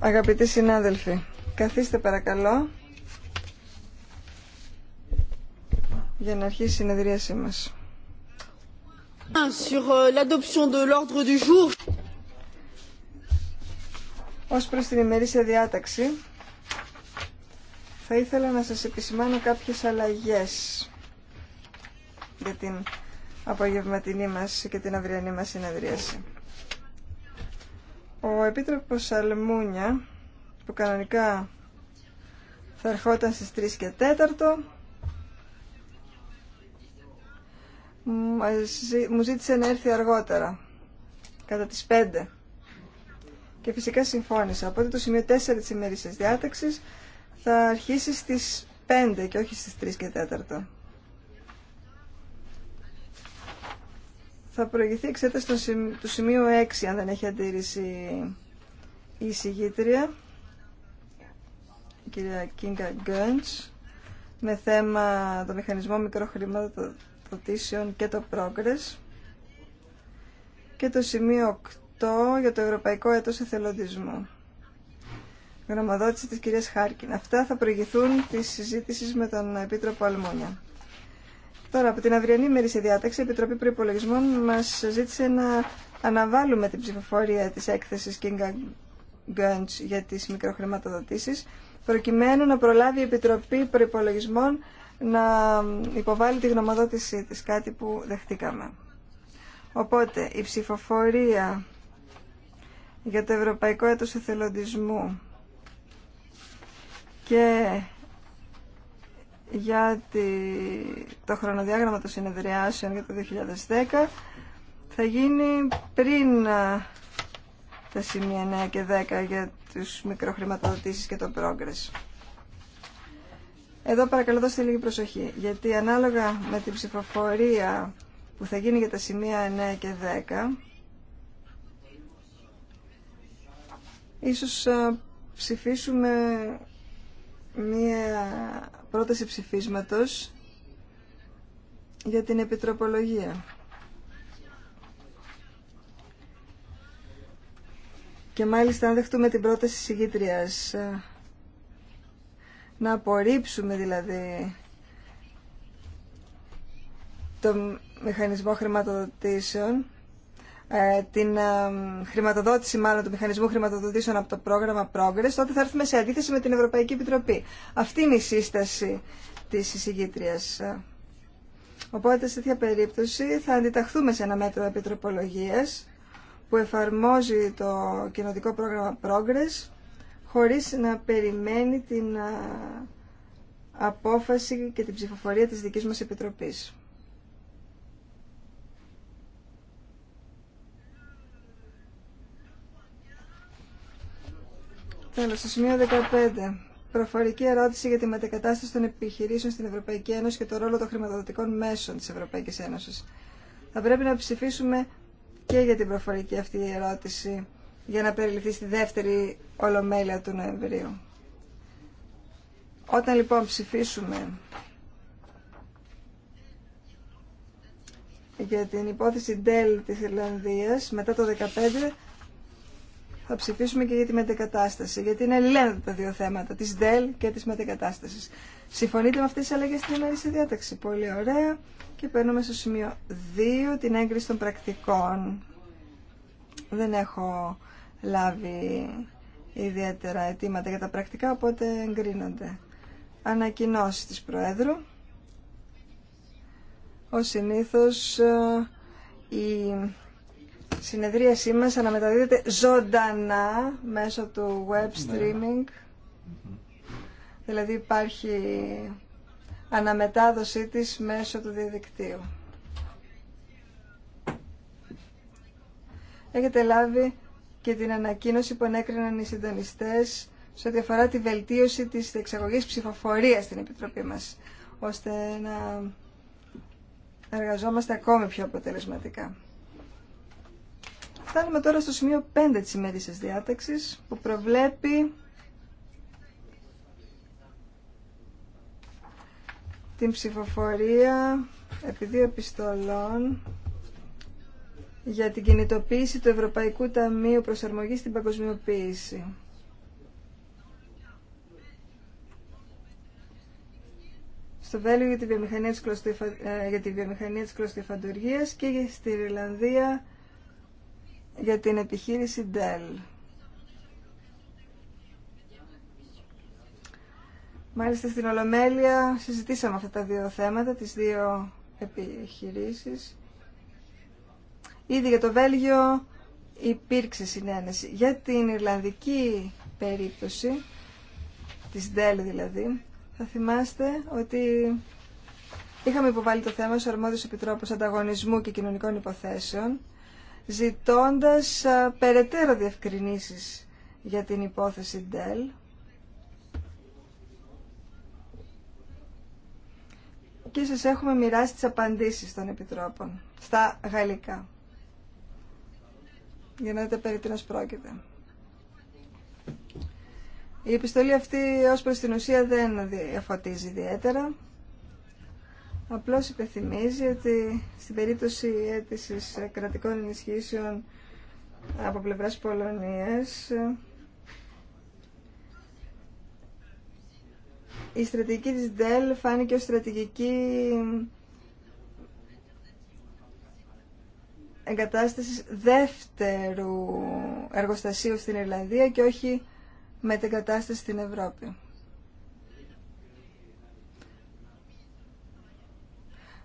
Αγαπητοί συνάδελφοι, καθίστε παρακαλώ για να αρχίσει η συνεδρίασή μας. Sur euh, l'adoption Ως προς την ημερήσια διάταξη, θα ήθελα να σα επισημάνω κάποιες αλλαγές για την απογευματινή μας και την αυριανή μας συνεδρίαση. Ο Επίτροπος Σαλμούνια, που κανονικά θα ερχόταν στις 3 και 4, μου ζήτησε να έρθει αργότερα, κατά τις 5. Και φυσικά συμφώνησα. Οπότε το σημείο 4 της ημέρησης διάταξης θα αρχίσει στις 5 και όχι στις 3 και 4. Θα προηγηθεί εξέταση του σημείου 6, αν δεν έχει αντίρρηση η συγγήτρια, η κυρία Κίνκα Γκέντς, με θέμα το μηχανισμό μικροχρηματοδοτήσεων και το Progress και το σημείο 8 για το Ευρωπαϊκό Έτος Εθελοντισμού. Γνωμοδότηση της κυρίας Χάρκιν. Αυτά θα προηγηθούν τη συζήτηση με τον Επίτροπο Αλμόνια. Τώρα, από την αυριανή μέρη διάταξη, η Επιτροπή Προπολογισμών μα ζήτησε να αναβάλουμε την ψηφοφορία τη έκθεση King Guns για τι μικροχρηματοδοτήσει, προκειμένου να προλάβει η Επιτροπή Προπολογισμών να υποβάλει τη γνωμοδότησή της, κάτι που δεχτήκαμε. Οπότε, η ψηφοφορία για το Ευρωπαϊκό Έτος Εθελοντισμού για το χρονοδιάγραμμα των συνεδριάσεων για το 2010 θα γίνει πριν ε, τα σημεία 9 και 10 για τους μικροχρηματοδοτήσεις και το progress. Εδώ παρακαλώ δώστε λίγη προσοχή, γιατί ανάλογα με την ψηφοφορία που θα γίνει για τα σημεία 9 και 10, ίσως ε, ψηφίσουμε μία πρόταση ψηφίσματος για την επιτροπολογία. Και μάλιστα αν δεχτούμε την πρόταση συγκήτριας ε, να απορρίψουμε δηλαδή το μηχανισμό χρηματοδοτήσεων ε, την ε, χρηματοδότηση μάλλον του μηχανισμού χρηματοδοτήσεων από το πρόγραμμα Progress, τότε θα έρθουμε σε αντίθεση με την Ευρωπαϊκή Επιτροπή. Αυτή είναι η σύσταση της εισηγήτριας. Ε, οπότε σε τέτοια περίπτωση θα αντιταχθούμε σε ένα μέτρο επιτροπολογίας που εφαρμόζει το κοινοτικό πρόγραμμα Progress χωρίς να περιμένει την απόφαση και την ψηφοφορία της δικής μας Επιτροπής. Τέλος, στο σημείο 15. Προφορική ερώτηση για τη μετακατάσταση των επιχειρήσεων στην Ευρωπαϊκή Ένωση και το ρόλο των χρηματοδοτικών μέσων της Ευρωπαϊκής Ένωσης. Θα πρέπει να ψηφίσουμε και για την προφορική αυτή η ερώτηση για να περιληφθεί στη δεύτερη ολομέλεια του Νοεμβρίου. Όταν λοιπόν ψηφίσουμε για την υπόθεση Dell της Ιρλανδίας μετά το 15 θα ψηφίσουμε και για τη μετεκατάσταση, γιατί είναι λένε τα δύο θέματα, τη ΔΕΛ και τη μετεκατάστασης. Συμφωνείτε με αυτές τι αλλαγέ στην ημερήσια διάταξη. Πολύ ωραία. Και παίρνουμε στο σημείο 2, την έγκριση των πρακτικών. Δεν έχω λάβει ιδιαίτερα αιτήματα για τα πρακτικά, οπότε εγκρίνονται. Ανακοινώσει της Προέδρου. Ο συνήθως ε, η συνεδρίασή μας αναμεταδίδεται ζωντανά μέσω του web ναι. streaming. Δηλαδή υπάρχει αναμετάδοσή της μέσω του διαδικτύου. Έχετε λάβει και την ανακοίνωση που ανέκριναν οι συντονιστές σε ό,τι αφορά τη βελτίωση της εξαγωγής ψηφοφορίας στην Επιτροπή μας, ώστε να εργαζόμαστε ακόμη πιο αποτελεσματικά. Φτάνουμε τώρα στο σημείο 5 της ημέρησης διάταξης που προβλέπει την ψηφοφορία επί δύο επιστολών για την κινητοποίηση του Ευρωπαϊκού Ταμείου Προσαρμογής στην Παγκοσμιοποίηση. Στο Βέλγιο για τη βιομηχανία της ε, κλωστοϊφαντουργίας και στη Ιρλανδία για την επιχείρηση Dell. Μάλιστα στην Ολομέλεια συζητήσαμε αυτά τα δύο θέματα, τις δύο επιχειρήσεις. Ήδη για το Βέλγιο υπήρξε συνένεση. Για την Ιρλανδική περίπτωση, της Dell δηλαδή, θα θυμάστε ότι είχαμε υποβάλει το θέμα στους αρμόδιους επιτρόπους ανταγωνισμού και κοινωνικών υποθέσεων ζητώντας περαιτέρω διευκρινήσεις για την υπόθεση Dell. Και σας έχουμε μοιράσει τις απαντήσεις των Επιτρόπων στα γαλλικά. Για να δείτε περί τίνος πρόκειται. Η επιστολή αυτή ως προς την ουσία δεν φωτίζει ιδιαίτερα. Απλώς υπενθυμίζει ότι στην περίπτωση αίτησης κρατικών ενισχύσεων από πλευράς Πολωνίας η στρατηγική της ΔΕΛ φάνηκε ως στρατηγική εγκατάστασης δεύτερου εργοστασίου στην Ιρλανδία και όχι με μετεγκατάσταση στην Ευρώπη.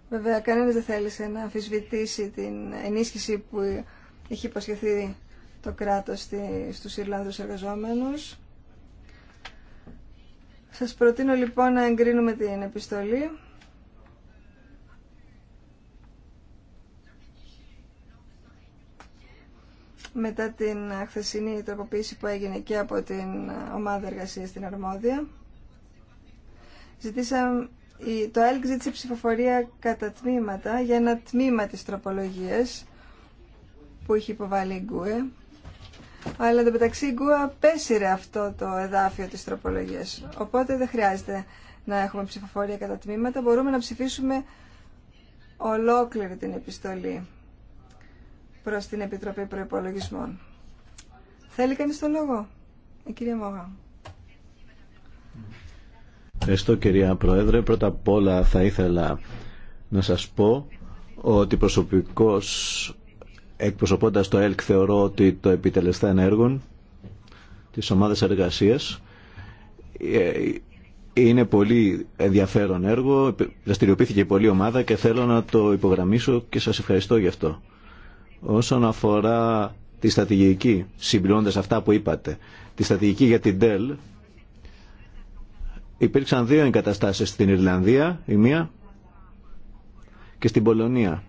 Βέβαια, κανένας δεν θέλησε να αμφισβητήσει την ενίσχυση που είχε υποσχεθεί το κράτος στους Ιρλανδούς εργαζόμενους. Σας προτείνω λοιπόν να εγκρίνουμε την επιστολή. Μετά την χθεσινή τροποποίηση που έγινε και από την ομάδα εργασίας στην Αρμόδια, ζητήσαμε το ΕΛΚ ζήτησε ψηφοφορία κατά τμήματα για ένα τμήμα της τροπολογίας που είχε υποβάλει η Γκουε. Αλλά το μεταξύ η ΓΚΟΕ απέσυρε αυτό το εδάφιο της τροπολογίας. Οπότε δεν χρειάζεται να έχουμε ψηφοφορία κατά τμήματα. Μπορούμε να ψηφίσουμε ολόκληρη την επιστολή προς την Επιτροπή Προϋπολογισμών. Θέλει κανείς το λόγο, η κυρία Μόγα. Ευχαριστώ κυρία Πρόεδρε. Πρώτα απ' όλα θα ήθελα να σας πω ότι προσωπικώς εκπροσωπώντας το ΕΛΚ θεωρώ ότι το επιτελεστά ενέργων της ομάδας εργασίας ε, είναι πολύ ενδιαφέρον έργο, δραστηριοποιήθηκε πολύ ομάδα και θέλω να το υπογραμμίσω και σας ευχαριστώ γι' αυτό. Όσον αφορά τη στρατηγική, συμπληρώνοντας αυτά που είπατε, τη στρατηγική για την ΤΕΛ, Υπήρξαν δύο εγκαταστάσεις στην Ιρλανδία, η μία, και στην Πολωνία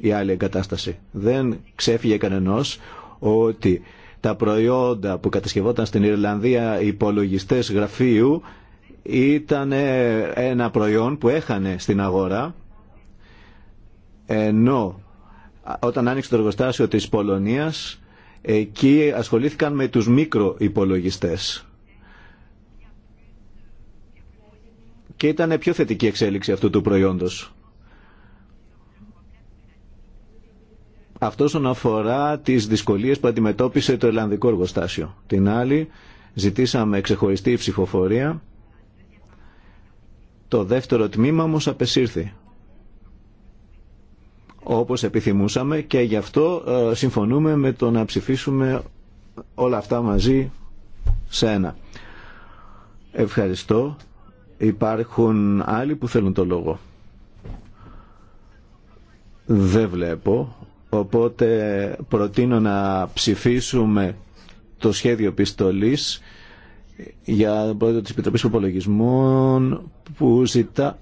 η άλλη εγκατάσταση. Δεν ξέφυγε κανενός ότι τα προϊόντα που κατασκευόταν στην Ιρλανδία οι υπολογιστές γραφείου ήταν ένα προϊόν που έχανε στην αγορά ενώ όταν άνοιξε το εργοστάσιο της Πολωνίας εκεί ασχολήθηκαν με τους μικροϋπολογιστές και ήταν πιο θετική εξέλιξη αυτού του προϊόντος. Αυτό όσον αφορά τις δυσκολίες που αντιμετώπισε το Ελλανδικό εργοστάσιο. Την άλλη ζητήσαμε ξεχωριστή ψηφοφορία. Το δεύτερο τμήμα όμως απεσύρθη. Όπως επιθυμούσαμε και γι' αυτό ε, συμφωνούμε με το να ψηφίσουμε όλα αυτά μαζί σε ένα. Ευχαριστώ. Υπάρχουν άλλοι που θέλουν το λόγο. Δεν βλέπω. Οπότε προτείνω να ψηφίσουμε το σχέδιο πιστολής για τον πρόεδρο της Επιτροπής Υπολογισμών που ζητά...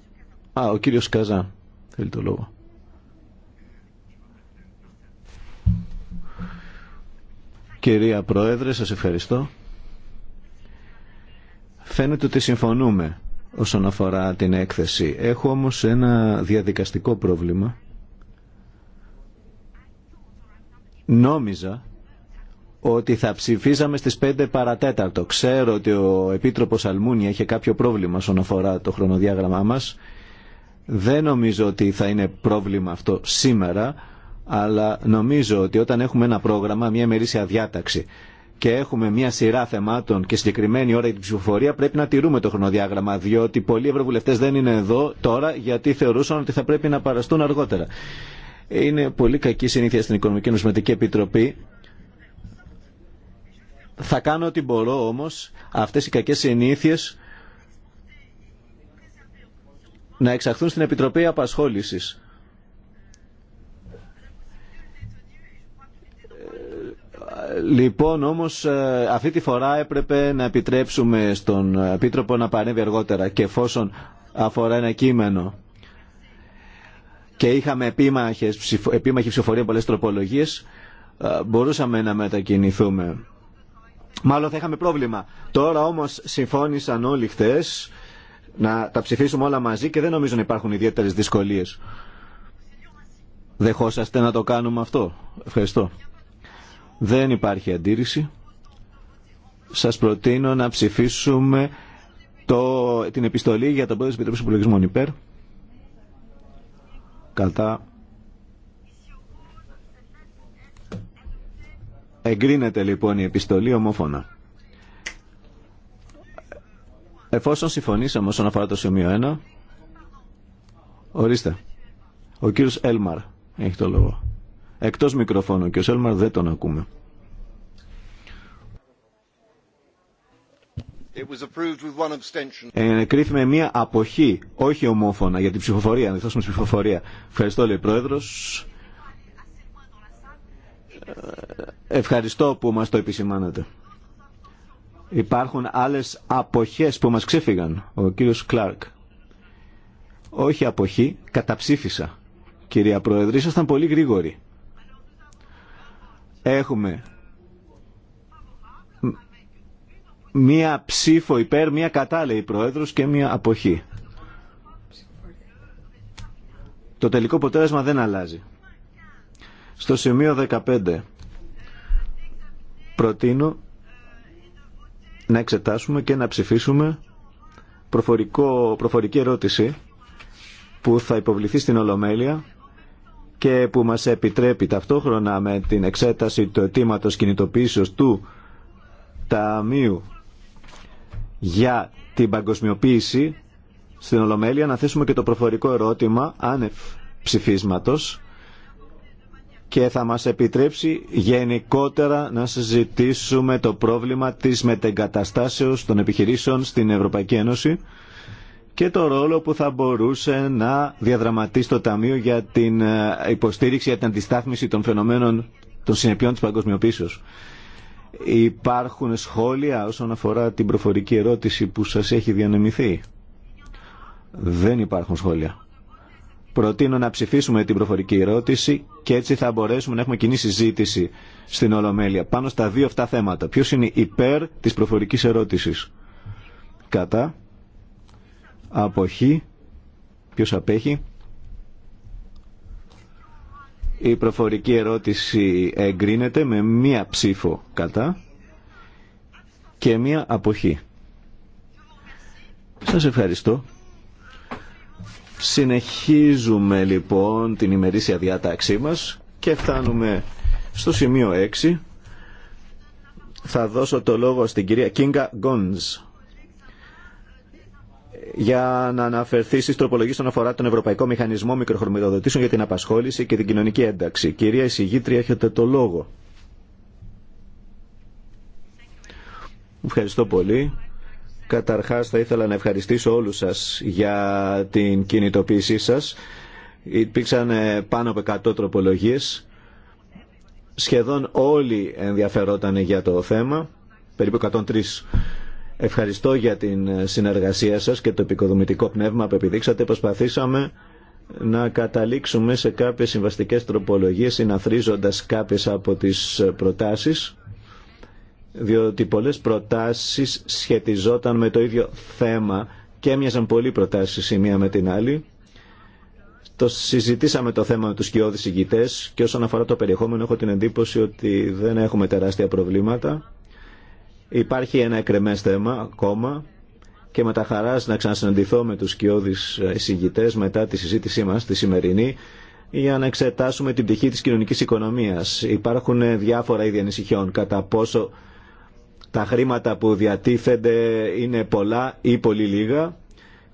Α, ο κύριος Καζά θέλει το λόγο. Κυρία Πρόεδρε, σας ευχαριστώ. Φαίνεται ότι συμφωνούμε όσον αφορά την έκθεση. Έχω όμως ένα διαδικαστικό πρόβλημα. Νόμιζα ότι θα ψηφίζαμε στις 5 παρατέταρτο. Ξέρω ότι ο Επίτροπος Αλμούνια είχε κάποιο πρόβλημα όσον αφορά το χρονοδιάγραμμά μας. Δεν νομίζω ότι θα είναι πρόβλημα αυτό σήμερα, αλλά νομίζω ότι όταν έχουμε ένα πρόγραμμα, μια μερίσια διάταξη και έχουμε μια σειρά θεμάτων και συγκεκριμένη ώρα για την ψηφοφορία, πρέπει να τηρούμε το χρονοδιάγραμμα, διότι πολλοί ευρωβουλευτέ δεν είναι εδώ τώρα γιατί θεωρούσαν ότι θα πρέπει να παραστούν αργότερα. Είναι πολύ κακή συνήθεια στην Οικονομική Νοσηματική Επιτροπή. Θα κάνω ό,τι μπορώ όμως αυτές οι κακές συνήθειε να εξαχθούν στην Επιτροπή Απασχόλησης Λοιπόν, όμως ε, αυτή τη φορά έπρεπε να επιτρέψουμε στον Επίτροπο να παρέμβει αργότερα και εφόσον αφορά ένα κείμενο και είχαμε επίμαχες, επίμαχη ψηφοφορία πολλές τροπολογίες, ε, μπορούσαμε να μετακινηθούμε. Μάλλον θα είχαμε πρόβλημα. Τώρα όμως συμφώνησαν όλοι χθε, να τα ψηφίσουμε όλα μαζί και δεν νομίζω να υπάρχουν ιδιαίτερες δυσκολίες. Δεχόσαστε να το κάνουμε αυτό. Ευχαριστώ. Δεν υπάρχει αντίρρηση. Σας προτείνω να ψηφίσουμε το, την επιστολή για το πρόεδρο της Επιτροπής Υπολογισμών υπέρ. Κατά. Εγκρίνεται λοιπόν η επιστολή ομόφωνα. Εφόσον συμφωνήσαμε όσον αφορά το σημείο 1, ορίστε, ο κύριος Έλμαρ έχει το λόγο εκτός μικροφώνου και ο Σέλμαρ δεν τον ακούμε. Ενεκρίθη με μία αποχή, όχι ομόφωνα, για την ψηφοφορία, να ψηφοφορία. Ευχαριστώ, λέει Πρόεδρος. Ε, ευχαριστώ που μας το επισημάνατε. Υπάρχουν άλλες αποχές που μας ξέφυγαν. Ο κύριος Κλάρκ. Όχι αποχή, καταψήφισα. Κυρία Πρόεδρε, ήσασταν πολύ γρήγοροι. Έχουμε μία ψήφο υπέρ, μία κατάλληλη λέει Πρόεδρος και μία αποχή. Το τελικό αποτέλεσμα δεν αλλάζει. Στο σημείο 15 προτείνω να εξετάσουμε και να ψηφίσουμε προφορικό, προφορική ερώτηση που θα υποβληθεί στην Ολομέλεια και που μας επιτρέπει ταυτόχρονα με την εξέταση του αιτήματο κινητοποίησεως του Ταμείου για την παγκοσμιοποίηση στην Ολομέλεια να θέσουμε και το προφορικό ερώτημα άνευ ψηφίσματος και θα μας επιτρέψει γενικότερα να συζητήσουμε το πρόβλημα της μετεγκαταστάσεως των επιχειρήσεων στην Ευρωπαϊκή Ένωση και το ρόλο που θα μπορούσε να διαδραματίσει το Ταμείο για την ε, υποστήριξη, για την αντιστάθμιση των φαινομένων των συνεπειών της παγκοσμιοποίησης. Υπάρχουν σχόλια όσον αφορά την προφορική ερώτηση που σας έχει διανεμηθεί. Δεν υπάρχουν σχόλια. Προτείνω να ψηφίσουμε την προφορική ερώτηση και έτσι θα μπορέσουμε να έχουμε κοινή συζήτηση στην Ολομέλεια πάνω στα δύο αυτά θέματα. Ποιος είναι υπέρ της προφορικής ερώτησης. Κατά αποχή, ποιος απέχει. Η προφορική ερώτηση εγκρίνεται με μία ψήφο κατά και μία αποχή. Σας ευχαριστώ. Συνεχίζουμε λοιπόν την ημερήσια διάταξή μας και φτάνουμε στο σημείο 6. Θα δώσω το λόγο στην κυρία Κίνκα Γκόντζ για να αναφερθεί στι τροπολογίε όσον αφορά τον Ευρωπαϊκό Μηχανισμό Μικροχρηματοδοτήσεων για την Απασχόληση και την Κοινωνική Ένταξη. Κυρία Εισηγήτρια, έχετε το λόγο. Ευχαριστώ πολύ. Καταρχάς θα ήθελα να ευχαριστήσω όλους σας για την κινητοποίησή σας. Υπήρξαν ε, πάνω από 100 τροπολογίες. Σχεδόν όλοι ενδιαφερόταν για το θέμα, περίπου 103. Ευχαριστώ για την συνεργασία σας και το επικοδομητικό πνεύμα που επιδείξατε. Προσπαθήσαμε να καταλήξουμε σε κάποιες συμβαστικές τροπολογίες συναθρίζοντας κάποιες από τις προτάσεις διότι πολλές προτάσεις σχετιζόταν με το ίδιο θέμα και έμοιαζαν πολλοί προτάσεις η μία με την άλλη. Το συζητήσαμε το θέμα με τους κοιόδης ηγητές και όσον αφορά το περιεχόμενο έχω την εντύπωση ότι δεν έχουμε τεράστια προβλήματα Υπάρχει ένα εκρεμές θέμα ακόμα και με τα χαράς να ξανασυναντηθώ με τους σκιώδεις εισηγητές μετά τη συζήτησή μας, τη σημερινή, για να εξετάσουμε την πτυχή της κοινωνικής οικονομίας. Υπάρχουν διάφορα είδη ανησυχιών κατά πόσο τα χρήματα που διατίθενται είναι πολλά ή πολύ λίγα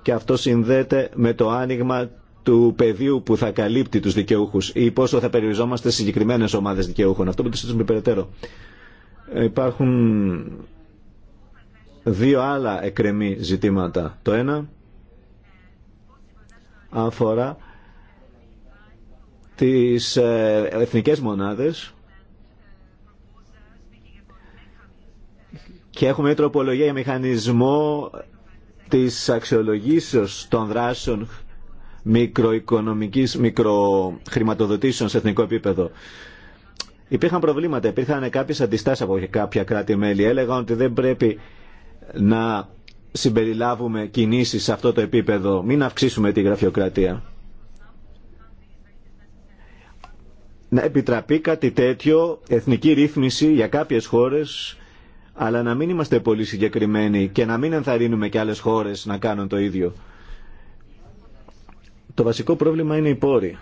και αυτό συνδέεται με το άνοιγμα του πεδίου που θα καλύπτει τους δικαιούχους ή πόσο θα περιοριζόμαστε σε συγκεκριμένες ομάδες δικαιούχων. Αυτό που το συζητήσουμε περαιτέρω. Υπάρχουν δύο άλλα εκρεμή ζητήματα. Το ένα αφορά τις ε, εθνικές μονάδες και έχουμε τροπολογία για μηχανισμό της αξιολογήσεως των δράσεων μικροοικονομικής μικροχρηματοδοτήσεων σε εθνικό επίπεδο. Υπήρχαν προβλήματα, υπήρχαν κάποιες αντιστάσεις από κάποια κράτη-μέλη. Έλεγαν ότι δεν πρέπει να συμπεριλάβουμε κινήσεις σε αυτό το επίπεδο, μην αυξήσουμε τη γραφειοκρατία. Να επιτραπεί κάτι τέτοιο, εθνική ρύθμιση για κάποιες χώρες, αλλά να μην είμαστε πολύ συγκεκριμένοι και να μην ενθαρρύνουμε και άλλες χώρες να κάνουν το ίδιο. Το βασικό πρόβλημα είναι οι πόροι.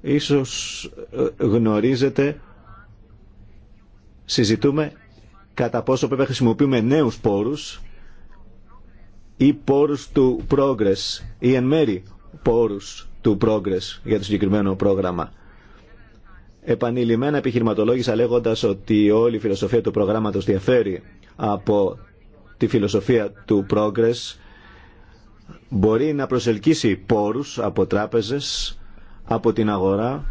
Ίσως ε, γνωρίζετε, συζητούμε κατά πόσο πρέπει να χρησιμοποιούμε νέους πόρους ή πόρους του Progress ή εν μέρη πόρους του Progress για το συγκεκριμένο πρόγραμμα. Επανειλημμένα επιχειρηματολόγησα λέγοντας ότι όλη η φιλοσοφία του προγράμματος διαφέρει από τη φιλοσοφία του Progress μπορεί να προσελκύσει πόρους από τράπεζες από την αγορά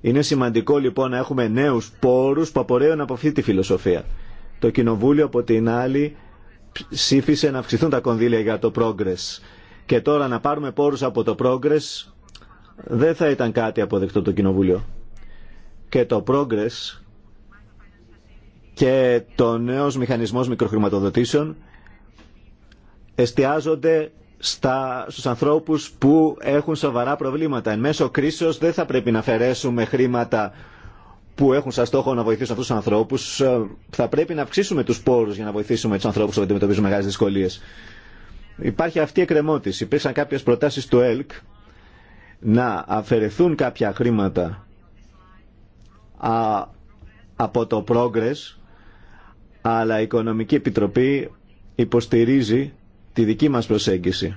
Είναι σημαντικό λοιπόν να έχουμε νέους πόρους που απορρέουν από αυτή τη φιλοσοφία. Το Κοινοβούλιο από την άλλη ψήφισε να αυξηθούν τα κονδύλια για το Progress. Και τώρα να πάρουμε πόρους από το Progress δεν θα ήταν κάτι αποδεκτό το Κοινοβούλιο. Και το Progress και το νέος μηχανισμός μικροχρηματοδοτήσεων εστιάζονται στα, στους ανθρώπους που έχουν σοβαρά προβλήματα. Εν μέσω κρίσεως δεν θα πρέπει να αφαιρέσουμε χρήματα που έχουν σαν στόχο να βοηθήσουν αυτούς τους ανθρώπους. Ε, θα πρέπει να αυξήσουμε τους πόρους για να βοηθήσουμε τους ανθρώπους που αντιμετωπίζουν μεγάλες δυσκολίες. Υπάρχει αυτή η εκκρεμότηση. Υπήρξαν κάποιες προτάσεις του ΕΛΚ να αφαιρεθούν κάποια χρήματα από το Progress, αλλά η Οικονομική Επιτροπή υποστηρίζει τη δική μας προσέγγιση.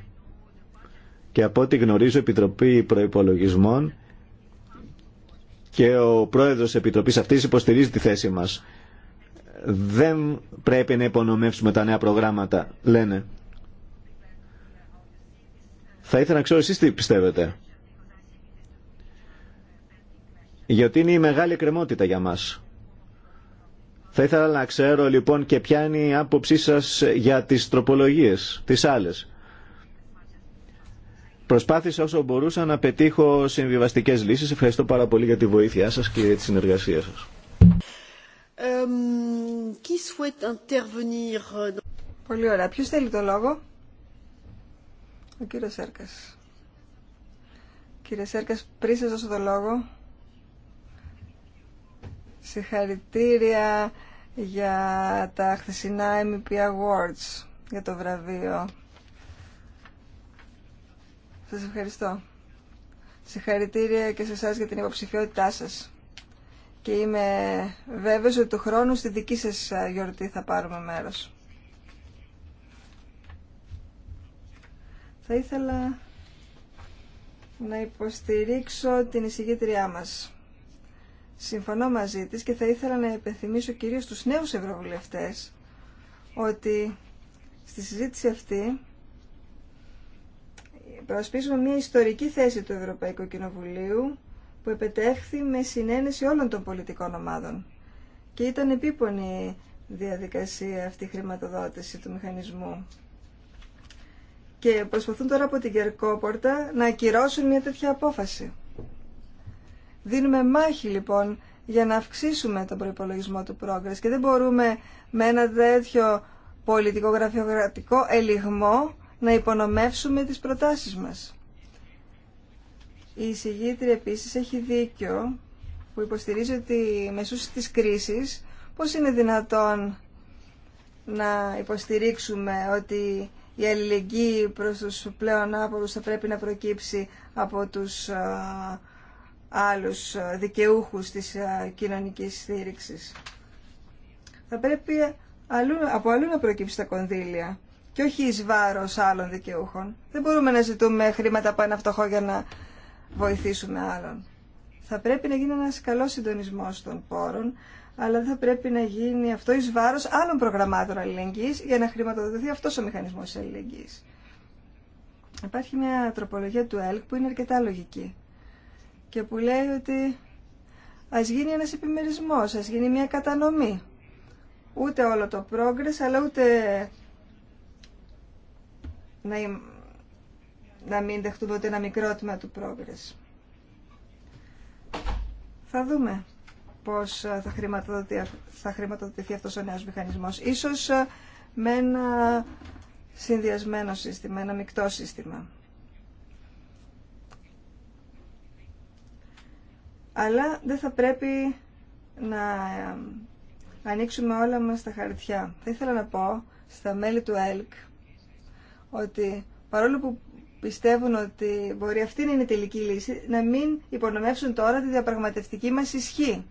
Και από ό,τι γνωρίζω, η Επιτροπή Προϋπολογισμών και ο πρόεδρος Επιτροπής αυτής υποστηρίζει τη θέση μας. Δεν πρέπει να υπονομεύσουμε τα νέα προγράμματα, λένε. Θα ήθελα να ξέρω εσείς τι πιστεύετε. Γιατί είναι η μεγάλη εκκρεμότητα για μας. Θα ήθελα να ξέρω λοιπόν και ποια είναι η άποψή σας για τις τροπολογίες, τις άλλες. Προσπάθησα όσο μπορούσα να πετύχω συμβιβαστικές λύσεις. Ευχαριστώ πάρα πολύ για τη βοήθειά σας και για τη συνεργασία σας. Πολύ ωραία. Ποιος θέλει το λόγο? Ο κύριος Σέρκας. Κύριε Σέρκας, πριν σας δώσω το λόγο, συγχαρητήρια για τα χθεσινά MEP Awards για το βραβείο. Σας ευχαριστώ. Συγχαρητήρια και σε εσά για την υποψηφιότητά σας. Και είμαι βέβαιος ότι του χρόνου στη δική σας γιορτή θα πάρουμε μέρος. Θα ήθελα να υποστηρίξω την εισηγήτριά μας. Συμφωνώ μαζί της και θα ήθελα να υπενθυμίσω κυρίως τους νέους ευρωβουλευτές ότι στη συζήτηση αυτή προσπίσουμε μια ιστορική θέση του Ευρωπαϊκού Κοινοβουλίου που επετέχθη με συνένεση όλων των πολιτικών ομάδων. Και ήταν επίπονη διαδικασία αυτή η χρηματοδότηση του μηχανισμού. Και προσπαθούν τώρα από την Κερκόπορτα να ακυρώσουν μια τέτοια απόφαση. Δίνουμε μάχη λοιπόν για να αυξήσουμε τον προπολογισμό του Progress και δεν μπορούμε με ένα τέτοιο πολιτικογραφιοκρατικό ελιγμό να υπονομεύσουμε τις προτάσεις μας. Η εισηγήτρια επίσης έχει δίκιο που υποστηρίζει ότι μεσούς της κρίσης πώς είναι δυνατόν να υποστηρίξουμε ότι η αλληλεγγύη προς τους πλέον άπορους θα πρέπει να προκύψει από τους άλλους ε, δικαιούχους της ε, κοινωνικής στήριξης. Θα πρέπει ε, από αλλού να προκύψει τα κονδύλια και όχι εις βάρος άλλων δικαιούχων. Δεν μπορούμε να ζητούμε χρήματα από ένα φτωχό για να βοηθήσουμε άλλον. Θα πρέπει να γίνει ένας καλός συντονισμός των πόρων, αλλά δεν θα πρέπει να γίνει αυτό εις βάρος άλλων προγραμμάτων αλληλεγγύης για να χρηματοδοτηθεί αυτός ο μηχανισμός της αλληλεγγύης. Υπάρχει μια τροπολογία του ΕΛΚ που είναι αρκετά λογική και που λέει ότι ας γίνει ένας επιμερισμός, ας γίνει μια κατανομή. Ούτε όλο το progress, αλλά ούτε να, μην δεχτούμε ούτε ένα μικρό του progress. Θα δούμε πώς ε, θα χρηματοδοτηθεί, θα χρηματοδοτηθεί αυτός ο νέος μηχανισμός. Ίσως ε, με ένα συνδυασμένο σύστημα, ένα μεικτό σύστημα. αλλά δεν θα πρέπει να ανοίξουμε όλα μας τα χαρτιά. Θα ήθελα να πω στα μέλη του ΕΛΚ ότι παρόλο που πιστεύουν ότι μπορεί αυτή να είναι η τελική λύση, να μην υπονομεύσουν τώρα τη διαπραγματευτική μας ισχύ.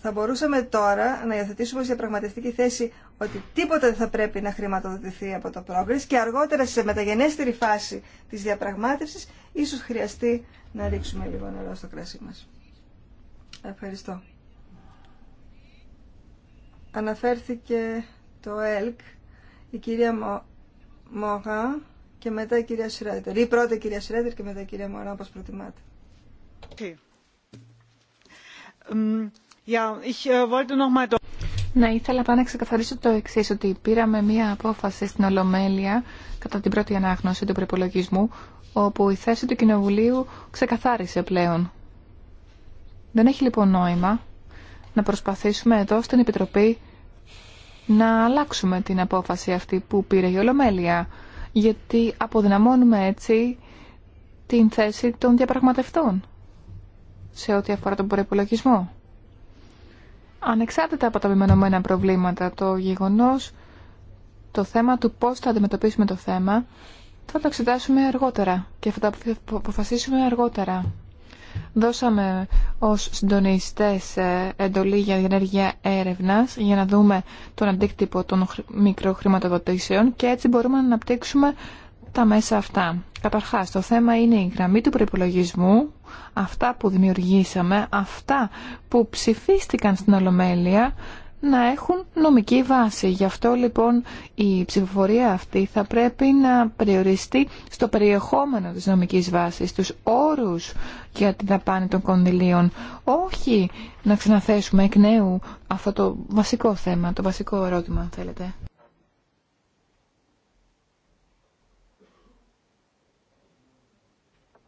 Θα μπορούσαμε τώρα να υιοθετήσουμε σε διαπραγματευτική θέση ότι τίποτα δεν θα πρέπει να χρηματοδοτηθεί από το πρόγραμμα και αργότερα σε μεταγενέστερη φάση της διαπραγμάτευσης ίσως χρειαστεί να ρίξουμε λίγο νερό στο κρασί μας. Ευχαριστώ. Αναφέρθηκε το ΕΛΚ, η κυρία Μο... και μετά η κυρία Σρέτερ. Σιρέτερ. η κυρία Σρέτερ και μετά η κυρια σιρετερ και Μωρά, όπως προτιμάτε. Äh, ναι, ήθελα πάνω να ξεκαθαρίσω το εξή, ότι πήραμε μία απόφαση στην Ολομέλεια κατά την πρώτη ανάγνωση του προπολογισμού, όπου η θέση του Κοινοβουλίου ξεκαθάρισε πλέον. Δεν έχει λοιπόν νόημα να προσπαθήσουμε εδώ στην Επιτροπή να αλλάξουμε την απόφαση αυτή που πήρε η Ολομέλεια, γιατί αποδυναμώνουμε έτσι την θέση των διαπραγματευτών σε ό,τι αφορά τον προπολογισμό ανεξάρτητα από τα μεμονωμένα προβλήματα. Το γεγονός, το θέμα του πώς θα αντιμετωπίσουμε το θέμα, θα το εξετάσουμε αργότερα και θα το αποφασίσουμε αργότερα. Δώσαμε ως συντονιστές ε, εντολή για ενέργεια έρευνας για να δούμε τον αντίκτυπο των μικροχρηματοδοτήσεων και έτσι μπορούμε να αναπτύξουμε τα μέσα αυτά. Καταρχάς, το θέμα είναι η γραμμή του προϋπολογισμού, αυτά που δημιουργήσαμε, αυτά που ψηφίστηκαν στην Ολομέλεια, να έχουν νομική βάση. Γι' αυτό λοιπόν η ψηφοφορία αυτή θα πρέπει να περιοριστεί στο περιεχόμενο της νομικής βάσης, τους όρους για την δαπάνη των κονδυλίων. Όχι να ξαναθέσουμε εκ νέου αυτό το βασικό θέμα, το βασικό ερώτημα αν θέλετε.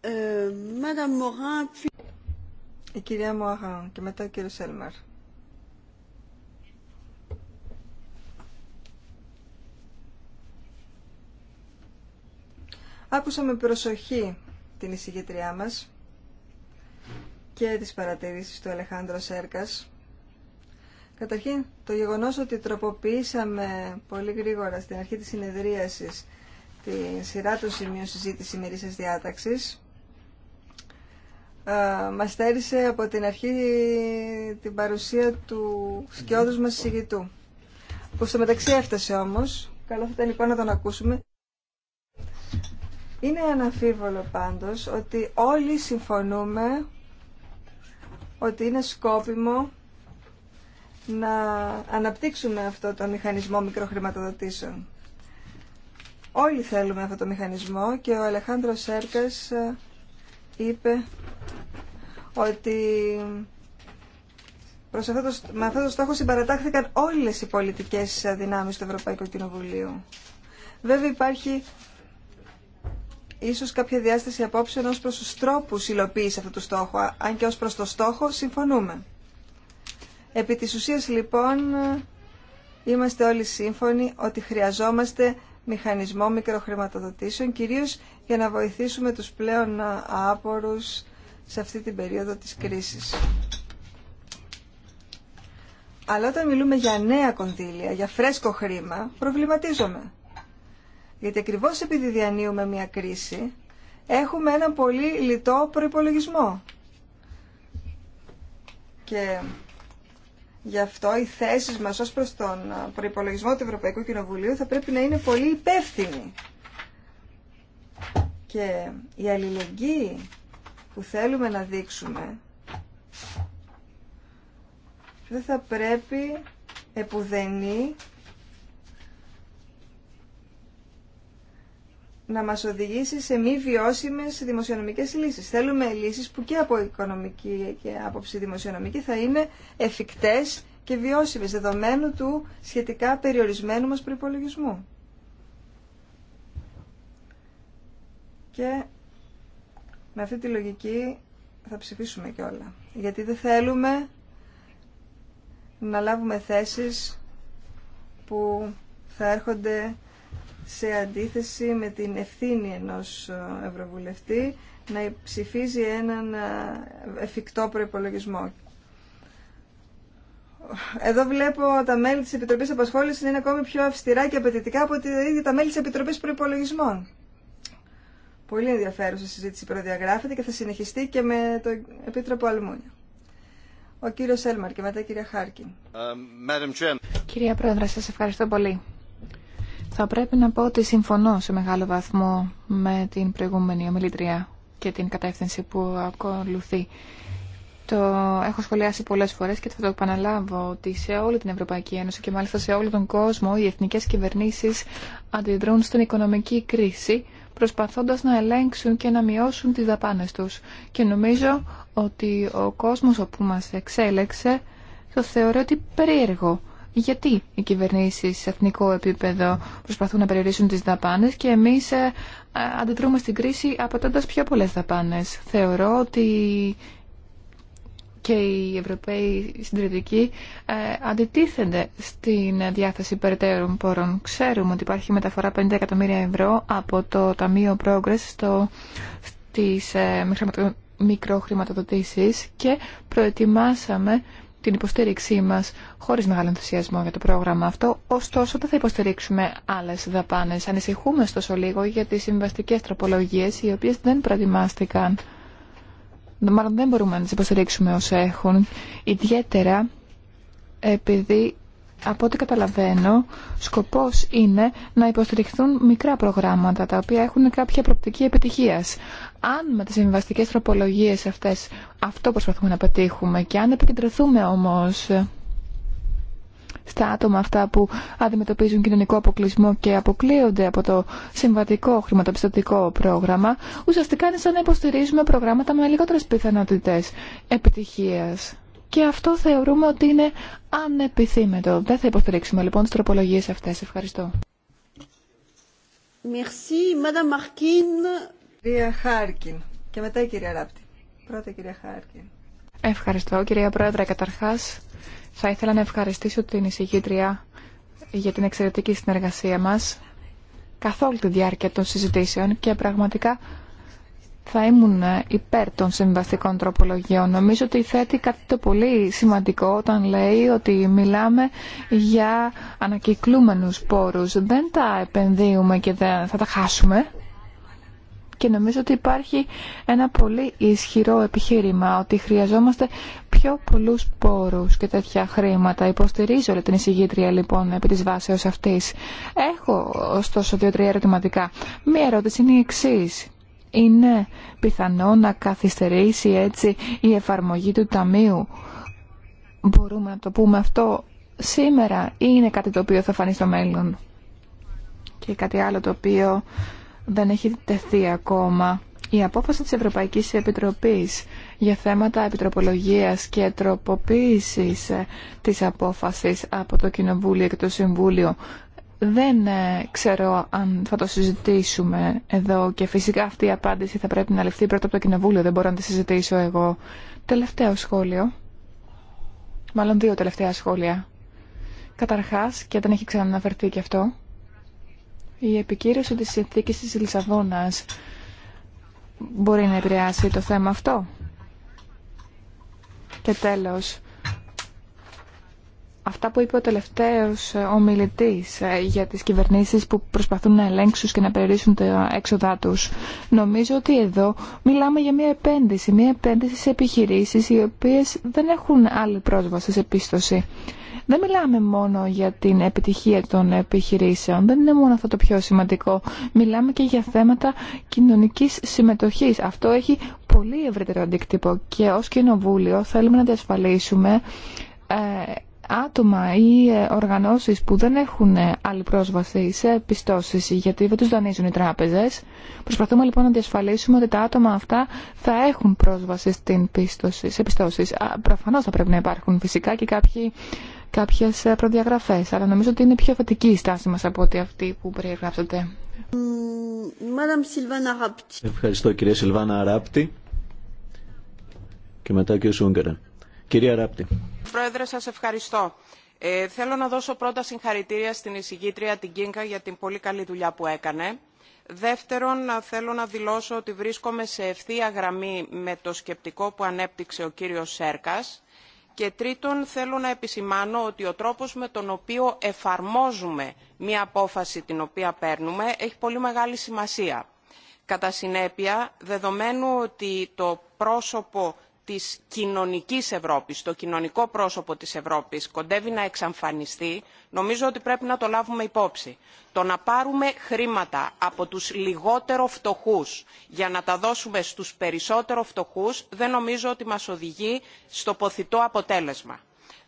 Ε, Η κυρία Μοάχαν και μετά ο κύριος Σέλμαρ. Άκουσα με προσοχή την εισηγητριά μας και τις παρατηρήσεις του Αλεχάνδρου Σέρκας. Καταρχήν, το γεγονός ότι τροποποιήσαμε πολύ γρήγορα στην αρχή της συνεδρίασης τη σειρά των σημείων συζήτηση ημερήσιας διάταξης ε, Μα στέρισε από την αρχή την παρουσία του σκιώδου μας συγητού. Που στο μεταξύ έφτασε όμως, καλό θα ήταν λοιπόν να τον ακούσουμε. Είναι αναφίβολο πάντως ότι όλοι συμφωνούμε ότι είναι σκόπιμο να αναπτύξουμε αυτό το μηχανισμό μικροχρηματοδοτήσεων. Όλοι θέλουμε αυτό το μηχανισμό και ο Αλεχάνδρος Σέρκας είπε ότι με αυτό το στόχο συμπαρατάχθηκαν όλες οι πολιτικές δυνάμεις του Ευρωπαϊκού Κοινοβουλίου. Βέβαια υπάρχει ίσως κάποια διάσταση απόψεων ως προς τους τρόπους υλοποίηση αυτού του στόχου, αν και ως προς το στόχο συμφωνούμε. Επί της ουσίας λοιπόν είμαστε όλοι σύμφωνοι ότι χρειαζόμαστε μηχανισμό μικροχρηματοδοτήσεων, κυρίως για να βοηθήσουμε τους πλέον άπορους σε αυτή την περίοδο της κρίσης. Αλλά όταν μιλούμε για νέα κονδύλια, για φρέσκο χρήμα, προβληματίζομαι. Γιατί ακριβώς επειδή διανύουμε μια κρίση, έχουμε ένα πολύ λιτό προϋπολογισμό. Και γι' αυτό οι θέσεις μας ως προς τον προϋπολογισμό του Ευρωπαϊκού Κοινοβουλίου θα πρέπει να είναι πολύ υπεύθυνοι. Και η αλληλεγγύη που θέλουμε να δείξουμε δεν θα πρέπει επουδενή να μας οδηγήσει σε μη βιώσιμες δημοσιονομικές λύσεις. Θέλουμε λύσεις που και από οικονομική και άποψη δημοσιονομική θα είναι εφικτές και βιώσιμες δεδομένου του σχετικά περιορισμένου μας προϋπολογισμού. Και με αυτή τη λογική θα ψηφίσουμε όλα, Γιατί δεν θέλουμε να λάβουμε θέσεις που θα έρχονται σε αντίθεση με την ευθύνη ενός ε, Ευρωβουλευτή να ψηφίζει έναν ε, εφικτό προϋπολογισμό. Εδώ βλέπω τα μέλη της Επιτροπής Απασχόλησης είναι ακόμη πιο αυστηρά και απαιτητικά από τα ίδια τα μέλη της Επιτροπής Προϋπολογισμών. Πολύ ενδιαφέρουσα συζήτηση προδιαγράφεται και θα συνεχιστεί και με τον Επίτροπο Αλμούνια. Ο κύριο Έλμαρ και μετά η κυρία Χάρκιν. Um, κυρία Πρόεδρε, σα ευχαριστώ πολύ. Θα πρέπει να πω ότι συμφωνώ σε μεγάλο βαθμό με την προηγούμενη ομιλήτρια και την κατεύθυνση που ακολουθεί. Το έχω σχολιάσει πολλέ φορέ και θα το επαναλάβω ότι σε όλη την Ευρωπαϊκή Ένωση και μάλιστα σε όλο τον κόσμο οι εθνικέ κυβερνήσει αντιδρούν στην οικονομική κρίση προσπαθώντας να ελέγξουν και να μειώσουν τις δαπάνες τους. Και νομίζω ότι ο κόσμος όπου μας εξέλεξε το θεωρεί ότι περίεργο. Γιατί οι κυβερνήσεις σε εθνικό επίπεδο προσπαθούν να περιορίσουν τις δαπάνες και εμείς ε, αντιδρούμε στην κρίση απαιτώντας πιο πολλές δαπάνες. Θεωρώ ότι και οι Ευρωπαίοι συντηρητικοί ε, αντιτίθενται στην διάθεση περαιτέρων πόρων. Ξέρουμε ότι υπάρχει μεταφορά 50 εκατομμύρια ευρώ από το Ταμείο Progress στο, στις ε, μικροχρηματοδοτήσεις και προετοιμάσαμε την υποστήριξή μας χωρίς μεγάλο ενθουσιασμό για το πρόγραμμα αυτό. Ωστόσο, δεν θα υποστηρίξουμε άλλες δαπάνες. Ανησυχούμε, στόσο λίγο για τις συμβαστικές τροπολογίες οι οποίες δεν προετοιμάστηκαν μάλλον δεν μπορούμε να τις υποστηρίξουμε όσο έχουν, ιδιαίτερα επειδή από ό,τι καταλαβαίνω, σκοπός είναι να υποστηριχθούν μικρά προγράμματα, τα οποία έχουν κάποια προπτική επιτυχίας. Αν με τις συμβαστικές τροπολογίες αυτές αυτό προσπαθούμε να πετύχουμε και αν επικεντρωθούμε όμως στα άτομα αυτά που αντιμετωπίζουν κοινωνικό αποκλεισμό και αποκλείονται από το συμβατικό χρηματοπιστωτικό πρόγραμμα, ουσιαστικά είναι σαν να υποστηρίζουμε προγράμματα με λιγότερε πιθανότητε επιτυχία. Και αυτό θεωρούμε ότι είναι ανεπιθύμετο. Δεν θα υποστηρίξουμε λοιπόν τι τροπολογίε αυτέ. Ευχαριστώ. Κυρία Χάρκιν. Ευχαριστώ κυρία Πρόεδρε. καταρχά. Θα ήθελα να ευχαριστήσω την εισηγήτρια για την εξαιρετική συνεργασία μας καθ' όλη τη διάρκεια των συζητήσεων και πραγματικά θα ήμουν υπέρ των συμβαστικών τροπολογιών. Νομίζω ότι θέτει κάτι το πολύ σημαντικό όταν λέει ότι μιλάμε για ανακυκλούμενους πόρους. Δεν τα επενδύουμε και δεν θα τα χάσουμε και νομίζω ότι υπάρχει ένα πολύ ισχυρό επιχείρημα ότι χρειαζόμαστε πιο πολλούς πόρους και τέτοια χρήματα. Υποστηρίζω την εισηγήτρια λοιπόν επί της βάσεως αυτής. Έχω ωστόσο δύο-τρία ερωτηματικά. Μία ερώτηση είναι η εξή. Είναι πιθανό να καθυστερήσει έτσι η εφαρμογή του Ταμείου. Μπορούμε να το πούμε αυτό σήμερα ή είναι κάτι το οποίο θα φανεί στο μέλλον. Και κάτι άλλο το οποίο δεν έχει τεθεί ακόμα. Η απόφαση της Ευρωπαϊκής Επιτροπής για θέματα επιτροπολογίας και τροποποίησης ε, της απόφασης από το Κοινοβούλιο και το Συμβούλιο δεν ε, ξέρω αν θα το συζητήσουμε εδώ και φυσικά αυτή η απάντηση θα πρέπει να ληφθεί πρώτα από το Κοινοβούλιο, δεν μπορώ να τη συζητήσω εγώ. Τελευταίο σχόλιο, μάλλον δύο τελευταία σχόλια. Καταρχάς, και δεν έχει ξαναναφερθεί και αυτό, η επικύρωση της συνθήκης της Λισαβόνας μπορεί να επηρεάσει το θέμα αυτό. Και τέλος, αυτά που είπε ο τελευταίος ομιλητής ε, για τις κυβερνήσεις που προσπαθούν να ελέγξουν και να περιορίσουν τα έξοδά τους. Νομίζω ότι εδώ μιλάμε για μια επένδυση, μια επένδυση σε επιχειρήσεις οι οποίες δεν έχουν άλλη πρόσβαση σε πίστοση. Δεν μιλάμε μόνο για την επιτυχία των επιχειρήσεων, δεν είναι μόνο αυτό το πιο σημαντικό. Μιλάμε και για θέματα κοινωνικής συμμετοχής. Αυτό έχει πολύ ευρύτερο αντίκτυπο και ως Κοινοβούλιο θέλουμε να διασφαλίσουμε ε, άτομα ή ε, οργανώσεις που δεν έχουν ε, άλλη πρόσβαση σε πιστώσεις γιατί δεν τους δανείζουν οι τράπεζες. Προσπαθούμε λοιπόν να διασφαλίσουμε ότι τα άτομα αυτά θα έχουν πρόσβαση στην πίστοση, σε πιστώσεις. Προφανώς θα πρέπει να υπάρχουν φυσικά και κάποιοι κάποιες ε, προδιαγραφές. Αλλά νομίζω ότι είναι πιο φατική η στάση μας από ό,τι αυτή που περιγράψατε. Ευχαριστώ κυρία Σιλβάνα Αράπτη και μετά κύριο Σούγκερα Κυρία Αράπτη. Πρόεδρε, σας ευχαριστώ. Ε, θέλω να δώσω πρώτα συγχαρητήρια στην εισηγήτρια την Κίνκα για την πολύ καλή δουλειά που έκανε. Δεύτερον, θέλω να δηλώσω ότι βρίσκομαι σε ευθεία γραμμή με το σκεπτικό που ανέπτυξε ο κύριος Σέρκας και τρίτον, θέλω να επισημάνω ότι ο τρόπος με τον οποίο εφαρμόζουμε μία απόφαση την οποία παίρνουμε έχει πολύ μεγάλη σημασία. Κατά συνέπεια, δεδομένου ότι το πρόσωπο της κοινωνικής Ευρώπης, το κοινωνικό πρόσωπο της Ευρώπης κοντεύει να εξαμφανιστεί, νομίζω ότι πρέπει να το λάβουμε υπόψη. Το να πάρουμε χρήματα από τους λιγότερο φτωχούς για να τα δώσουμε στους περισσότερο φτωχούς δεν νομίζω ότι μας οδηγεί στο ποθητό αποτέλεσμα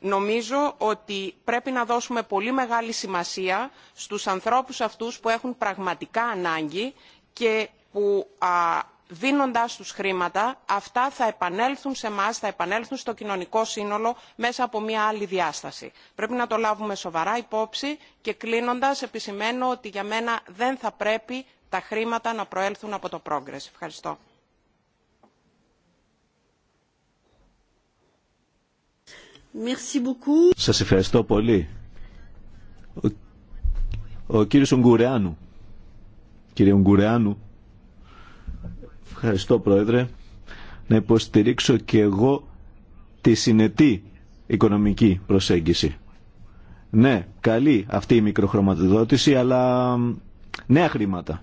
νομίζω ότι πρέπει να δώσουμε πολύ μεγάλη σημασία στους ανθρώπους αυτούς που έχουν πραγματικά ανάγκη και που δίνοντα τους χρήματα αυτά θα επανέλθουν σε εμά, θα επανέλθουν στο κοινωνικό σύνολο μέσα από μια άλλη διάσταση. Πρέπει να το λάβουμε σοβαρά υπόψη και κλείνοντα επισημαίνω ότι για μένα δεν θα πρέπει τα χρήματα να προέλθουν από το Progress. Ευχαριστώ. Ευχαριστώ Πρόεδρε. Να υποστηρίξω και εγώ τη συνετή οικονομική προσέγγιση. Ναι, καλή αυτή η μικροχρωματοδότηση αλλά νέα χρήματα,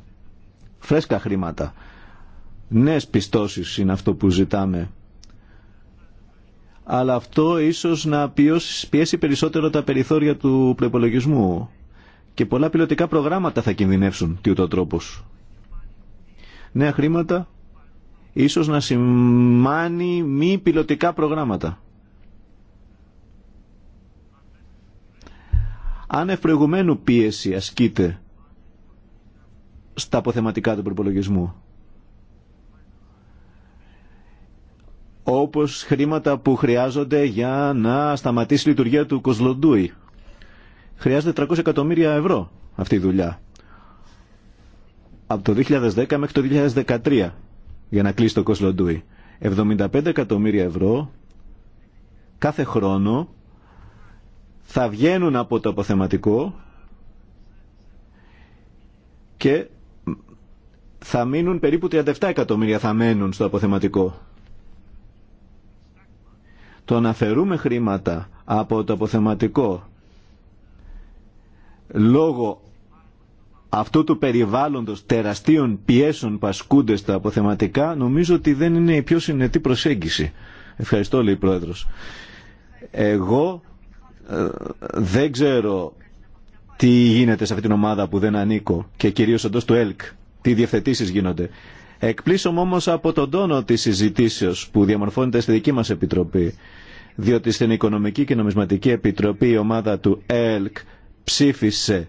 φρέσκα χρήματα, νέες πιστώσεις είναι αυτό που ζητάμε. Αλλά αυτό ίσως να πιέσει περισσότερο τα περιθώρια του προπολογισμού και πολλά πιλωτικά προγράμματα θα κινδυνεύσουν τι ούτω τρόπος. Νέα χρήματα ίσως να σημάνει μη πιλωτικά προγράμματα. Αν ευπροηγουμένου πίεση ασκείται στα αποθεματικά του προπολογισμού, όπως χρήματα που χρειάζονται για να σταματήσει η λειτουργία του Κοσλοντούι. Χρειάζεται 300 εκατομμύρια ευρώ αυτή η δουλειά. Από το 2010 μέχρι το 2013 για να κλείσει το Κοσλοντούι. 75 εκατομμύρια ευρώ κάθε χρόνο θα βγαίνουν από το αποθεματικό και θα μείνουν περίπου 37 εκατομμύρια θα μένουν στο αποθεματικό. Το να φερούμε χρήματα από το αποθεματικό λόγω αυτό του περιβάλλοντος τεραστίων πιέσεων που ασκούνται στα αποθεματικά νομίζω ότι δεν είναι η πιο συνετή προσέγγιση. Ευχαριστώ λέει η Πρόεδρος. Εγώ ε, δεν ξέρω τι γίνεται σε αυτή την ομάδα που δεν ανήκω και κυρίως εντό του ΕΛΚ, τι διευθετήσεις γίνονται. Εκπλήσω όμως από τον τόνο της συζητήσεως που διαμορφώνεται στη δική μας Επιτροπή, διότι στην Οικονομική και Νομισματική Επιτροπή η ομάδα του ΕΛΚ ψήφισε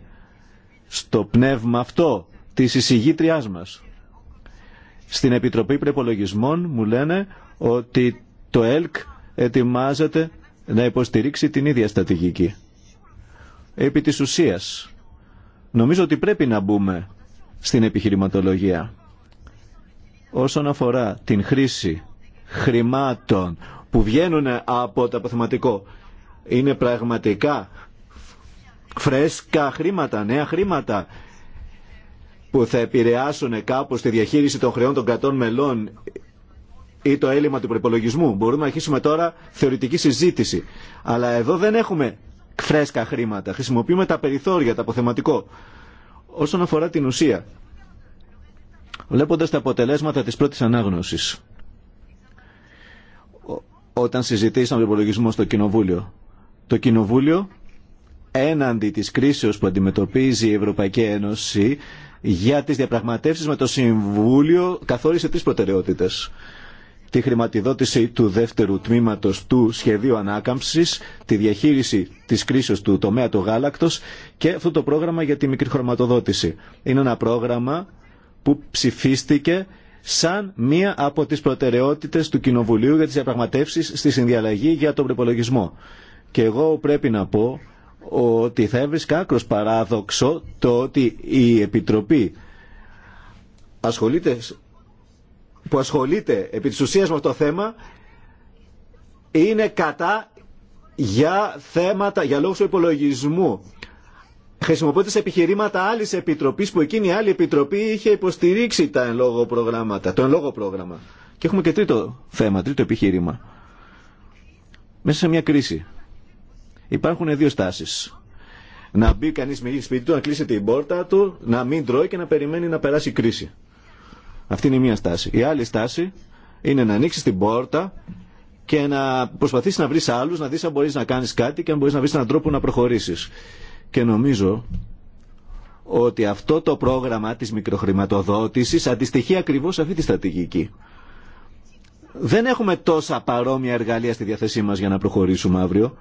στο πνεύμα αυτό της εισηγήτριάς μας. Στην Επιτροπή Προπολογισμών μου λένε ότι το ΕΛΚ ετοιμάζεται να υποστηρίξει την ίδια στατηγική. Επί της ουσίας, νομίζω ότι πρέπει να μπούμε στην επιχειρηματολογία. Όσον αφορά την χρήση χρημάτων που βγαίνουν από το αποθεματικό, είναι πραγματικά φρέσκα χρήματα, νέα χρήματα που θα επηρεάσουν κάπως τη διαχείριση των χρεών των κρατών μελών ή το έλλειμμα του προπολογισμού. Μπορούμε να αρχίσουμε τώρα θεωρητική συζήτηση. Αλλά εδώ δεν έχουμε φρέσκα χρήματα. Χρησιμοποιούμε τα περιθώρια, τα αποθεματικό. Όσον αφορά την ουσία, βλέποντας τα αποτελέσματα της πρώτης ανάγνωσης, όταν συζητήσαμε τον προπολογισμό στο Κοινοβούλιο, το Κοινοβούλιο έναντι της κρίσεως που αντιμετωπίζει η Ευρωπαϊκή Ένωση για τις διαπραγματεύσεις με το Συμβούλιο καθόρισε τις προτεραιότητες. Τη χρηματοδότηση του δεύτερου τμήματος του σχεδίου ανάκαμψης, τη διαχείριση της κρίσεως του τομέα του γάλακτος και αυτό το πρόγραμμα για τη μικρή χρηματοδότηση. Είναι ένα πρόγραμμα που ψηφίστηκε σαν μία από τις προτεραιότητες του Κοινοβουλίου για τις διαπραγματεύσεις στη συνδιαλλαγή για τον προπολογισμό. Και εγώ πρέπει να πω ότι θα έβρισκα άκρος παράδοξο το ότι η Επιτροπή ασχολείται, που ασχολείται επί της ουσίας με αυτό το θέμα είναι κατά για θέματα, για λόγους του υπολογισμού. χρησιμοποιώντας επιχειρήματα άλλης επιτροπής που εκείνη η άλλη επιτροπή είχε υποστηρίξει τα εν λόγω προγράμματα, το εν λόγω πρόγραμμα. Και έχουμε και τρίτο θέμα, τρίτο επιχείρημα. Μέσα σε μια κρίση Υπάρχουν δύο στάσεις. Να μπει κανείς με σπίτι του, να κλείσει την πόρτα του, να μην τρώει και να περιμένει να περάσει η κρίση. Αυτή είναι η μία στάση. Η άλλη στάση είναι να ανοίξει την πόρτα και να προσπαθήσει να βρει άλλου, να δει αν μπορεί να κάνει κάτι και αν μπορεί να βρει έναν τρόπο να προχωρήσει. Και νομίζω ότι αυτό το πρόγραμμα της μικροχρηματοδότησης αντιστοιχεί ακριβώς αυτή τη στρατηγική. Δεν έχουμε τόσα παρόμοια εργαλεία στη διαθέσή μας για να προχωρήσουμε αύριο.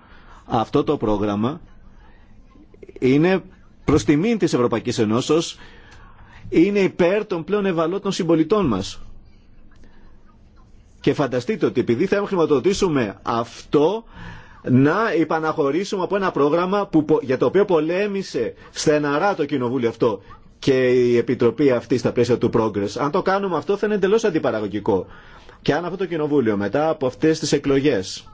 Αυτό το πρόγραμμα είναι προς τιμήν της Ευρωπαϊκής Ενώσεως, είναι υπέρ των πλέον ευαλώτων συμπολιτών μας. Και φανταστείτε ότι επειδή θα χρηματοδοτήσουμε αυτό, να υπαναχωρήσουμε από ένα πρόγραμμα που, για το οποίο πολέμησε στεναρά το κοινοβούλιο αυτό και η επιτροπή αυτή στα πλαίσια του Progress. Αν το κάνουμε αυτό θα είναι εντελώς αντιπαραγωγικό. Και αν αυτό το κοινοβούλιο μετά από αυτές τις εκλογές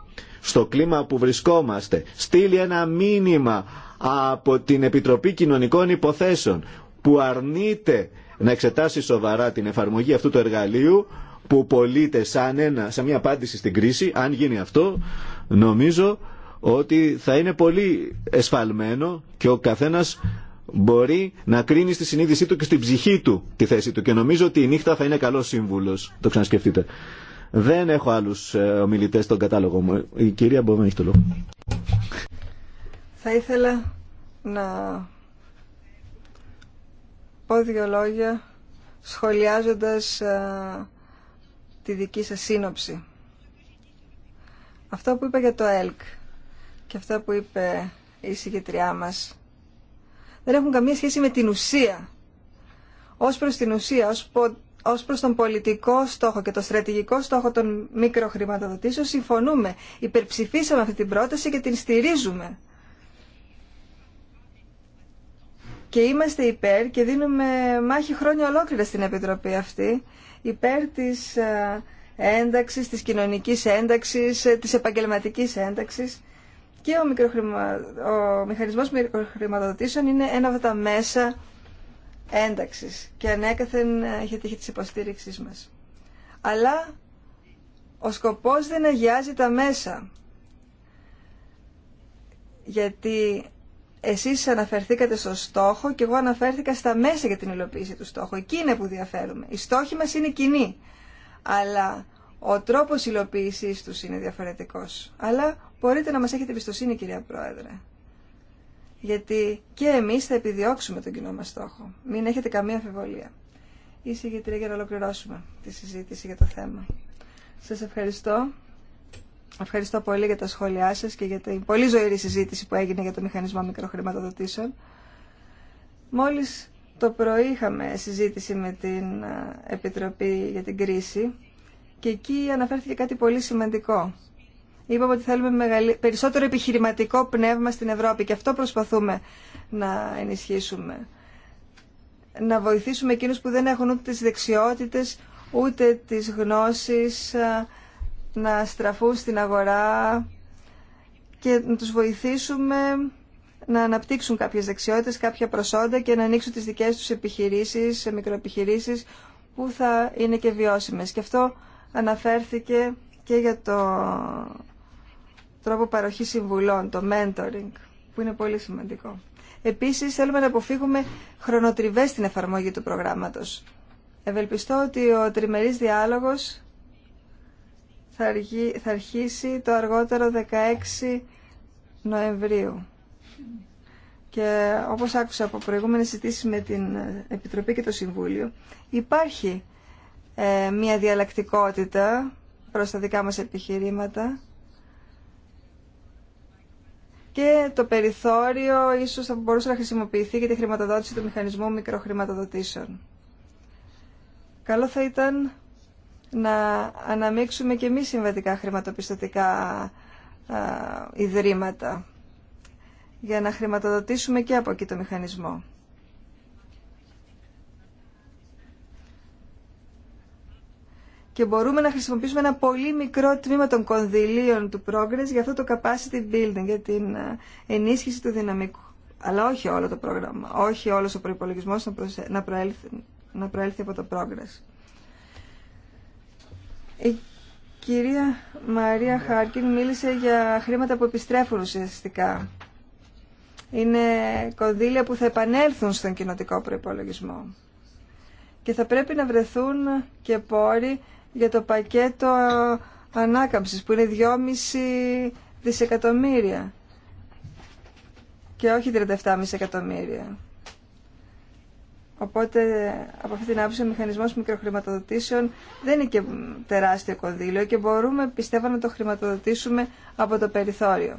στο κλίμα που βρισκόμαστε στείλει ένα μήνυμα από την Επιτροπή Κοινωνικών Υποθέσεων που αρνείται να εξετάσει σοβαρά την εφαρμογή αυτού του εργαλείου που πωλείται σαν, ένα, σαν μια απάντηση στην κρίση, αν γίνει αυτό, νομίζω ότι θα είναι πολύ εσφαλμένο και ο καθένας μπορεί να κρίνει στη συνείδησή του και στην ψυχή του τη θέση του και νομίζω ότι η νύχτα θα είναι καλός σύμβουλος. Το ξανασκεφτείτε. Δεν έχω άλλους ε, ομιλητές στον κατάλογο μου. Η κυρία να έχει το λόγο. Θα ήθελα να πω δύο λόγια σχολιάζοντας ε, τη δική σας σύνοψη. Αυτό που είπα για το ΕΛΚ και αυτό που είπε η συγκεκριά μας δεν έχουν καμία σχέση με την ουσία. Ως προς την ουσία, ως ως προς τον πολιτικό στόχο και το στρατηγικό στόχο των μικροχρηματοδοτήσεων συμφωνούμε. Υπερψηφίσαμε αυτή την πρόταση και την στηρίζουμε. Και είμαστε υπέρ και δίνουμε μάχη χρόνια ολόκληρα στην Επιτροπή αυτή υπέρ της ε, ένταξης, της κοινωνικής ένταξης, ε, της επαγγελματικής ένταξης και ο, μικροχρημα... μηχανισμός μικροχρηματοδοτήσεων είναι ένα από τα μέσα ένταξης και ανέκαθεν ε, είχε τύχει της υποστήριξής μας. Αλλά ο σκοπός δεν αγιάζει τα μέσα. Γιατί εσείς αναφερθήκατε στο στόχο και εγώ αναφέρθηκα στα μέσα για την υλοποίηση του στόχου. Εκεί είναι που διαφέρουμε. Οι στόχοι μας είναι κοινοί. Αλλά ο τρόπος υλοποίησής τους είναι διαφορετικός. Αλλά μπορείτε να μας έχετε εμπιστοσύνη κυρία Πρόεδρε γιατί και εμείς θα επιδιώξουμε τον κοινό μας στόχο. Μην έχετε καμία αμφιβολία. Η για να ολοκληρώσουμε τη συζήτηση για το θέμα. Σας ευχαριστώ. Ευχαριστώ πολύ για τα σχόλιά σας και για την πολύ ζωηρή συζήτηση που έγινε για το μηχανισμό μικροχρηματοδοτήσεων. Μόλις το πρωί είχαμε συζήτηση με την ε, Επιτροπή για την κρίση και εκεί αναφέρθηκε κάτι πολύ σημαντικό Είπαμε ότι θέλουμε περισσότερο επιχειρηματικό πνεύμα στην Ευρώπη και αυτό προσπαθούμε να ενισχύσουμε. Να βοηθήσουμε εκείνους που δεν έχουν ούτε τις δεξιότητες, ούτε τις γνώσεις, να στραφούν στην αγορά και να τους βοηθήσουμε να αναπτύξουν κάποιες δεξιότητες, κάποια προσόντα και να ανοίξουν τις δικές τους επιχειρήσεις, μικροεπιχειρήσεις που θα είναι και βιώσιμες. Και αυτό αναφέρθηκε και για το τρόπο παροχής συμβουλών, το mentoring, που είναι πολύ σημαντικό. Επίσης, θέλουμε να αποφύγουμε χρονοτριβές στην εφαρμογή του προγράμματος. Ευελπιστώ ότι ο τριμερής διάλογος θα αρχίσει το αργότερο 16 Νοεμβρίου. Και όπως άκουσα από προηγούμενες συζητήσεις με την Επιτροπή και το Συμβούλιο, υπάρχει ε, μια διαλλακτικότητα προς τα δικά μας επιχειρήματα και το περιθώριο ίσως θα μπορούσε να χρησιμοποιηθεί για τη χρηματοδότηση του μηχανισμού μικροχρηματοδοτήσεων. Καλό θα ήταν να αναμίξουμε και μη συμβατικά χρηματοπιστωτικά ιδρύματα για να χρηματοδοτήσουμε και από εκεί το μηχανισμό. και μπορούμε να χρησιμοποιήσουμε ένα πολύ μικρό τμήμα των κονδυλίων του Progress για αυτό το capacity building, για την ε, ενίσχυση του δυναμικού. Αλλά όχι όλο το πρόγραμμα, όχι όλος ο προϋπολογισμός να, προέλθει, να προέλθει από το Progress. Η κυρία Μαρία Χάρκιν μίλησε για χρήματα που επιστρέφουν ουσιαστικά. Είναι κονδύλια που θα επανέλθουν στον κοινοτικό προϋπολογισμό και θα πρέπει να βρεθούν και πόροι για το πακέτο ανάκαμψης που είναι 2,5 δισεκατομμύρια και όχι 37,5 εκατομμύρια. Οπότε από αυτήν την άποψη ο μηχανισμός μικροχρηματοδοτήσεων δεν είναι και τεράστιο κονδύλιο και μπορούμε πιστεύω να το χρηματοδοτήσουμε από το περιθώριο.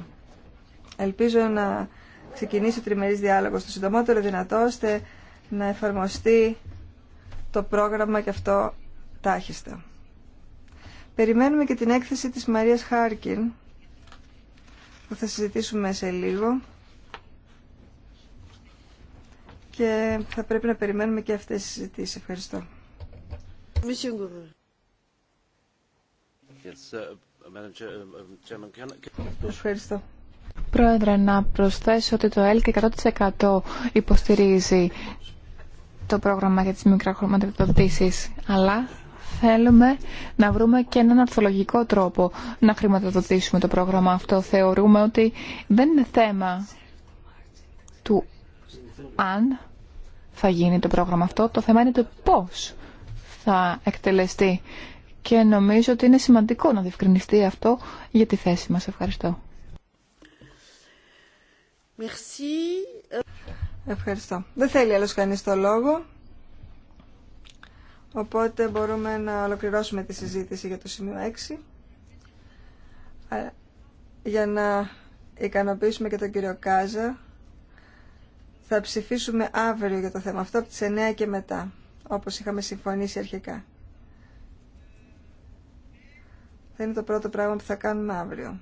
Ελπίζω να ξεκινήσει ο τριμερής διάλογος το συντομότερο δυνατό ώστε να εφαρμοστεί το πρόγραμμα και αυτό τάχιστα. Περιμένουμε και την έκθεση της Μαρίας Χάρκιν που θα συζητήσουμε σε λίγο και θα πρέπει να περιμένουμε και αυτές τις συζητήσεις. Ευχαριστώ. Ευχαριστώ. Πρόεδρε, να προσθέσω ότι το ΕΛΚ 100% υποστηρίζει το πρόγραμμα για τις μικραχρωματοδοτήσεις, αλλά θέλουμε να βρούμε και έναν αρθολογικό τρόπο να χρηματοδοτήσουμε το πρόγραμμα αυτό. Θεωρούμε ότι δεν είναι θέμα του αν θα γίνει το πρόγραμμα αυτό, το θέμα είναι το πώς θα εκτελεστεί. Και νομίζω ότι είναι σημαντικό να διευκρινιστεί αυτό για τη θέση μας. Ευχαριστώ. Merci. Ευχαριστώ. Δεν θέλει άλλος κανείς το λόγο. Οπότε μπορούμε να ολοκληρώσουμε τη συζήτηση για το σημείο 6 για να ικανοποιήσουμε και τον κύριο Κάζα θα ψηφίσουμε αύριο για το θέμα αυτό από τις 9 και μετά όπως είχαμε συμφωνήσει αρχικά θα είναι το πρώτο πράγμα που θα κάνουμε αύριο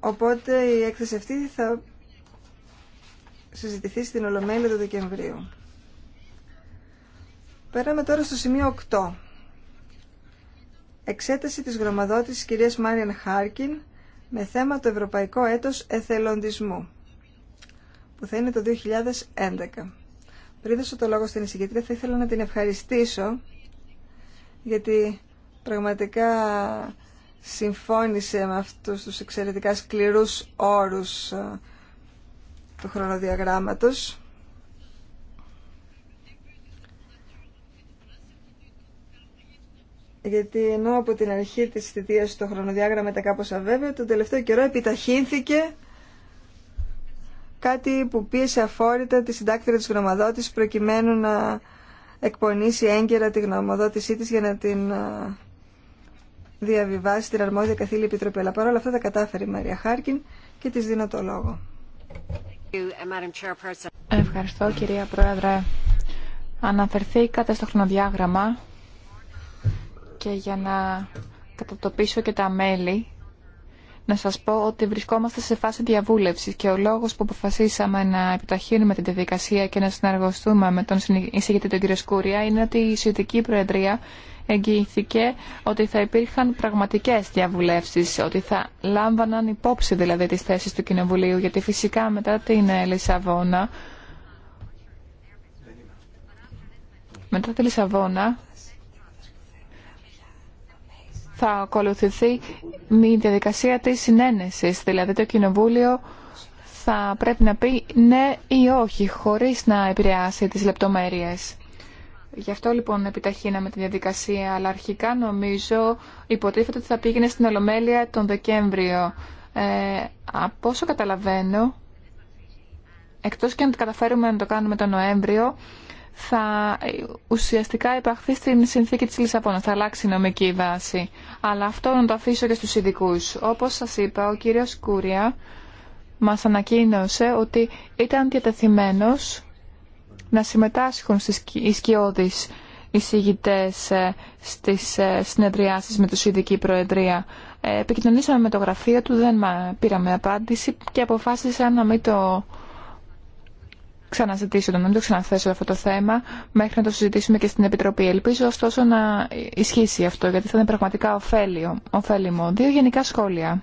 οπότε η έκθεση αυτή θα συζητηθεί στην Ολομέλεια του Δεκεμβρίου. Πέραμε τώρα στο σημείο 8. Εξέταση της της κυρίας Μάριαν Χάρκιν με θέμα το Ευρωπαϊκό Έτος Εθελοντισμού, που θα είναι το 2011. Πριν δώσω το λόγο στην εισηγήτρια, θα ήθελα να την ευχαριστήσω, γιατί πραγματικά συμφώνησε με αυτούς τους εξαιρετικά σκληρούς όρους ε, του χρονοδιαγράμματος. Γιατί ενώ από την αρχή της θητείας το χρονοδιάγραμμα ήταν κάπως αβέβαιο, τον τελευταίο καιρό επιταχύνθηκε κάτι που πίεσε αφόρητα τη συντάκτρια της γνωμοδότης προκειμένου να εκπονήσει έγκαιρα τη γνωμοδότησή της για να την διαβιβάσει την αρμόδια καθήλη επιτροπή. Αλλά παρόλα αυτά τα κατάφερε η Μαρία Χάρκιν και της δίνω το λόγο. Ευχαριστώ κυρία Πρόεδρε. Αναφερθήκατε στο χρονοδιάγραμμα και για να κατατοπίσω και τα μέλη να σας πω ότι βρισκόμαστε σε φάση διαβούλευσης και ο λόγος που αποφασίσαμε να επιταχύνουμε την διαδικασία και να συνεργαστούμε με τον εισηγητή τον κύριο Σκούρια είναι ότι η Σιωτική Προεδρία εγγυήθηκε ότι θα υπήρχαν πραγματικές διαβουλεύσεις, ότι θα λάμβαναν υπόψη δηλαδή τις θέσεις του Κοινοβουλίου, γιατί φυσικά μετά την Λισαβόνα, μετά τη Λισαβόνα θα ακολουθηθεί η διαδικασία της συνένεσης, δηλαδή το Κοινοβούλιο θα πρέπει να πει ναι ή όχι, χωρίς να επηρεάσει τις λεπτομέρειες. Γι' αυτό λοιπόν επιταχύναμε τη διαδικασία, αλλά αρχικά νομίζω υποτίθεται ότι θα πήγαινε στην Ολομέλεια τον Δεκέμβριο. Ε, από όσο καταλαβαίνω, εκτός και αν καταφέρουμε να το κάνουμε τον Νοέμβριο, θα ε, ουσιαστικά υπαχθεί στην συνθήκη της Λισαβόνας, θα αλλάξει η νομική βάση. Αλλά αυτό να το αφήσω και στους ειδικού. Όπως σας είπα, ο κύριος Κούρια μας ανακοίνωσε ότι ήταν διατεθειμένος να συμμετάσχουν στις ισχυώδεις εισηγητές ε, στις ε, συνεδριάσεις με τους ειδική προεδρία. Ε, επικοινωνήσαμε με το γραφείο του, δεν πήραμε απάντηση και αποφάσισα να μην το ξαναζητήσω, να μην το ξαναθέσω αυτό το θέμα μέχρι να το συζητήσουμε και στην Επιτροπή. Ελπίζω ωστόσο να ισχύσει αυτό γιατί θα είναι πραγματικά ωφέλιο, ωφέλιμο. Δύο γενικά σχόλια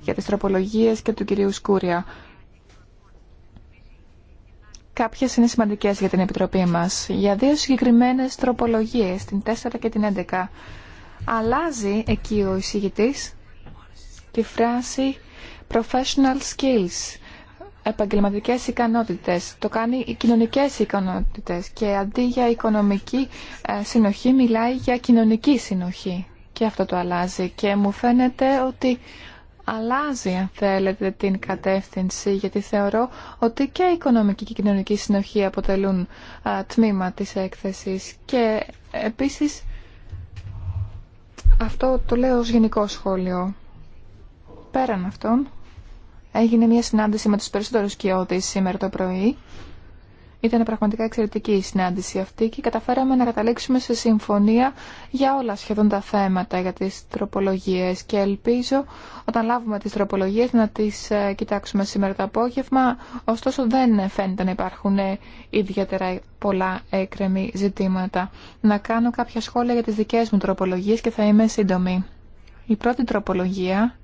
για τις τροπολογίες και του κυρίου Σκούρια. Κάποιες είναι σημαντικές για την Επιτροπή μας. Για δύο συγκεκριμένες τροπολογίες, την 4 και την 11. Αλλάζει εκεί ο εισηγητή τη φράση professional skills, επαγγελματικές ικανότητες. Το κάνει οι κοινωνικές ικανότητες και αντί για οικονομική ε, συνοχή μιλάει για κοινωνική συνοχή. Και αυτό το αλλάζει και μου φαίνεται ότι αλλάζει, αν θέλετε, την κατεύθυνση, γιατί θεωρώ ότι και η οικονομική και κοινωνική συνοχή αποτελούν τμήμα της έκθεσης. Και επίσης, αυτό το λέω ως γενικό σχόλιο. Πέραν αυτών, έγινε μια συνάντηση με τους περισσότερους κοιόδης σήμερα το πρωί ήταν πραγματικά εξαιρετική η συνάντηση αυτή και καταφέραμε να καταλήξουμε σε συμφωνία για όλα σχεδόν τα θέματα για τις τροπολογίες και ελπίζω όταν λάβουμε τις τροπολογίες να τις ε, κοιτάξουμε σήμερα το απόγευμα. Ωστόσο δεν φαίνεται να υπάρχουν ε, ιδιαίτερα πολλά έκρεμη ζητήματα. Να κάνω κάποια σχόλια για τις δικές μου τροπολογίες και θα είμαι σύντομη. Η πρώτη τροπολογία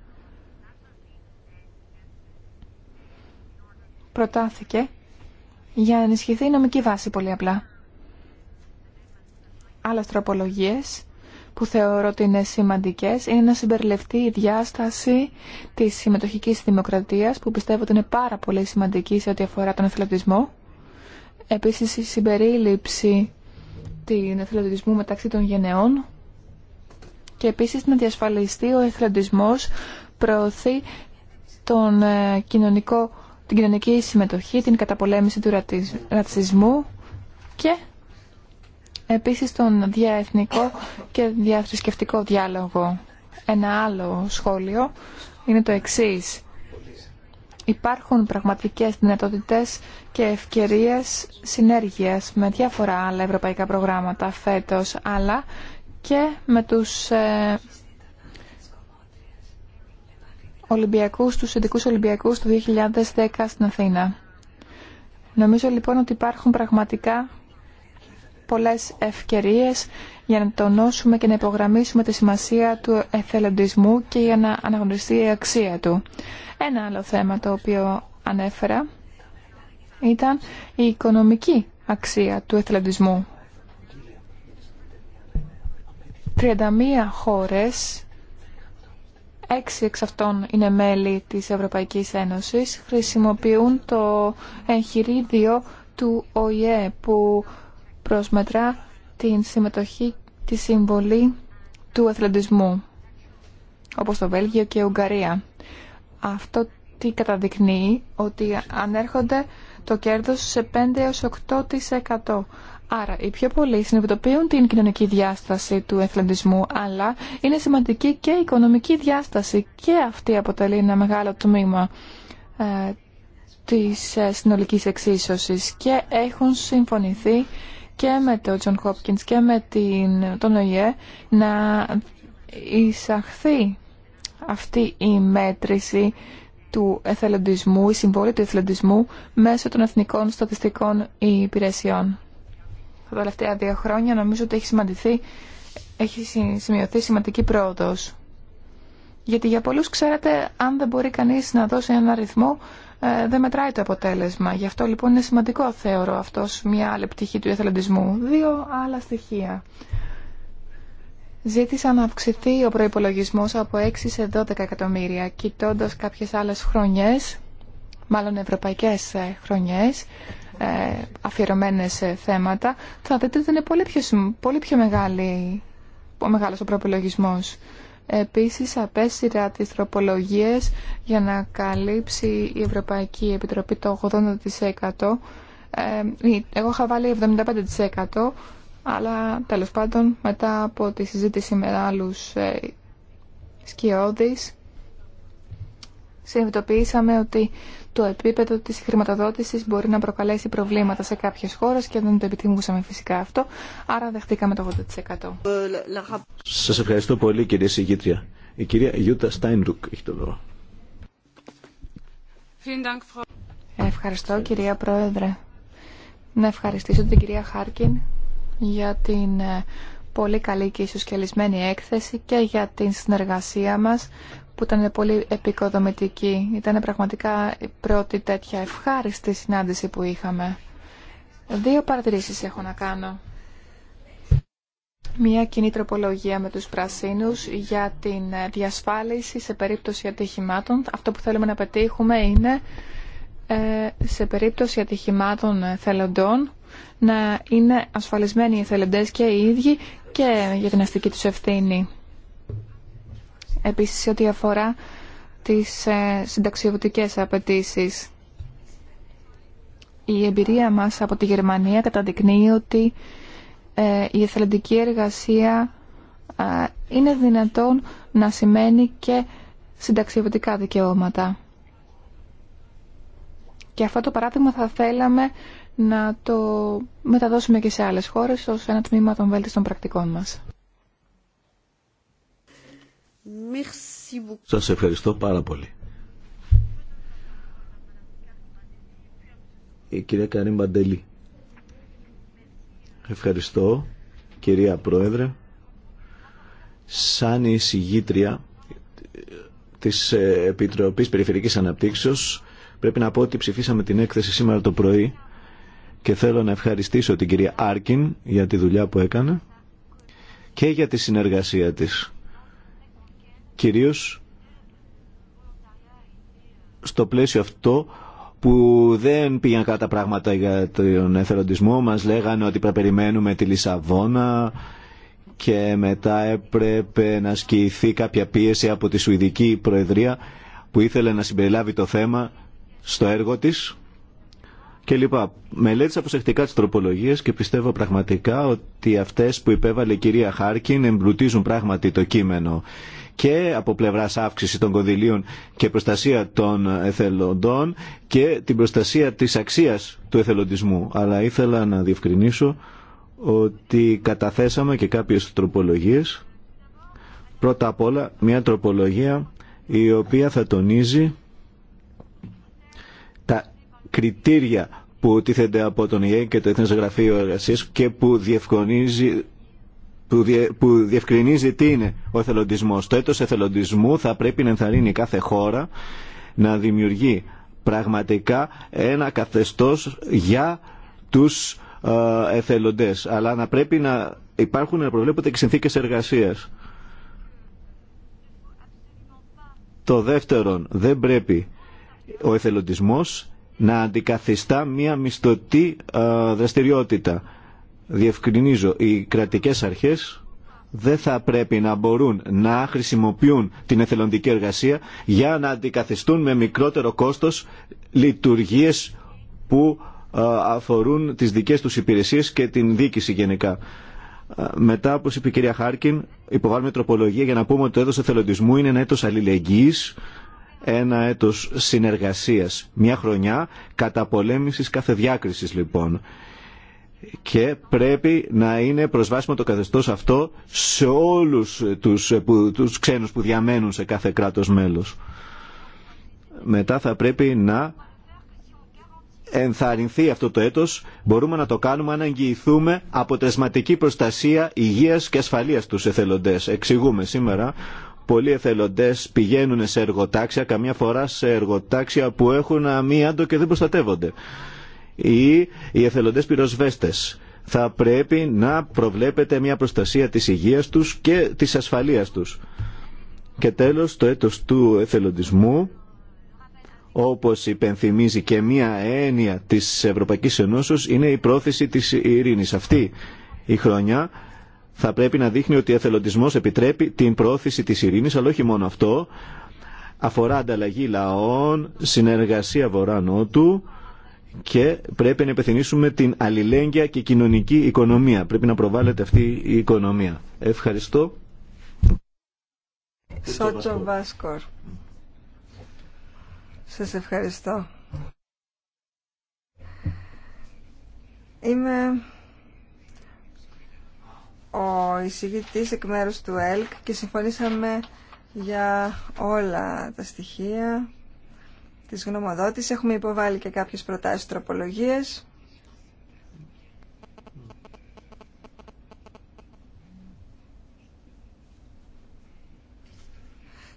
προτάθηκε για να ενισχυθεί η νομική βάση πολύ απλά. Άλλε τροπολογίε που θεωρώ ότι είναι σημαντικέ. είναι να συμπεριληφθεί η διάσταση της συμμετοχικής δημοκρατίας που πιστεύω ότι είναι πάρα πολύ σημαντική σε ό,τι αφορά τον εθελοντισμό. Επίση, η συμπερίληψη του εθελοντισμού μεταξύ των γενεών και επίσης να διασφαλιστεί ο εθελοντισμός προωθεί τον ε, κοινωνικό την κοινωνική συμμετοχή, την καταπολέμηση του ρατσισμού και επίσης τον διαεθνικό και διαθρησκευτικό διάλογο. Ένα άλλο σχόλιο είναι το εξής. Υπάρχουν πραγματικές δυνατότητες και ευκαιρίες συνέργειας με διάφορα άλλα ευρωπαϊκά προγράμματα φέτος, αλλά και με τους ε, Ολυμπιακούς, τους ειδικούς Ολυμπιακούς του 2010 στην Αθήνα. Νομίζω λοιπόν ότι υπάρχουν πραγματικά πολλές ευκαιρίες για να τονώσουμε και να υπογραμμίσουμε τη σημασία του εθελοντισμού και για να αναγνωριστεί η αξία του. Ένα άλλο θέμα το οποίο ανέφερα ήταν η οικονομική αξία του εθελοντισμού. 31 χώρες έξι εξ αυτών είναι μέλη της Ευρωπαϊκής Ένωσης, χρησιμοποιούν το εγχειρίδιο του ΟΗΕ που προσμετρά την συμμετοχή, τη συμβολή του αθλητισμού, όπως το Βέλγιο και η Ουγγαρία. Αυτό τι καταδεικνύει ότι ανέρχονται το κέρδος σε 5 8% Άρα, οι πιο πολλοί συνειδητοποιούν την κοινωνική διάσταση του εθελοντισμού, αλλά είναι σημαντική και η οικονομική διάσταση και αυτή αποτελεί ένα μεγάλο τμήμα ε, της ε, συνολικής εξίσωσης και έχουν συμφωνηθεί και με τον Τζον Χόπκινς και με την, τον ΟΙΕ να εισαχθεί αυτή η μέτρηση του εθελοντισμού, η συμβόλη του εθελοντισμού μέσω των εθνικών στατιστικών υπηρεσιών τα τελευταία δύο χρόνια νομίζω ότι έχει, σημαντηθεί, έχει σημειωθεί σημαντική πρόοδο. Γιατί για πολλού ξέρετε, αν δεν μπορεί κανεί να δώσει έναν αριθμό, ε, δεν μετράει το αποτέλεσμα. Γι' αυτό λοιπόν είναι σημαντικό, θεωρώ, αυτό μια άλλη πτυχή του εθελοντισμού. Δύο άλλα στοιχεία. Ζήτησα να αυξηθεί ο προπολογισμό από 6 σε 12 εκατομμύρια, κοιτώντα κάποιε άλλε χρονιές, μάλλον ευρωπαϊκέ ε, χρονιές, ε, αφιερωμένες θέματα, θα δείτε ότι είναι πολύ πιο, πολύ πιο μεγάλη, ο μεγάλος ο προπολογισμός. Επίσης, απέσυρα τις τροπολογίες για να καλύψει η Ευρωπαϊκή Επιτροπή το 80%. Ε, εγώ είχα βάλει 75%, αλλά τέλος πάντων μετά από τη συζήτηση με άλλους ε, σκιώδεις συνειδητοποιήσαμε ότι το επίπεδο της χρηματοδότησης μπορεί να προκαλέσει προβλήματα σε κάποιες χώρες και δεν το επιτιμούσαμε φυσικά αυτό, άρα δεχτήκαμε το 80%. Σας ευχαριστώ πολύ κυρία Συγκήτρια. Η κυρία Γιούτα Στάινρουκ έχει το λόγο. Ευχαριστώ κυρία Πρόεδρε. Να ευχαριστήσω την κυρία Χάρκιν για την ε, πολύ καλή και ισοσκελισμένη έκθεση και για την συνεργασία μας που ήταν πολύ επικοδομητική. Ήταν πραγματικά η πρώτη τέτοια ευχάριστη συνάντηση που είχαμε. Δύο παρατηρήσεις έχω να κάνω. Μία κοινή τροπολογία με τους πρασίνους για την διασφάλιση σε περίπτωση ατυχημάτων. Αυτό που θέλουμε να πετύχουμε είναι ε, σε περίπτωση ατυχημάτων θελοντών να είναι ασφαλισμένοι οι θελοντές και οι ίδιοι και για την αστική τους ευθύνη. Επίσης, ό,τι αφορά τις ε, συνταξιωτικέ απαιτήσεις, Η εμπειρία μας από τη Γερμανία καταδεικνύει ότι ε, η εθελοντική εργασία ε, είναι δυνατόν να σημαίνει και συνταξιωτικά δικαιώματα. Και αυτό το παράδειγμα θα θέλαμε να το μεταδώσουμε και σε άλλες χώρες ως ένα τμήμα των βέλτιστων πρακτικών μας. Σας ευχαριστώ πάρα πολύ. Η κυρία Καρίν Μπαντελή. Ευχαριστώ, κυρία Πρόεδρε. Σαν συγγήτρια της ε, Επιτροπής Περιφερικής Αναπτύξεως πρέπει να πω ότι ψηφίσαμε την έκθεση σήμερα το πρωί και θέλω να ευχαριστήσω την κυρία Άρκιν για τη δουλειά που έκανε και για τη συνεργασία της κυρίως στο πλαίσιο αυτό που δεν πήγαν κάτα πράγματα για τον εθελοντισμό. Μας λέγανε ότι πρέπει να περιμένουμε τη Λισαβόνα και μετά έπρεπε να ασκηθεί κάποια πίεση από τη Σουηδική Προεδρία που ήθελε να συμπεριλάβει το θέμα στο έργο της και λοιπά. Μελέτησα προσεκτικά τις τροπολογίες και πιστεύω πραγματικά ότι αυτές που υπέβαλε η κυρία Χάρκιν εμπλουτίζουν πράγματι το κείμενο και από πλευρά αύξηση των κονδυλίων και προστασία των εθελοντών και την προστασία της αξίας του εθελοντισμού. Αλλά ήθελα να διευκρινίσω ότι καταθέσαμε και κάποιες τροπολογίες. Πρώτα απ' όλα μια τροπολογία η οποία θα τονίζει τα κριτήρια που τίθενται από τον ΙΕ και το Εθνές Γραφείο Εργασίας και που διευκρινίζει που, διευκρινίζει τι είναι ο εθελοντισμός. Το έτος εθελοντισμού θα πρέπει να ενθαρρύνει κάθε χώρα να δημιουργεί πραγματικά ένα καθεστώς για τους ε, εθελοντές. Αλλά να πρέπει να υπάρχουν να προβλέπονται και συνθήκες εργασίας. Το δεύτερον, δεν πρέπει ο εθελοντισμός να αντικαθιστά μία μισθωτή ε, δραστηριότητα διευκρινίζω, οι κρατικές αρχές δεν θα πρέπει να μπορούν να χρησιμοποιούν την εθελοντική εργασία για να αντικαθιστούν με μικρότερο κόστος λειτουργίες που ε, αφορούν τις δικές τους υπηρεσίες και την δίκηση γενικά. Ε, μετά, όπως είπε η κυρία Χάρκιν, υποβάλλουμε τροπολογία για να πούμε ότι το έτος εθελοντισμού είναι ένα έτος αλληλεγγύης, ένα έτος συνεργασίας, μια χρονιά καταπολέμησης κάθε διάκρισης λοιπόν και πρέπει να είναι προσβάσιμο το καθεστώς αυτό σε όλους τους, που, ξένους που διαμένουν σε κάθε κράτος μέλος. Μετά θα πρέπει να ενθαρρυνθεί αυτό το έτος, μπορούμε να το κάνουμε αν αγγιηθούμε αποτελεσματική προστασία υγείας και ασφαλείας τους εθελοντές. Εξηγούμε σήμερα πολλοί εθελοντές πηγαίνουν σε εργοτάξια, καμιά φορά σε εργοτάξια που έχουν αμύαντο και δεν προστατεύονται ή οι εθελοντές πυροσβέστες. Θα πρέπει να προβλέπετε μια προστασία της υγείας τους και της ασφαλείας τους. Και τέλος, το έτος του εθελοντισμού, όπως υπενθυμίζει και μια έννοια της Ευρωπαϊκής Ενώσεως, είναι η πρόθεση της ειρήνης. Αυτή η χρονιά θα πρέπει να δείχνει ότι ο εθελοντισμός επιτρέπει την πρόθεση της ειρήνης, αλλά όχι μόνο αυτό, αφορά ανταλλαγή λαών, συνεργασία βορρά-νότου, και πρέπει να επιθυμήσουμε την αλληλέγγυα και κοινωνική οικονομία. Πρέπει να προβάλλεται αυτή η οικονομία. Ευχαριστώ. Σότσο Βάσκορ. Σας ευχαριστώ. Είμαι ο εισηγητής εκ μέρους του ΕΛΚ και συμφωνήσαμε για όλα τα στοιχεία της γνωμοδότησης. Έχουμε υποβάλει και κάποιες προτάσεις τροπολογίες.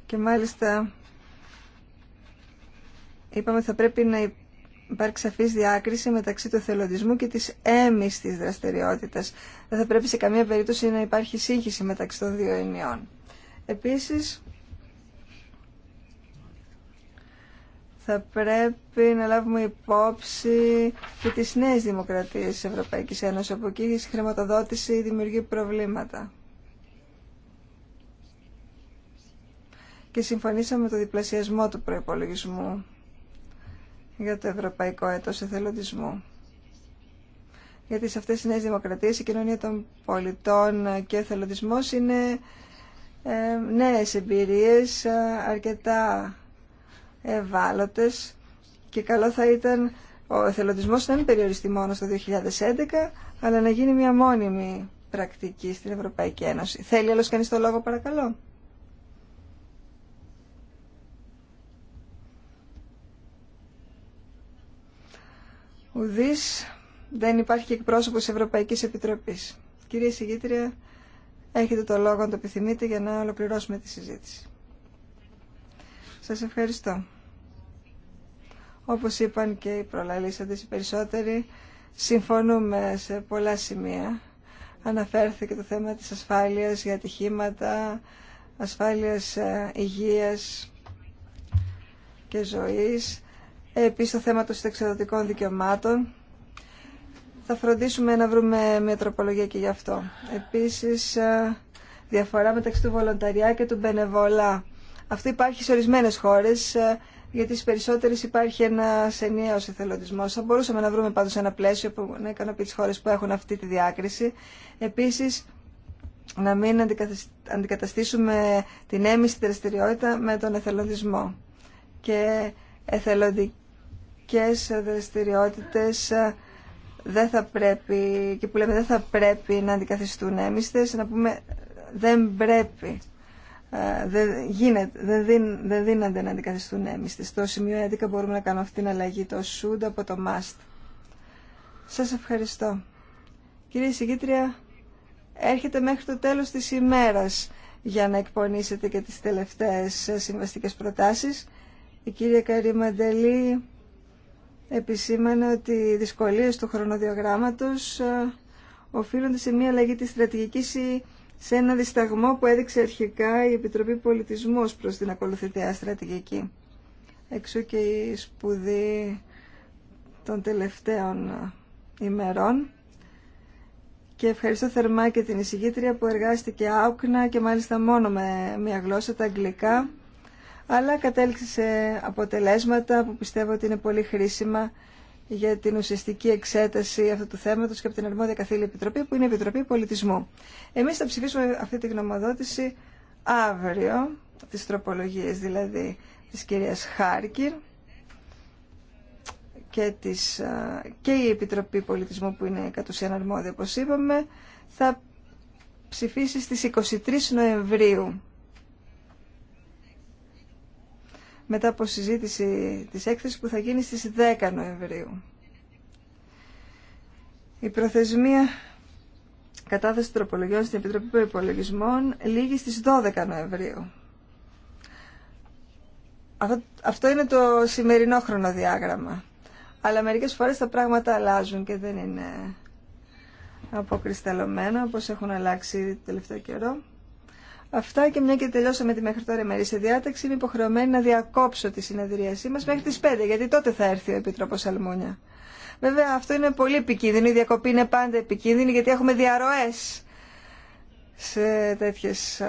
Και μάλιστα είπαμε ότι θα πρέπει να υπάρχει σαφής διάκριση μεταξύ του θελοντισμού και της έμης της δραστηριότητας. Δεν θα πρέπει σε καμία περίπτωση να υπάρχει σύγχυση μεταξύ των δύο ενιών. Επίσης, θα πρέπει να λάβουμε υπόψη και τις νέες δημοκρατίες της Ευρωπαϊκής Ένωσης, όπου εκεί η χρηματοδότηση δημιουργεί προβλήματα. Και συμφωνήσαμε με το διπλασιασμό του προϋπολογισμού για το Ευρωπαϊκό Έτος Εθελοντισμού. Γιατί σε αυτές τις νέες δημοκρατίες η κοινωνία των πολιτών και εθελοντισμός είναι ε, νέες εμπειρίες ε, αρκετά ευάλωτες και καλό θα ήταν ο εθελοντισμός να μην περιοριστεί μόνο στο 2011 αλλά να γίνει μια μόνιμη πρακτική στην Ευρωπαϊκή Ένωση. Θέλει άλλος κανείς το λόγο παρακαλώ. Ουδής δεν υπάρχει και εκπρόσωπος Ευρωπαϊκής Επιτροπής. Κυρία Συγγήτρια, έχετε το λόγο αν το επιθυμείτε για να ολοκληρώσουμε τη συζήτηση. Σας ευχαριστώ. Όπως είπαν και οι προλαλήσαντες οι περισσότεροι, συμφωνούμε σε πολλά σημεία. Αναφέρθηκε το θέμα της ασφάλειας για ατυχήματα, ασφάλειας ε, υγείας και ζωής. Επίσης το θέμα των συνταξιδοτικών δικαιωμάτων. Θα φροντίσουμε να βρούμε μια τροπολογία και γι' αυτό. Επίσης, ε, διαφορά μεταξύ του Βολονταριά και του Μπενεβόλα αυτό υπάρχει σε ορισμένες χώρες, ε, γιατί στις περισσότερες υπάρχει ένα ενιαίος εθελοντισμός. Θα μπορούσαμε να βρούμε πάντως ένα πλαίσιο που να ικανοποιεί τις χώρες που έχουν αυτή τη διάκριση. Επίσης, να μην αντικαταστήσουμε την έμιστη δραστηριότητα με τον εθελοντισμό. Και εθελοντικές δραστηριότητες ε, δεν θα πρέπει, και που λέμε δεν θα πρέπει να αντικαθιστούν έμιστες, να πούμε ε, δεν πρέπει ε, δεν, γίνεται, δεν, δίν, δεν δίνονται να αντικαθιστούν έμιστε. Στο σημείο 11 μπορούμε να κάνουμε αυτή την αλλαγή, το should από το must. Σας ευχαριστώ. Κύριε Συγκήτρια, έρχεται μέχρι το τέλος της ημέρας για να εκπονήσετε και τις τελευταίες συμβαστικές προτάσεις. Η κυρία Μαντελή επισήμανε ότι οι δυσκολίες του χρονοδιογράμματος ε, οφείλονται σε μια αλλαγή της στρατηγικής σε ένα δισταγμό που έδειξε αρχικά η Επιτροπή Πολιτισμού προς την ακολουθητέα στρατηγική. Εξού και η σπουδή των τελευταίων ε, ημερών. Και ευχαριστώ θερμά και την εισηγήτρια που εργάστηκε άοκνα και μάλιστα μόνο με μια γλώσσα, τα αγγλικά, αλλά κατέληξε σε αποτελέσματα που πιστεύω ότι είναι πολύ χρήσιμα για την ουσιαστική εξέταση αυτού του θέματος και από την Αρμόδια Καθήλια Επιτροπή, που είναι η Επιτροπή Πολιτισμού. Εμείς θα ψηφίσουμε αυτή τη γνωμοδότηση αύριο, τι τροπολογίες δηλαδή τη κυρία Χάρκιν και, της, και η Επιτροπή Πολιτισμού που είναι κατ' ουσίαν αρμόδια, όπως είπαμε, θα ψηφίσει στις 23 Νοεμβρίου μετά από συζήτηση της έκθεσης που θα γίνει στις 10 Νοεμβρίου. Η προθεσμία κατάθεση τροπολογιών στην Επιτροπή Προϋπολογισμών λήγει στις 12 Νοεμβρίου. Αυτό είναι το σημερινό χρονοδιάγραμμα. Αλλά μερικές φορές τα πράγματα αλλάζουν και δεν είναι αποκρισταλωμένα όπως έχουν αλλάξει τελευταίο καιρό. Αυτά και μια και τελειώσαμε τη μέχρι τώρα ημερή σε διάταξη, είμαι υποχρεωμένη να διακόψω τη συνεδρίασή μας μέχρι τις 5, γιατί τότε θα έρθει ο Επιτρόπος Σαλμούνια. Βέβαια αυτό είναι πολύ επικίνδυνο, η διακοπή είναι πάντα επικίνδυνη γιατί έχουμε διαρροές σε τέτοιες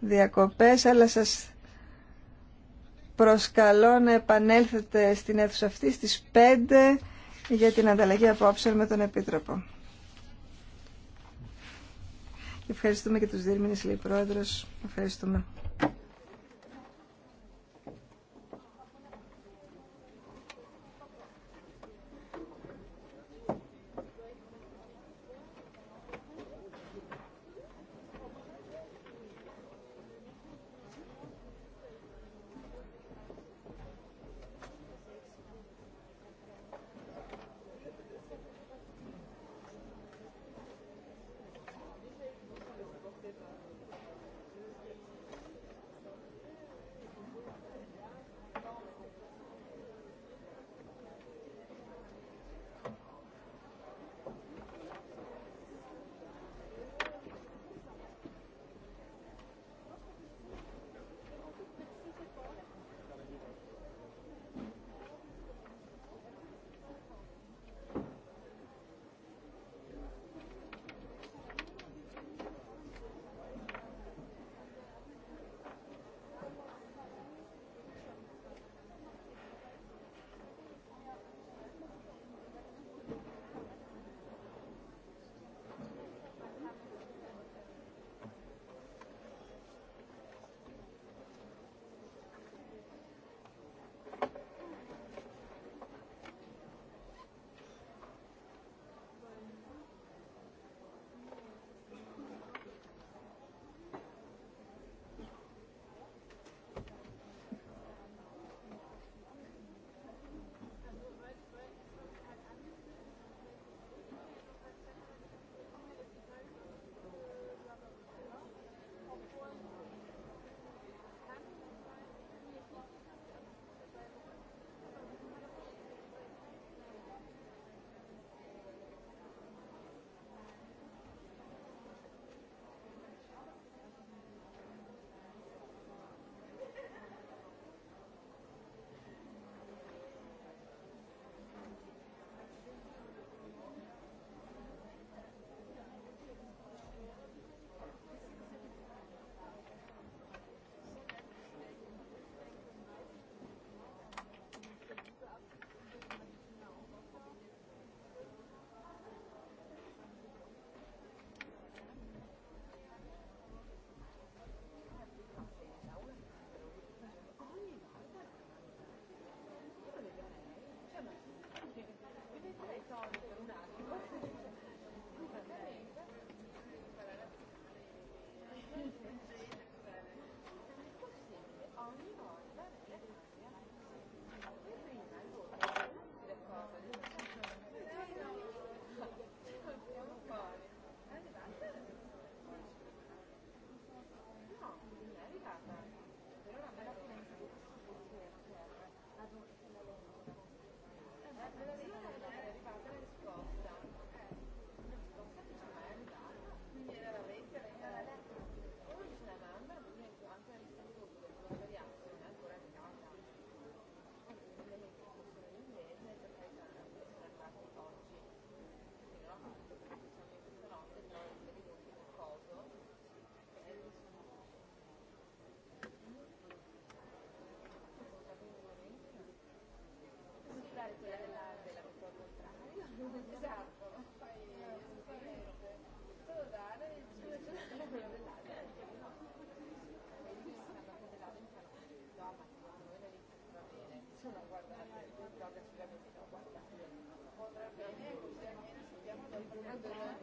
διακοπές, αλλά σας προσκαλώ να επανέλθετε στην αίθουσα αυτή στι 5 για την ανταλλαγή απόψεων με τον Επίτροπο. Ευχαριστούμε και τους δήμινες λέει Πρόεδρος. Ευχαριστούμε. Ευχαριστώ.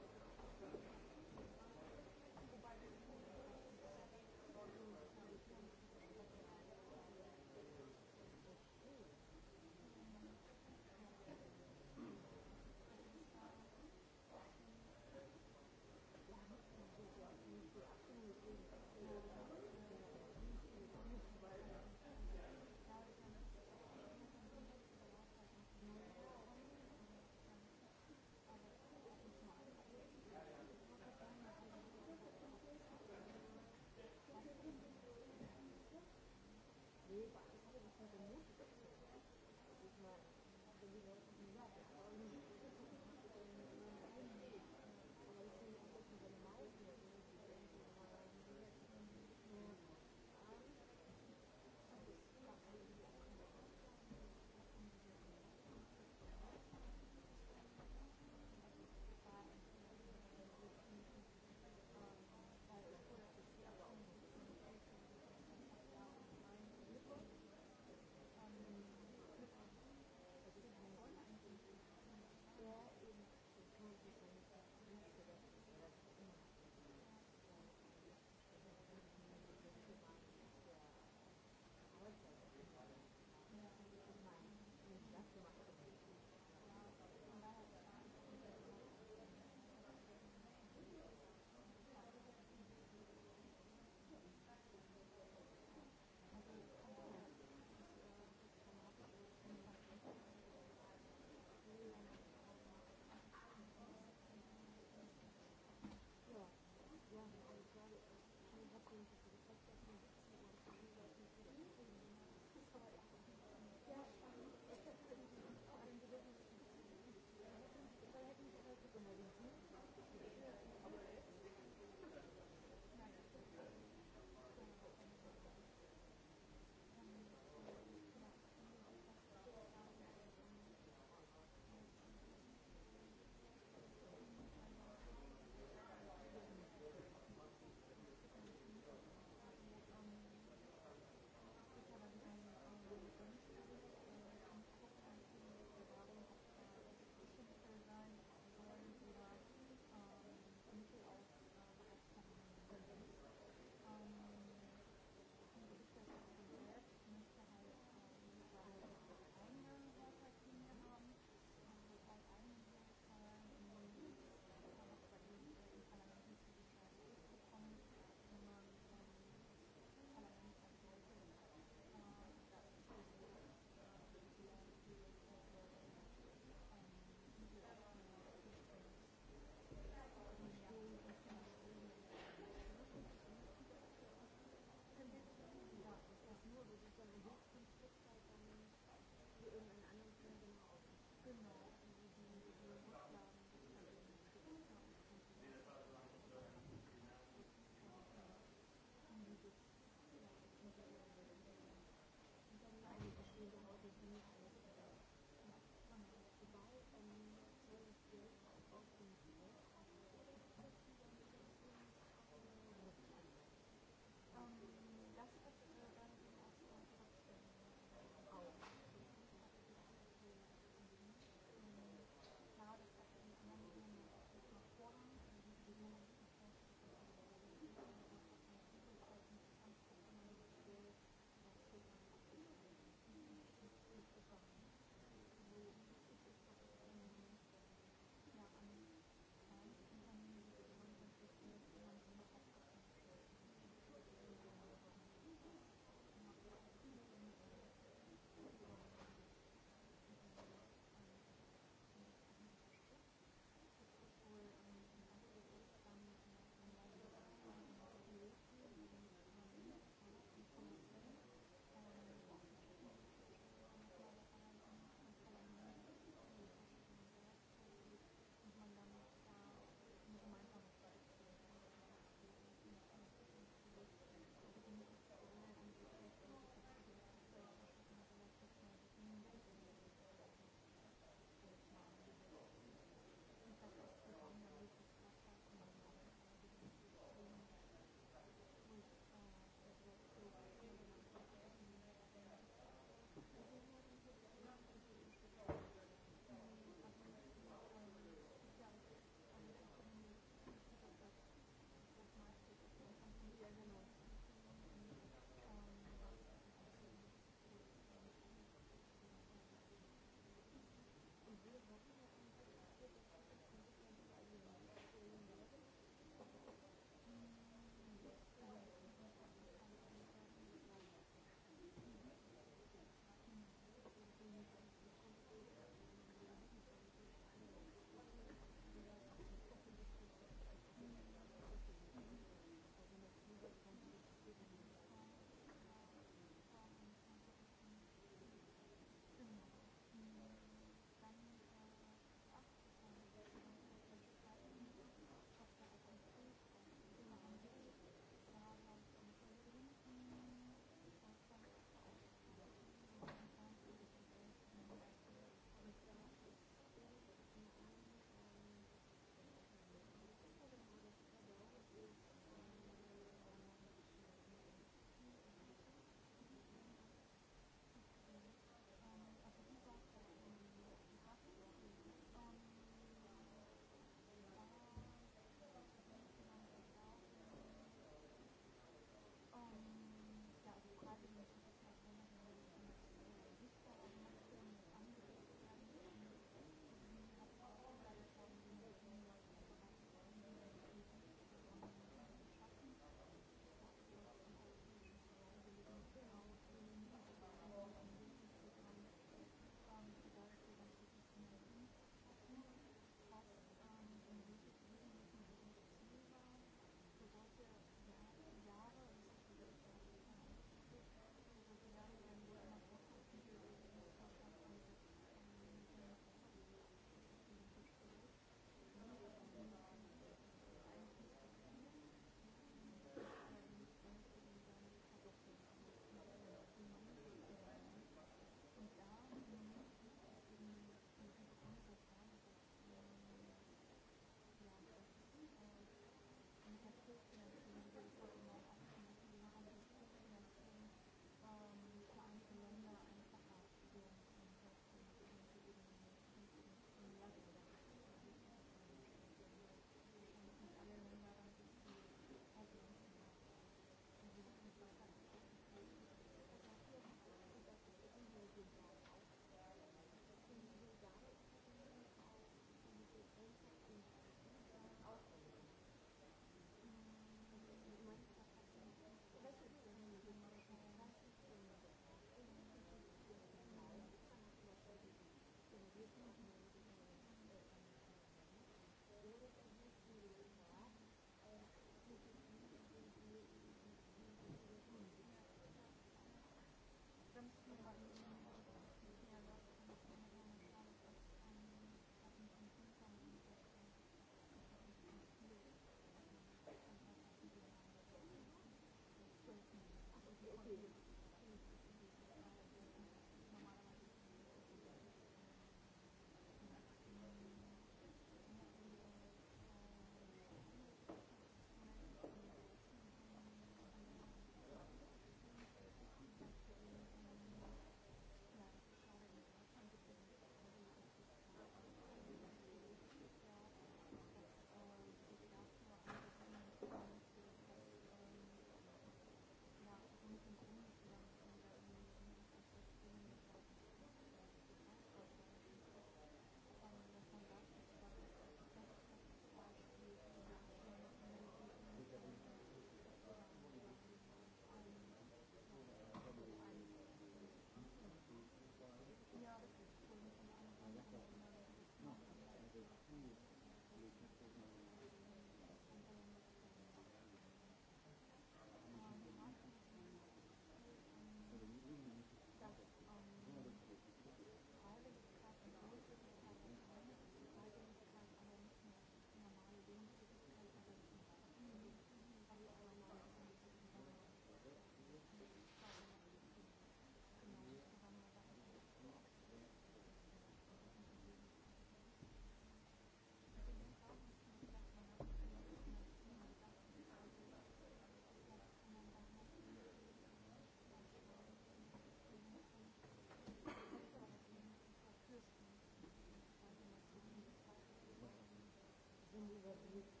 Υπότιτλοι AUTHORWAVE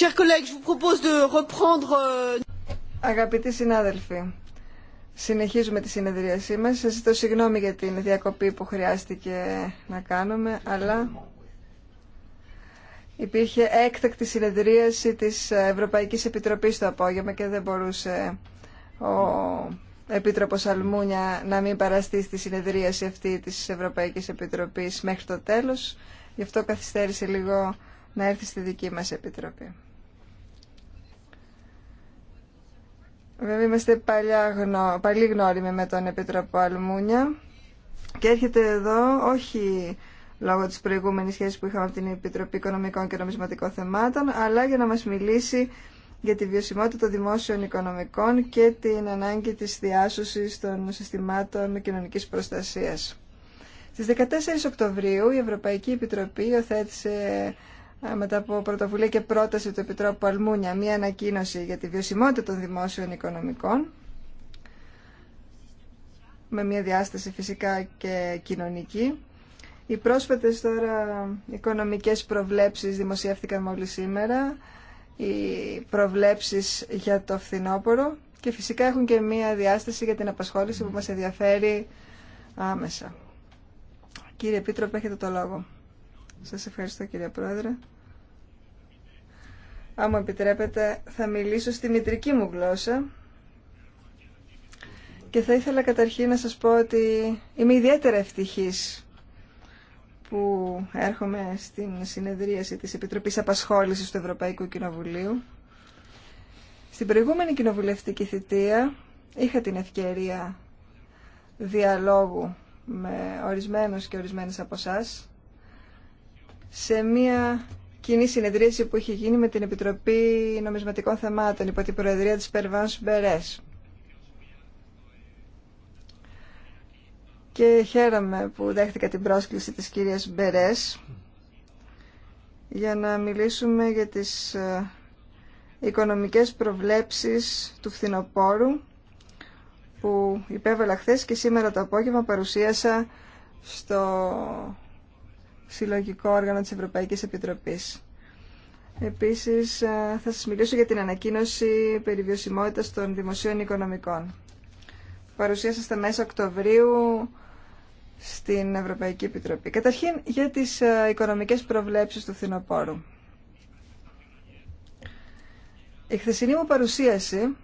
Chers collègues, je vous propose de reprendre... Euh, Αγαπητοί συνάδελφοι, συνεχίζουμε τη συνεδρίασή μας. Σας ζητώ συγγνώμη για την διακοπή που χρειάστηκε να κάνουμε, αλλά υπήρχε έκτακτη συνεδρίαση της Ευρωπαϊκής Επιτροπής το απόγευμα και δεν μπορούσε ο Επίτροπος Αλμούνια να μην παραστεί στη συνεδρίαση αυτή της Ευρωπαϊκής Επιτροπής μέχρι το τέλος. Γι' αυτό καθυστέρησε λίγο να έρθει στη δική μας Επιτροπή. Βέβαια είμαστε παλιά γνώριμοι με τον Επίτροπο Αλμούνια και έρχεται εδώ όχι λόγω της προηγούμενης σχέσης που είχαμε από την Επιτροπή Οικονομικών και Νομισματικών Θεμάτων αλλά για να μας μιλήσει για τη βιωσιμότητα των δημόσιων οικονομικών και την ανάγκη της διάσωσης των συστημάτων κοινωνικής προστασίας. Στις 14 Οκτωβρίου η Ευρωπαϊκή Επιτροπή υιοθέτησε ε, μετά από πρωτοβουλία και πρόταση του Επιτρόπου Αλμούνια μια ανακοίνωση για τη βιωσιμότητα των δημόσιων οικονομικών με μια διάσταση φυσικά και κοινωνική. Οι πρόσφατες τώρα οικονομικές προβλέψεις δημοσιεύτηκαν μόλις σήμερα, οι προβλέψεις για το φθινόπωρο και φυσικά έχουν και μια διάσταση για την απασχόληση που μας ενδιαφέρει άμεσα. Κύριε Επίτροπε, έχετε το λόγο. Σας ευχαριστώ κύριε Πρόεδρε. Αν μου επιτρέπετε θα μιλήσω στη μητρική μου γλώσσα και θα ήθελα καταρχήν να σας πω ότι είμαι ιδιαίτερα ευτυχής που έρχομαι στην συνεδρίαση της Επιτροπής Απασχόλησης του Ευρωπαϊκού Κοινοβουλίου. Στην προηγούμενη κοινοβουλευτική θητεία είχα την ευκαιρία διαλόγου με ορισμένους και ορισμένες από εσά σε μία κοινή συνεδρίαση που είχε γίνει με την Επιτροπή Νομισματικών Θεμάτων υπό την Προεδρία της Περβάνς Μπερές. Και χαίρομαι που δέχτηκα την πρόσκληση της κυρίας Μπερές για να μιλήσουμε για τις ε, οικονομικές προβλέψεις του φθινοπόρου που υπέβαλα χθε και σήμερα το απόγευμα παρουσίασα στο συλλογικό όργανο της Ευρωπαϊκής Επιτροπής. Επίσης, ε, θα σας μιλήσω για την ανακοίνωση βιωσιμότητας των δημοσίων οικονομικών. Παρουσίασα στα μέσα Οκτωβρίου στην Ευρωπαϊκή Επιτροπή. Καταρχήν, για τις ε, οικονομικές προβλέψεις του φθινοπόρου. Η χθεσινή μου παρουσίαση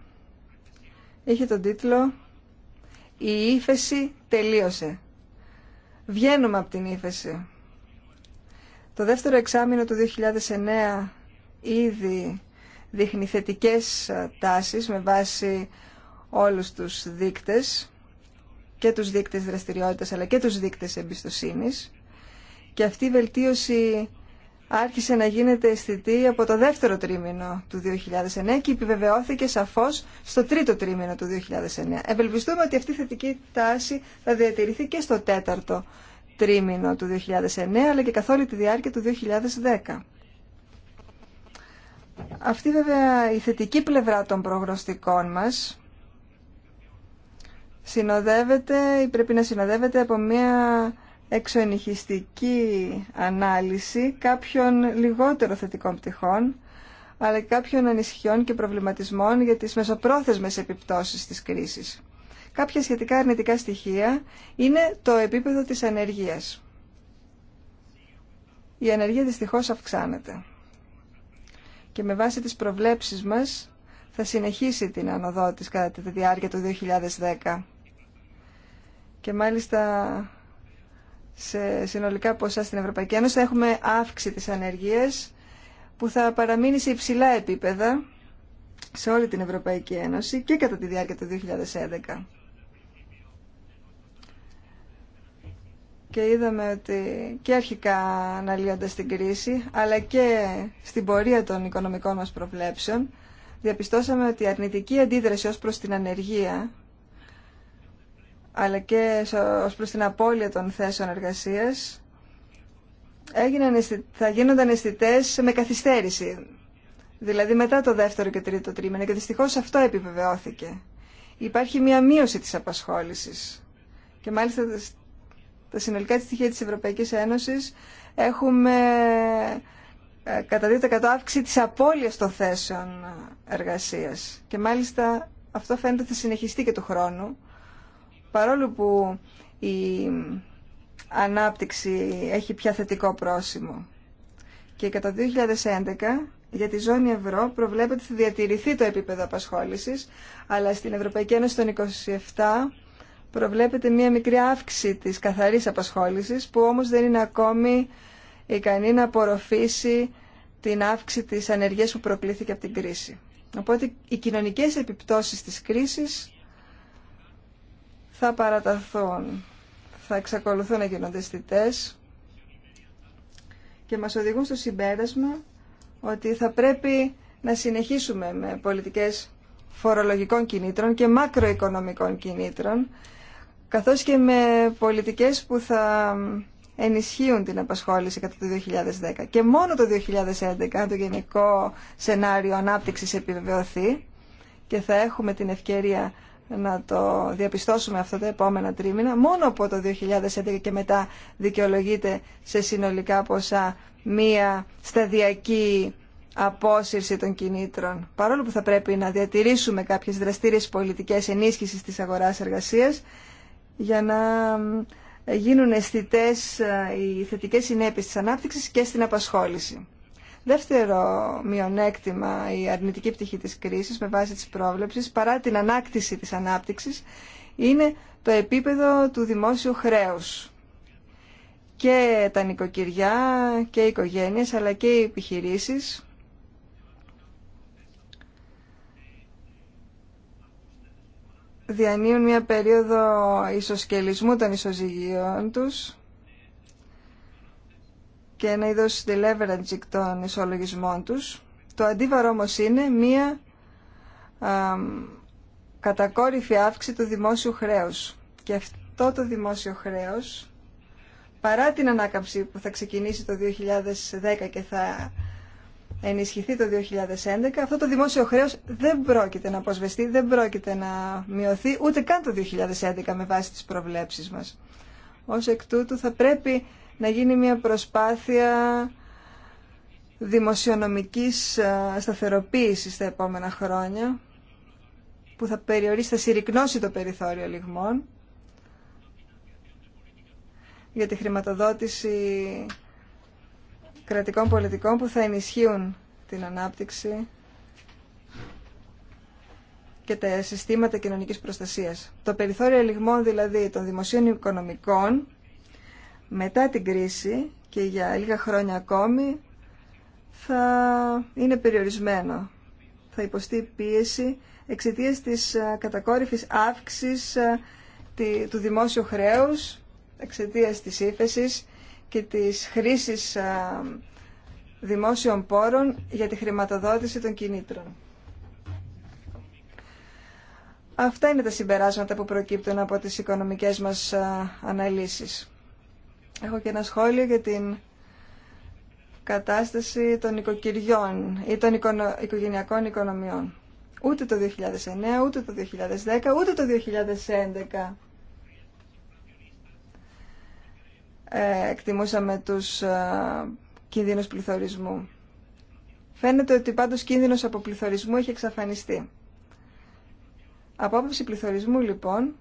είχε τον τίτλο «Η ύφεση τελείωσε». Βγαίνουμε από την ύφεση. Το δεύτερο εξάμεινο του 2009 ήδη δείχνει θετικές ε, τάσεις με βάση όλους τους δείκτες και τους δείκτες δραστηριότητας αλλά και τους δείκτες εμπιστοσύνης και αυτή η βελτίωση άρχισε να γίνεται αισθητή από το δεύτερο τρίμηνο του 2009 και επιβεβαιώθηκε σαφώς στο τρίτο τρίμηνο του 2009. Ευελπιστούμε ότι αυτή η θετική τάση θα διατηρηθεί και στο τέταρτο τρίμηνο του 2009 αλλά και καθ' όλη τη διάρκεια του 2010. Αυτή βέβαια η θετική πλευρά των προγνωστικών μας συνοδεύεται ή πρέπει να συνοδεύεται από μια εξοενυχιστική ανάλυση κάποιων λιγότερο θετικών πτυχών αλλά και κάποιων ανησυχιών και προβληματισμών για τις μεσοπρόθεσμες επιπτώσεις της κρίσης κάποια σχετικά αρνητικά στοιχεία είναι το επίπεδο της ανεργίας. Η ανεργία δυστυχώς αυξάνεται και με βάση τις προβλέψεις μας θα συνεχίσει την ανοδό κατά τη διάρκεια του 2010 και μάλιστα σε συνολικά ποσά στην Ευρωπαϊκή Ένωση θα έχουμε αύξηση της ανεργίας που θα παραμείνει σε υψηλά επίπεδα σε όλη την Ευρωπαϊκή Ένωση και κατά τη διάρκεια του 2011. και είδαμε ότι και αρχικά αναλύοντας την κρίση αλλά και στην πορεία των οικονομικών μας προβλέψεων διαπιστώσαμε ότι η αρνητική αντίδραση ως προς την ανεργία αλλά και ως προς την απώλεια των θέσεων εργασίας θα γίνονταν αισθητέ με καθυστέρηση δηλαδή μετά το δεύτερο και τρίτο τρίμηνο και δυστυχώς αυτό επιβεβαιώθηκε. Υπάρχει μία μείωση της απασχόλησης και μάλιστα τα συνολικά στοιχεία της Ευρωπαϊκής Ένωσης έχουμε ε, κατά 2% αύξηση της απώλειας των θέσεων ε, εργασίας. Και μάλιστα αυτό φαίνεται θα συνεχιστεί και του χρόνου, παρόλο που η ανάπτυξη έχει πια θετικό πρόσημο. Και κατά 2011 για τη ζώνη ευρώ προβλέπεται ότι θα διατηρηθεί το επίπεδο απασχόλησης, αλλά στην Ευρωπαϊκή Ένωση των 27 προβλέπεται μία μικρή αύξηση της καθαρής απασχόλησης που όμως δεν είναι ακόμη ικανή να απορροφήσει την αύξηση της ανεργίας που προκλήθηκε από την κρίση. Οπότε οι κοινωνικές επιπτώσεις της κρίσης θα παραταθούν, θα εξακολουθούν να γίνονται και μας οδηγούν στο συμπέρασμα ότι θα πρέπει να συνεχίσουμε με πολιτικές φορολογικών κινήτρων και μακροοικονομικών κινήτρων καθώς και με πολιτικές που θα ενισχύουν την απασχόληση κατά το 2010. Και μόνο το 2011 το γενικό σενάριο ανάπτυξης επιβεβαιωθεί και θα έχουμε την ευκαιρία να το διαπιστώσουμε αυτά τα επόμενα τρίμηνα. Μόνο από το 2011 και μετά δικαιολογείται σε συνολικά ποσά μία σταδιακή απόσυρση των κινήτρων. Παρόλο που θα πρέπει να διατηρήσουμε κάποιες δραστήριες πολιτικές ενίσχυσης της αγοράς εργασίας, για να γίνουν αισθητέ ε, οι θετικές συνέπειες τη ανάπτυξη και στην απασχόληση. Δεύτερο μειονέκτημα, η αρνητική πτυχή της κρίσης με βάση τη πρόβλεψη, παρά την ανάκτηση τη ανάπτυξης, είναι το επίπεδο του δημόσιου χρέους. Και τα νοικοκυριά και οι οικογένειε, αλλά και οι επιχειρήσει. διανύουν μια περίοδο ισοσκελισμού των ισοζυγίων τους και ένα είδος deleveraging των ισολογισμών τους. Το αντίβαρο όμως είναι μια α, κατακόρυφη αύξηση του δημόσιου χρέους. Και αυτό το δημόσιο χρέος, παρά την ανάκαμψη που θα ξεκινήσει το 2010 και θα ενισχυθεί το 2011, αυτό το δημόσιο χρέος δεν πρόκειται να αποσβεστεί, δεν πρόκειται να μειωθεί ούτε καν το 2011 με βάση τις προβλέψεις μας. Ως εκ τούτου θα πρέπει να γίνει μια προσπάθεια δημοσιονομικής σταθεροποίησης τα επόμενα χρόνια που θα περιορίσει, θα συρρυκνώσει το περιθώριο λιγμών για τη χρηματοδότηση κρατικών πολιτικών που θα ενισχύουν την ανάπτυξη και τα συστήματα κοινωνικής προστασίας. Το περιθώριο ελιγμών δηλαδή των δημοσίων οικονομικών μετά την κρίση και για λίγα χρόνια ακόμη θα είναι περιορισμένο. Θα υποστεί πίεση εξαιτία της ε, κατακόρυφης αύξησης ε, του δημόσιου χρέους, εξαιτία της ύφεσης και της χρήσης δημόσιων πόρων για τη χρηματοδότηση των κινήτρων. Αυτά είναι τα συμπεράσματα που προκύπτουν από τις οικονομικές μας αναλύσεις. Έχω και ένα σχόλιο για την κατάσταση των οικοκυριών ή των οικογενειακών οικονομιών. Ούτε το 2009, ούτε το 2010, ούτε το 2011 Ε, εκτιμούσαμε τους ε, κινδύνους πληθωρισμού. Φαίνεται ότι πάντως κίνδυνος από πληθωρισμού έχει εξαφανιστεί. Από άποψη πληθωρισμού λοιπόν,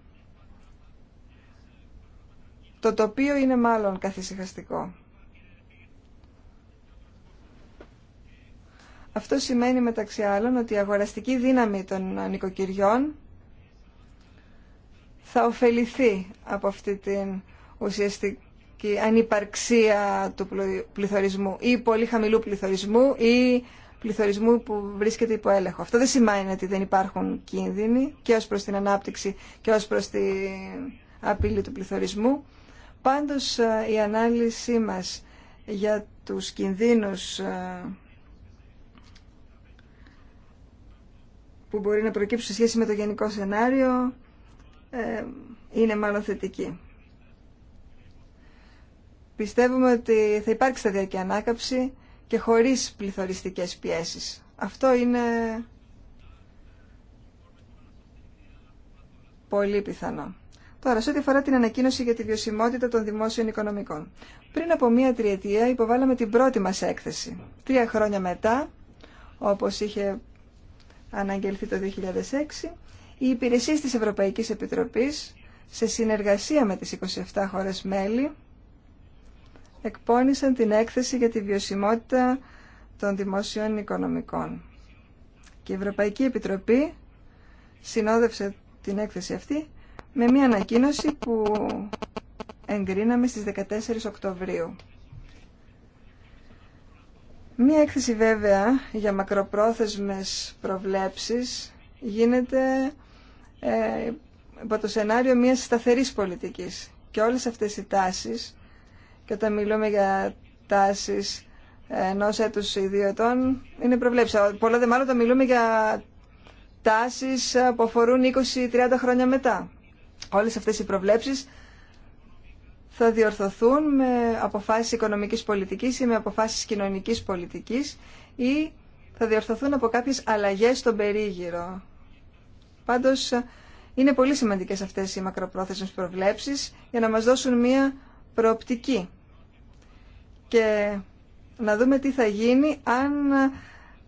το τοπίο είναι μάλλον καθησυχαστικό. Αυτό σημαίνει μεταξύ άλλων ότι η αγοραστική δύναμη των νοικοκυριών θα ωφεληθεί από αυτή την ουσιαστική και ανυπαρξία του πληθωρισμού ή πολύ χαμηλού πληθωρισμού ή πληθωρισμού που βρίσκεται υπό έλεγχο. Αυτό δεν σημαίνει ότι δεν υπάρχουν κίνδυνοι και ως προς την ανάπτυξη και ως προς την απειλή του πληθωρισμού. Πάντως ε, η ανάλυση μας για τους κινδύνους ε, που μπορεί να προκύψουν σε σχέση με το γενικό σενάριο ε, είναι μάλλον θετική. Πιστεύουμε ότι θα υπάρξει σταδιακή ανάκαψη και χωρίς πληθωριστικές πιέσεις. Αυτό είναι πολύ πιθανό. Τώρα, σε ό,τι αφορά την ανακοίνωση για τη βιωσιμότητα των δημόσιων οικονομικών. Πριν από μία τριετία υποβάλαμε την πρώτη μας έκθεση. Τρία χρόνια μετά, όπως είχε αναγγελθεί το 2006, οι υπηρεσίε της Ευρωπαϊκής Επιτροπής, σε συνεργασία με τις 27 χώρες μέλη, εκπώνησαν την έκθεση για τη βιωσιμότητα των δημοσίων οικονομικών. Και η Ευρωπαϊκή Επιτροπή συνόδευσε την έκθεση αυτή με μια ανακοίνωση που εγκρίναμε στις 14 Οκτωβρίου. Μία έκθεση βέβαια για μακροπρόθεσμες προβλέψεις γίνεται ε, υπό το σενάριο μιας σταθερής πολιτικής. Και όλες αυτές οι τάσεις και όταν μιλούμε για τάσεις ενό έτου ή δύο ετών είναι προβλέψα. Πολλά δε μάλλον όταν μιλούμε για τάσεις που αφορούν 20-30 χρόνια μετά. Όλες αυτές οι προβλέψεις θα διορθωθούν με αποφάσεις οικονομικής πολιτικής ή με αποφάσεις κοινωνικής πολιτικής ή θα διορθωθούν από κάποιες αλλαγές στον περίγυρο. Πάντως είναι πολύ σημαντικές αυτές οι μακροπρόθεσμες προβλέψεις για να μας δώσουν μία προοπτική και να δούμε τι θα γίνει αν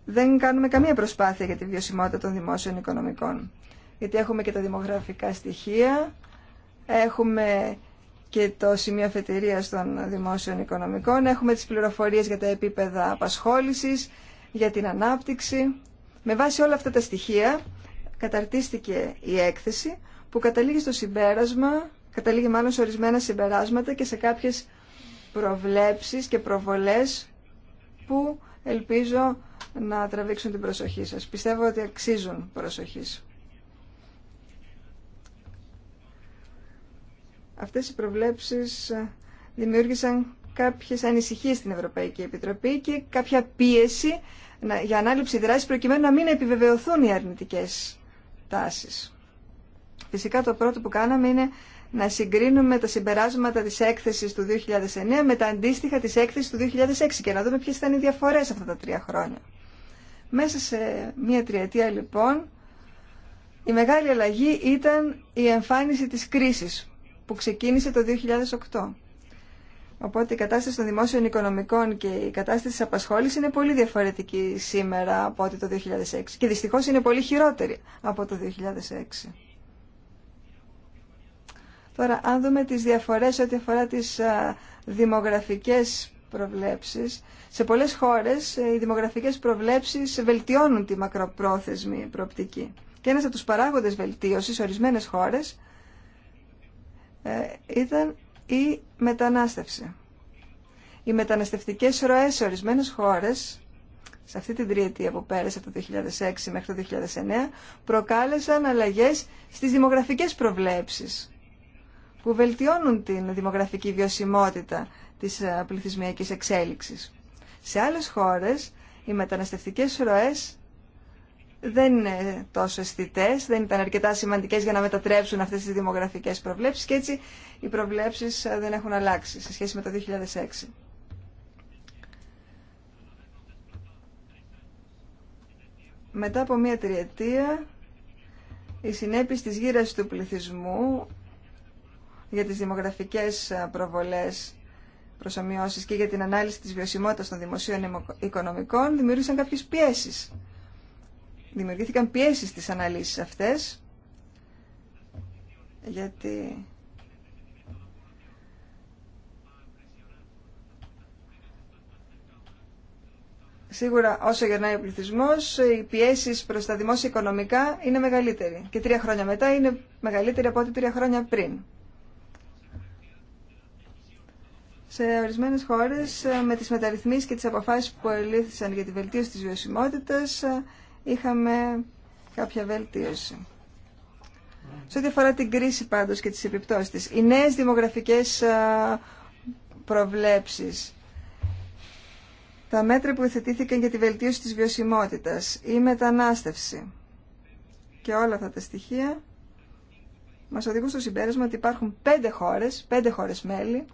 δεν κάνουμε καμία προσπάθεια για τη βιωσιμότητα των δημόσιων οικονομικών. Γιατί έχουμε και τα δημογραφικά στοιχεία, έχουμε και το σημείο αφετηρίας των δημόσιων οικονομικών, έχουμε τις πληροφορίες για τα επίπεδα απασχόλησης, για την ανάπτυξη. Με βάση όλα αυτά τα στοιχεία καταρτίστηκε η έκθεση που καταλήγει στο συμπέρασμα καταλήγει μάλλον σε ορισμένα συμπεράσματα και σε κάποιες προβλέψεις και προβολές που ελπίζω να τραβήξουν την προσοχή σας. Πιστεύω ότι αξίζουν προσοχής. Αυτές οι προβλέψεις ε, δημιούργησαν κάποιες ανησυχίες στην Ευρωπαϊκή Επιτροπή και κάποια πίεση για ανάληψη δράσης προκειμένου να μην επιβεβαιωθούν οι αρνητικές τάσεις. Φυσικά το πρώτο που κάναμε είναι να συγκρίνουμε τα συμπεράσματα της έκθεσης του 2009 με τα αντίστοιχα της έκθεσης του 2006 και να δούμε ποιες ήταν οι διαφορές αυτά τα τρία χρόνια. Μέσα σε μία τριετία λοιπόν η μεγάλη αλλαγή ήταν η εμφάνιση της κρίσης που ξεκίνησε το 2008. Οπότε η κατάσταση των δημόσιων οικονομικών και η κατάσταση της απασχόλησης είναι πολύ διαφορετική σήμερα από ό,τι το 2006 και δυστυχώς είναι πολύ χειρότερη από το 2006. Τώρα, αν δούμε τις διαφορές ό,τι αφορά τις δημογραφικές προβλέψεις, σε πολλές χώρες ε, οι δημογραφικές προβλέψεις βελτιώνουν τη μακροπρόθεσμη προοπτική. Και ένας από τους παράγοντες βελτίωσης σε ορισμένες χώρες ε, ήταν η μετανάστευση. Οι μεταναστευτικές ροές σε ορισμένες χώρες σε αυτή την τριετία που πέρασε από το 2006 μέχρι το 2009 προκάλεσαν αλλαγές στις δημογραφικές προβλέψεις που βελτιώνουν την δημογραφική βιωσιμότητα της ε, πληθυσμιακής εξέλιξης. Σε άλλες χώρες οι μεταναστευτικές ροές δεν είναι τόσο αισθητέ, δεν ήταν αρκετά σημαντικές για να μετατρέψουν αυτές τις δημογραφικές προβλέψεις και έτσι οι προβλέψεις ε, δεν έχουν αλλάξει σε σχέση με το 2006. Μετά από μία τριετία, οι συνέπειες της γύρας του πληθυσμού για τις δημογραφικές ε, προβολές προσωμιώσεις και για την ανάλυση της βιωσιμότητας των δημοσίων οικονομικών δημιούργησαν κάποιες πιέσεις. Δημιουργήθηκαν πιέσεις στις αναλύσεις αυτές γιατί Σίγουρα όσο γερνάει ο πληθυσμό, οι πιέσει προ τα δημόσια οικονομικά είναι μεγαλύτεροι. Και τρία χρόνια μετά είναι μεγαλύτεροι από ό,τι τρία χρόνια πριν. Σε ορισμένες χώρες ε, με τις μεταρρυθμίσεις και τις αποφάσεις που ελήφθησαν για τη βελτίωση της βιωσιμότητας ε, είχαμε κάποια βελτίωση. Σε ό,τι αφορά την κρίση πάντως και τις επιπτώσεις της, οι νέες δημογραφικές ε, προβλέψεις, τα μέτρα που εθετήθηκαν για τη βελτίωση της βιωσιμότητας, η μετανάστευση και όλα αυτά τα στοιχεία μας οδηγούν στο συμπέρασμα ότι υπάρχουν πέντε χώρες, πέντε χώρες μέλη,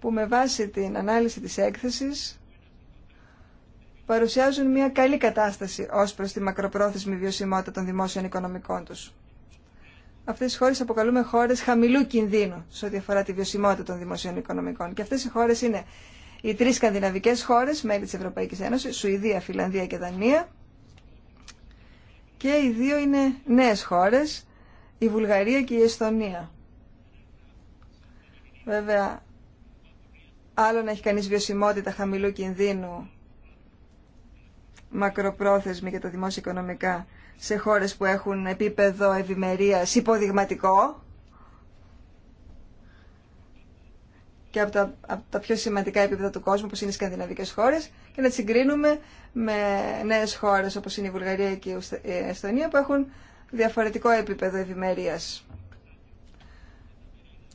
που με βάση την ανάλυση της έκθεσης παρουσιάζουν μια καλή κατάσταση ως προς τη μακροπρόθεσμη βιωσιμότητα των δημόσιων οικονομικών τους. Αυτές οι χώρες αποκαλούμε χώρες χαμηλού κινδύνου σε ό,τι αφορά τη βιωσιμότητα των δημοσίων οικονομικών. Και αυτές οι χώρες είναι οι τρεις σκανδιναβικές χώρες, μέλη της Ευρωπαϊκής Ένωσης, Σουηδία, Φιλανδία και Δανία. Και οι δύο είναι νέες χώρες, η Βουλγαρία και η Εστονία. Βέβαια, άλλο να έχει κανείς βιωσιμότητα χαμηλού κινδύνου μακροπρόθεσμη και τα δημόσια οικονομικά σε χώρες που έχουν επίπεδο ευημερία υποδειγματικό και από τα, πιο σημαντικά επίπεδα του κόσμου όπως είναι οι σκανδιναβικές χώρες και να τις συγκρίνουμε με νέες χώρες όπως είναι η Βουλγαρία και η Εστονία που έχουν διαφορετικό επίπεδο ευημερία.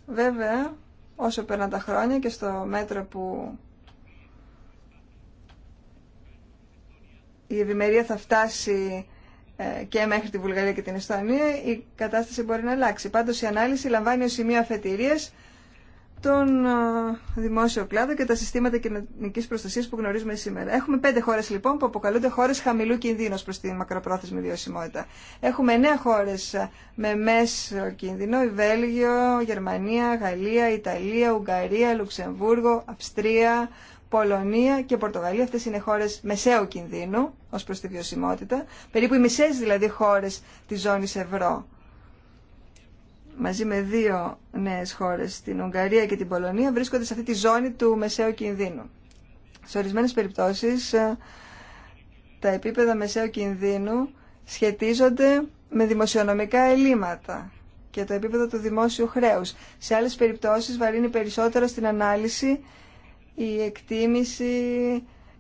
Βέβαια, όσο περνά τα χρόνια και στο μέτρο που η ευημερία θα φτάσει ε, και μέχρι τη Βουλγαρία και την Εστονία, η κατάσταση μπορεί να αλλάξει. Πάντως η ανάλυση λαμβάνει ως σημείο αφετηρίας τον δημόσιο κλάδο και τα συστήματα κοινωνική προστασία που γνωρίζουμε σήμερα. Έχουμε πέντε χώρε λοιπόν που αποκαλούνται χώρε χαμηλού κινδύνου προ τη μακροπρόθεσμη βιωσιμότητα. Έχουμε εννέα χώρε με μέσο κίνδυνο, η Βέλγιο, η Γερμανία, η Γαλλία, η Ιταλία, η Ουγγαρία, Λουξεμβούργο, η Αυστρία, η Πολωνία και η Πορτογαλία. Αυτέ είναι χώρε μεσαίου κινδύνου ω προ τη βιωσιμότητα. Περίπου οι μισέ δηλαδή χώρε τη ζώνη ευρώ μαζί με δύο νέες χώρες, την Ουγγαρία και την Πολωνία, βρίσκονται σε αυτή τη ζώνη του μεσαίου κινδύνου. Σε ορισμένες περιπτώσεις, ε, τα επίπεδα μεσαίου κινδύνου σχετίζονται με δημοσιονομικά ελλείμματα και το επίπεδο του δημόσιου χρέους. Σε άλλες περιπτώσεις βαρύνει περισσότερο στην ανάλυση η εκτίμηση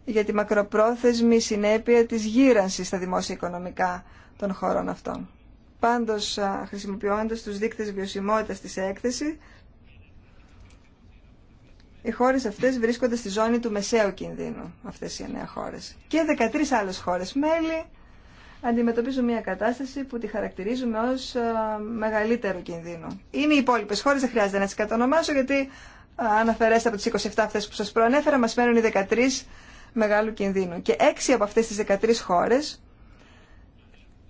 για τη μακροπρόθεσμη συνέπεια της γύρανσης στα δημόσια οικονομικά των χωρών αυτών. Πάντως, χρησιμοποιώντας τους δείκτες βιωσιμότητας της έκθεση, οι χώρες αυτές βρίσκονται στη ζώνη του μεσαίου κινδύνου, αυτές οι εννέα χώρες. Και 13 άλλες χώρες μέλη αντιμετωπίζουν μια κατάσταση που τη χαρακτηρίζουμε ως μεγαλύτερο κινδύνο. Είναι οι υπόλοιπε χώρες, δεν χρειάζεται να τις κατονομάσω, γιατί αν αφαιρέσετε από τις 27 αυτές που σας προανέφερα, μα μένουν οι 13 μεγάλου κινδύνου. Και 6 από αυτές τις 13 χώρες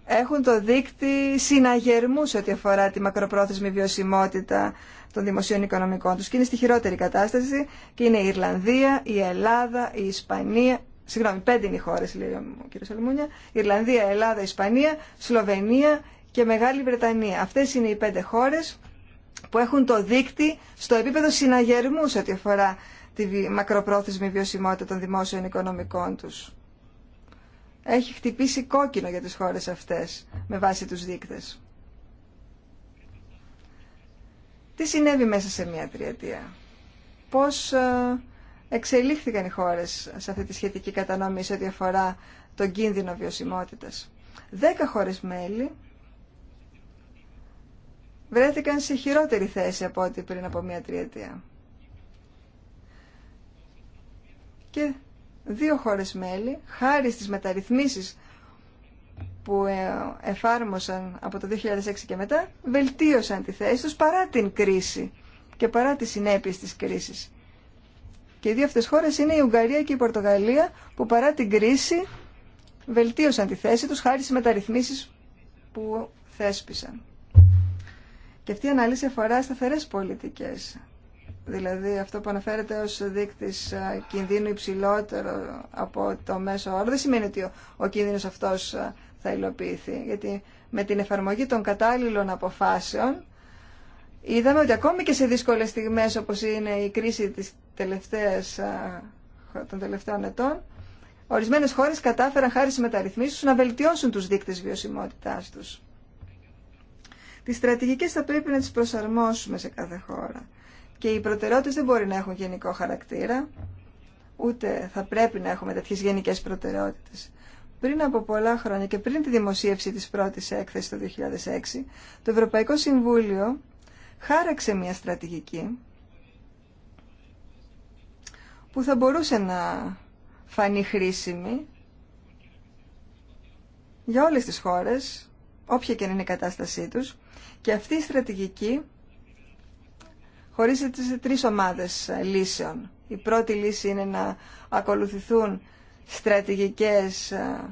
έχουν το δίκτυ συναγερμού σε ό,τι αφορά τη μακροπρόθεσμη βιωσιμότητα των δημοσίων οικονομικών του. και είναι στη χειρότερη κατάσταση και είναι η Ιρλανδία, η Ελλάδα, η Ισπανία συγγνώμη, πέντε είναι οι χώρες λέει ο κ. Σαλμούνια Ιρλανδία, Ελλάδα, Ισπανία, Σλοβενία και Μεγάλη Βρετανία Αυτέ είναι οι πέντε χώρε που έχουν το δίκτυ στο επίπεδο συναγερμού σε ό,τι αφορά τη μακροπρόθεσμη βιωσιμότητα των δημόσιων οικονομικών τους έχει χτυπήσει κόκκινο για τις χώρες αυτές με βάση τους δείκτες. Τι συνέβη μέσα σε μία τριετία. Πώς ε, εξελίχθηκαν οι χώρες σε αυτή τη σχετική κατανομή σε ό,τι αφορά τον κίνδυνο βιωσιμότητας. Δέκα χώρες μέλη βρέθηκαν σε χειρότερη θέση από ό,τι πριν από μία τριετία. Και δύο χώρες μέλη, χάρη στις μεταρρυθμίσεις που ε, εφάρμοσαν από το 2006 και μετά, βελτίωσαν τη θέση τους παρά την κρίση και παρά τις συνέπειες της κρίσης. Και οι δύο αυτές χώρες είναι η Ουγγαρία και η Πορτογαλία που παρά την κρίση βελτίωσαν τη θέση τους χάρη στις μεταρρυθμίσεις που θέσπισαν. Και αυτή η ανάλυση αφορά σταθερές πολιτικές δηλαδή αυτό που αναφέρεται ως δείκτης κινδύνου υψηλότερο από το μέσο όρο, δεν σημαίνει ότι ο, κίνδυνος αυτός θα υλοποιηθεί, γιατί με την εφαρμογή των κατάλληλων αποφάσεων είδαμε ότι ακόμη και σε δύσκολες στιγμές όπως είναι η κρίση της τελευταίας, των τελευταίων ετών, ορισμένες χώρες κατάφεραν χάρη στις μεταρρυθμίσεις να βελτιώσουν τους δείκτες βιωσιμότητάς τους. Τις στρατηγικές θα πρέπει να τις προσαρμόσουμε σε κάθε χώρα. Και οι προτεραιότητες δεν μπορεί να έχουν γενικό χαρακτήρα, ούτε θα πρέπει να έχουμε τέτοιες γενικές προτεραιότητες. Πριν από πολλά χρόνια και πριν τη δημοσίευση της πρώτης έκθεσης το 2006, το Ευρωπαϊκό Συμβούλιο χάραξε μια στρατηγική που θα μπορούσε να φανεί χρήσιμη για όλες τις χώρες, όποια και είναι η κατάστασή τους, και αυτή η στρατηγική χωρίζεται σε τρεις ομάδες λύσεων. Η πρώτη λύση είναι να ακολουθηθούν στρατηγικές ε,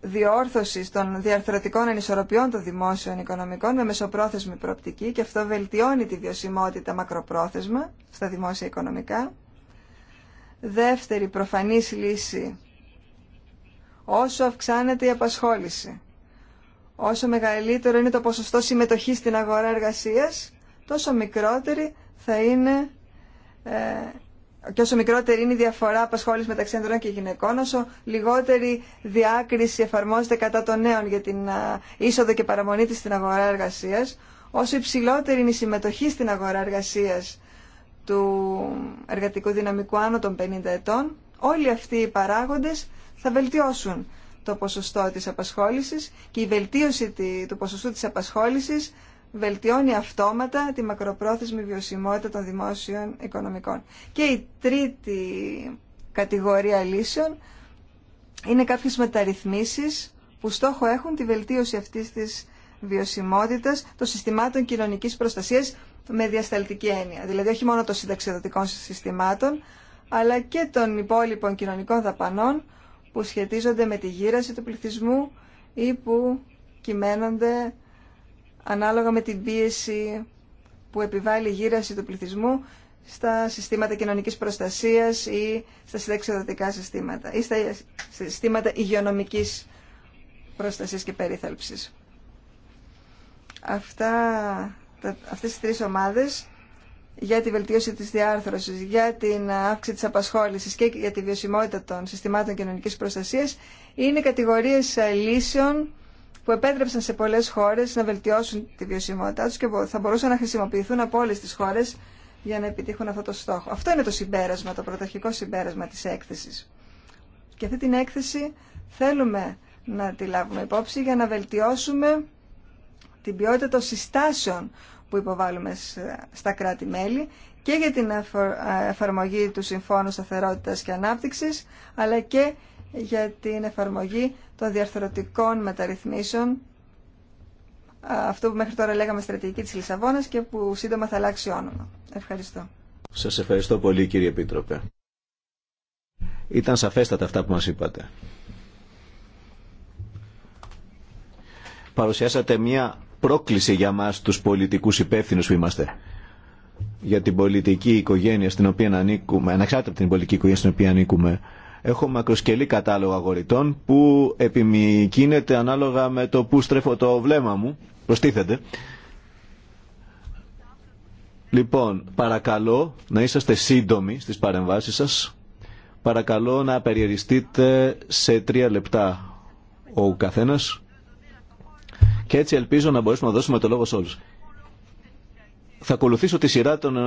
διόρθωσης των διαρθρωτικών ανισορροπιών των δημόσιων οικονομικών με μεσοπρόθεσμη προοπτική και αυτό βελτιώνει τη βιωσιμότητα μακροπρόθεσμα στα δημόσια οικονομικά. Δεύτερη προφανής λύση, όσο αυξάνεται η απασχόληση όσο μεγαλύτερο είναι το ποσοστό συμμετοχής στην αγορά εργασίας, τόσο μικρότερη θα είναι ε, και όσο μικρότερη είναι η διαφορά απασχόληση μεταξύ ανδρών και γυναικών, όσο λιγότερη διάκριση εφαρμόζεται κατά των νέων για την ε, είσοδο και παραμονή της στην αγορά εργασίας, όσο υψηλότερη είναι η συμμετοχή στην αγορά εργασίας του εργατικού δυναμικού άνω των 50 ετών, όλοι αυτοί οι παράγοντες θα βελτιώσουν το ποσοστό της απασχόλησης και η βελτίωση του ποσοστού της απασχόλησης βελτιώνει αυτόματα τη μακροπρόθεσμη βιωσιμότητα των δημόσιων οικονομικών. Και η τρίτη κατηγορία λύσεων είναι κάποιες μεταρρυθμίσεις που στόχο έχουν τη βελτίωση αυτής της βιωσιμότητας των συστημάτων κοινωνικής προστασίας με διασταλτική έννοια. Δηλαδή όχι μόνο των συνταξιδοτικών συστημάτων, αλλά και των υπόλοιπων κοινωνικών δαπανών που σχετίζονται με τη γύραση του πληθυσμού ή που κυμαίνονται ανάλογα με την πίεση που επιβάλλει η γύραση του πληθυσμού στα συστήματα κοινωνικής προστασίας ή στα συνταξιδοτικά συστήματα ή στα συστήματα υγειονομικής προστασίας και περίθαλψης. Αυτά, αυτές οι τρεις ομάδες για τη βελτίωση της διάρθρωσης, για την αύξηση της απασχόλησης και για τη βιωσιμότητα των συστημάτων κοινωνικής προστασίας είναι κατηγορίες ε, λύσεων που επέτρεψαν σε πολλές χώρες να βελτιώσουν τη βιωσιμότητά τους και θα μπορούσαν να χρησιμοποιηθούν από όλες τις χώρες για να επιτύχουν αυτό το στόχο. Αυτό είναι το συμπέρασμα, το πρωταρχικό συμπέρασμα της έκθεσης. Και αυτή την έκθεση θέλουμε να τη λάβουμε υπόψη για να βελτιώσουμε την ποιότητα των συστάσεων που υποβάλλουμε στα κράτη-μέλη και για την εφαρμογή του Συμφώνου Σταθερότητας και Ανάπτυξης, αλλά και για την εφαρμογή των διαρθρωτικών μεταρρυθμίσεων, αυτό που μέχρι τώρα λέγαμε στρατηγική της Λισαβόνας και που σύντομα θα αλλάξει όνομα. Ευχαριστώ. Σας ευχαριστώ πολύ κύριε Επίτροπε. Ήταν σαφέστατα αυτά που μας είπατε. Παρουσιάσατε μια πρόκληση για μας τους πολιτικούς υπεύθυνους που είμαστε. Για την πολιτική οικογένεια στην οποία ανήκουμε, ανεξάρτητα από την πολιτική οικογένεια στην οποία ανήκουμε, έχω μακροσκελή κατάλογο αγορητών που επιμηκύνεται ανάλογα με το που στρέφω το βλέμμα μου, προστίθεται. Λοιπόν, παρακαλώ να είσαστε σύντομοι στις παρεμβάσεις σας. Παρακαλώ να περιεριστείτε σε τρία λεπτά ο καθένας και έτσι ελπίζω να μπορέσουμε να δώσουμε το λόγο σε όλους. Θα ακολουθήσω τη σειρά των ε,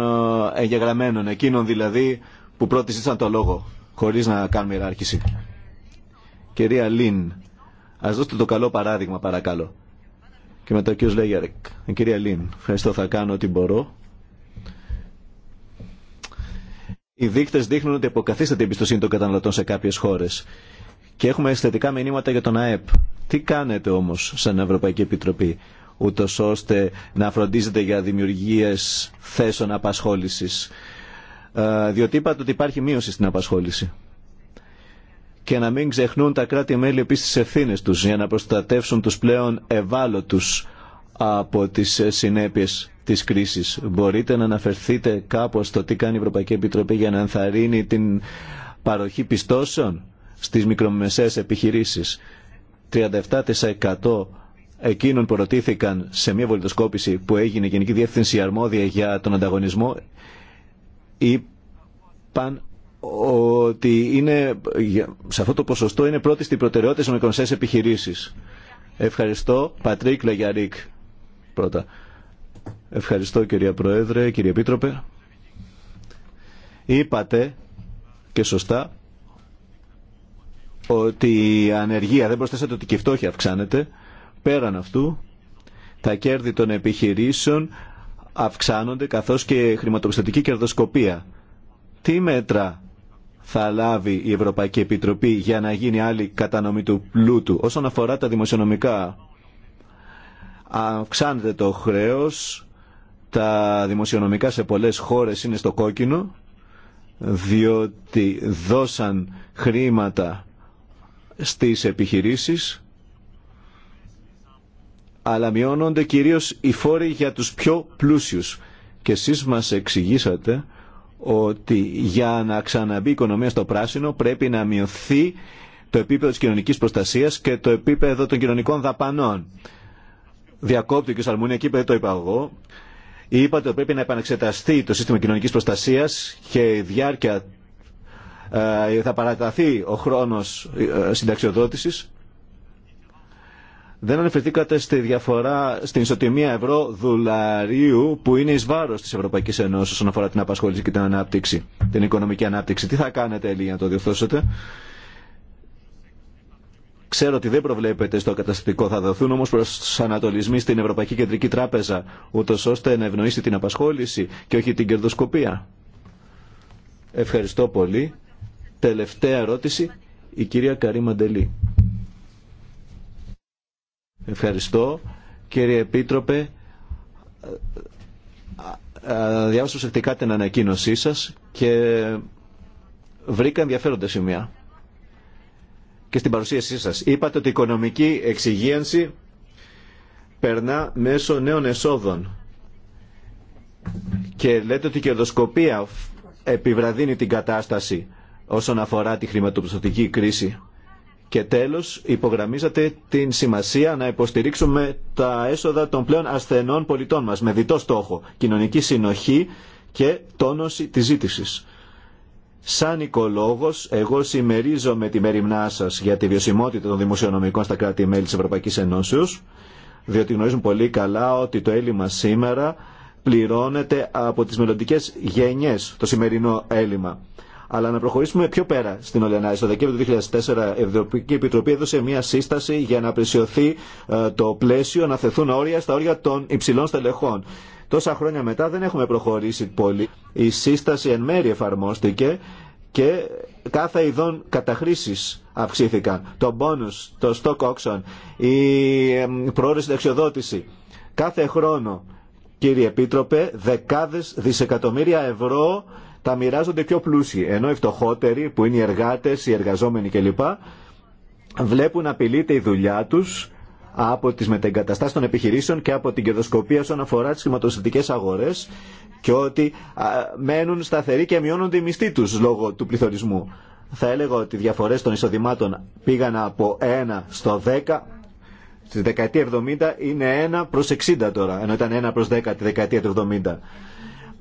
εγγεγραμμένων, εκείνων δηλαδή που πρώτοι ζήτησαν το λόγο, χωρίς να κάνουμε ιεράρχηση. Κυρία Λίν, ας δώσετε το καλό παράδειγμα παρακαλώ. Και μετά ο κύριος Λέγιαρεκ. Ε, κυρία Λίν, ευχαριστώ, θα κάνω ό,τι μπορώ. Οι δείκτε δείχνουν ότι αποκαθίσταται η εμπιστοσύνη των καταναλωτών σε κάποιε χώρε και έχουμε αισθητικά μηνύματα για τον ΑΕΠ. Τι κάνετε όμω σαν Ευρωπαϊκή Επιτροπή ούτω ώστε να φροντίζετε για δημιουργίε θέσεων απασχόλησης. Ε, διότι είπατε ότι υπάρχει μείωση στην απασχόληση. Και να μην ξεχνούν τα κράτη-μέλη επίση τι ευθύνε του, για να προστατεύσουν του πλέον ευάλωτου από τι συνέπειε της κρίσης. Μπορείτε να αναφερθείτε κάπως στο τι κάνει η Ευρωπαϊκή Επιτροπή για να ενθαρρύνει την παροχή πιστώσεων στις μικρομεσαίες επιχειρήσεις. 37% εκείνων που ρωτήθηκαν σε μια βολιτοσκόπηση που έγινε Γενική Διεύθυνση Αρμόδια για τον ανταγωνισμό είπαν ότι είναι, σε αυτό το ποσοστό είναι πρώτη στην προτεραιότητα στις μικρομεσαίες επιχειρήσεις. Ευχαριστώ. Πατρίκ Λεγιαρίκ πρώτα. Ευχαριστώ κυρία Πρόεδρε, κύριε Επίτροπε. Είπατε και σωστά ότι η ανεργία δεν προσθέσατε ότι και η φτώχεια αυξάνεται. Πέραν αυτού, τα κέρδη των επιχειρήσεων αυξάνονται καθώς και χρηματοπιστωτική κερδοσκοπία. Τι μέτρα θα λάβει η Ευρωπαϊκή Επιτροπή για να γίνει άλλη κατανομή του πλούτου όσον αφορά τα δημοσιονομικά. Αυξάνεται το χρέος, τα δημοσιονομικά σε πολλές χώρες είναι στο κόκκινο διότι δώσαν χρήματα στις επιχειρήσεις αλλά μειώνονται κυρίως οι φόροι για τους πιο πλούσιους. Και εσείς μας εξηγήσατε ότι για να ξαναμπεί η οικονομία στο πράσινο πρέπει να μειωθεί το επίπεδο της κοινωνικής προστασίας και το επίπεδο των κοινωνικών δαπανών. Διακόπτει και ο Σαλμούνια, εκεί το είπα εγώ. Είπατε ότι πρέπει να επαναξεταστεί το σύστημα κοινωνικής προστασίας και η διάρκεια ε, θα παραταθεί ο χρόνος ε, συνταξιοδότησης. Δεν αναφερθήκατε στη διαφορά στην ισοτιμία δουλαρίου που είναι εις βάρος της Ευρωπαϊκής Ένωσης όσον αφορά την απασχόληση και την ανάπτυξη, την οικονομική ανάπτυξη. Τι θα κάνετε, για να το διορθώσετε. Ξέρω ότι δεν προβλέπετε στο καταστατικό, θα δοθούν όμω προ ανατολισμοί στην Ευρωπαϊκή Κεντρική Τράπεζα, ούτω ώστε να ευνοήσει την απασχόληση και όχι την κερδοσκοπία. Ευχαριστώ πολύ. Τελευταία ερώτηση, η κυρία Καρή Μαντελή. Ευχαριστώ. Κύριε Επίτροπε, διάβασα προσεκτικά την ανακοίνωσή σας και βρήκα ενδιαφέροντα σημεία. Και στην παρουσίασή σας είπατε ότι η οικονομική εξυγίανση περνά μέσω νέων εσόδων και λέτε ότι η κερδοσκοπία επιβραδύνει την κατάσταση όσον αφορά τη χρηματοπιστωτική κρίση. Και τέλος, υπογραμμίζατε την σημασία να υποστηρίξουμε τα έσοδα των πλέον ασθενών πολιτών μας με διτό στόχο, κοινωνική συνοχή και τόνωση της ζήτησης. Σαν οικολόγος, εγώ συμμερίζομαι τη μεριμνά σας για τη βιωσιμότητα των δημοσιονομικών στα κράτη-μέλη της Ευρωπαϊκής Ενώσεως, διότι γνωρίζουν πολύ καλά ότι το έλλειμμα σήμερα πληρώνεται από τις μελλοντικέ γενιές, το σημερινό έλλειμμα αλλά να προχωρήσουμε πιο πέρα στην όλη ανάλυση. Το Δεκέμβριο του 2004 η Ευρωπαϊκή Επιτροπή έδωσε μια σύσταση για να πλησιωθεί ε, το πλαίσιο, να θεθούν όρια στα όρια των υψηλών στελεχών. Τόσα χρόνια μετά δεν έχουμε προχωρήσει πολύ. Η σύσταση εν μέρη εφαρμόστηκε και κάθε ειδών καταχρήσει αυξήθηκαν. Το bonus, το stock auction, η πρόορη συνταξιοδότηση. Κάθε χρόνο, κύριε Επίτροπε, δεκάδες δισεκατομμύρια ευρώ τα μοιράζονται πιο πλούσιοι. Ενώ οι φτωχότεροι, που είναι οι εργάτε, οι εργαζόμενοι κλπ., βλέπουν απειλείται η δουλειά του από τι μετεγκαταστάσει των επιχειρήσεων και από την κερδοσκοπία όσον αφορά τι χρηματοδοτικέ αγορέ και ότι μένουν σταθεροί και μειώνονται οι μισθοί του λόγω του πληθωρισμού. Θα έλεγα ότι οι διαφορέ των εισοδημάτων πήγαν από 1 στο 10 στη δεκαετία 70 είναι 1 προς 60 τώρα, ενώ ήταν 1 προς 10 τη δεκαετία του 70.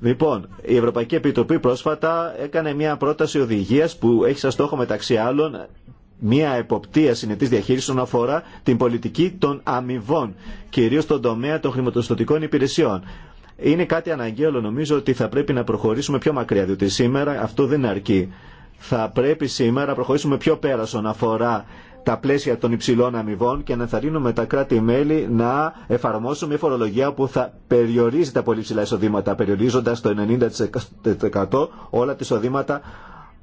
Λοιπόν, η Ευρωπαϊκή Επιτροπή πρόσφατα έκανε μια πρόταση οδηγία που έχει σαν στόχο μεταξύ άλλων μια εποπτεία συνετής διαχείρισης όσον αφορά την πολιτική των αμοιβών, κυρίως στον τομέα των χρηματοστοτικών υπηρεσιών. Είναι κάτι αναγκαίο, αλλά νομίζω ότι θα πρέπει να προχωρήσουμε πιο μακριά, διότι σήμερα αυτό δεν αρκεί. Θα πρέπει σήμερα να προχωρήσουμε πιο πέρα όσον αφορά τα πλαίσια των υψηλών αμοιβών και να ενθαρρύνουμε τα κράτη-μέλη να εφαρμόσουν μια φορολογία που θα περιορίζει τα πολύ ψηλά εισοδήματα, περιορίζοντας το 90% όλα τα εισοδήματα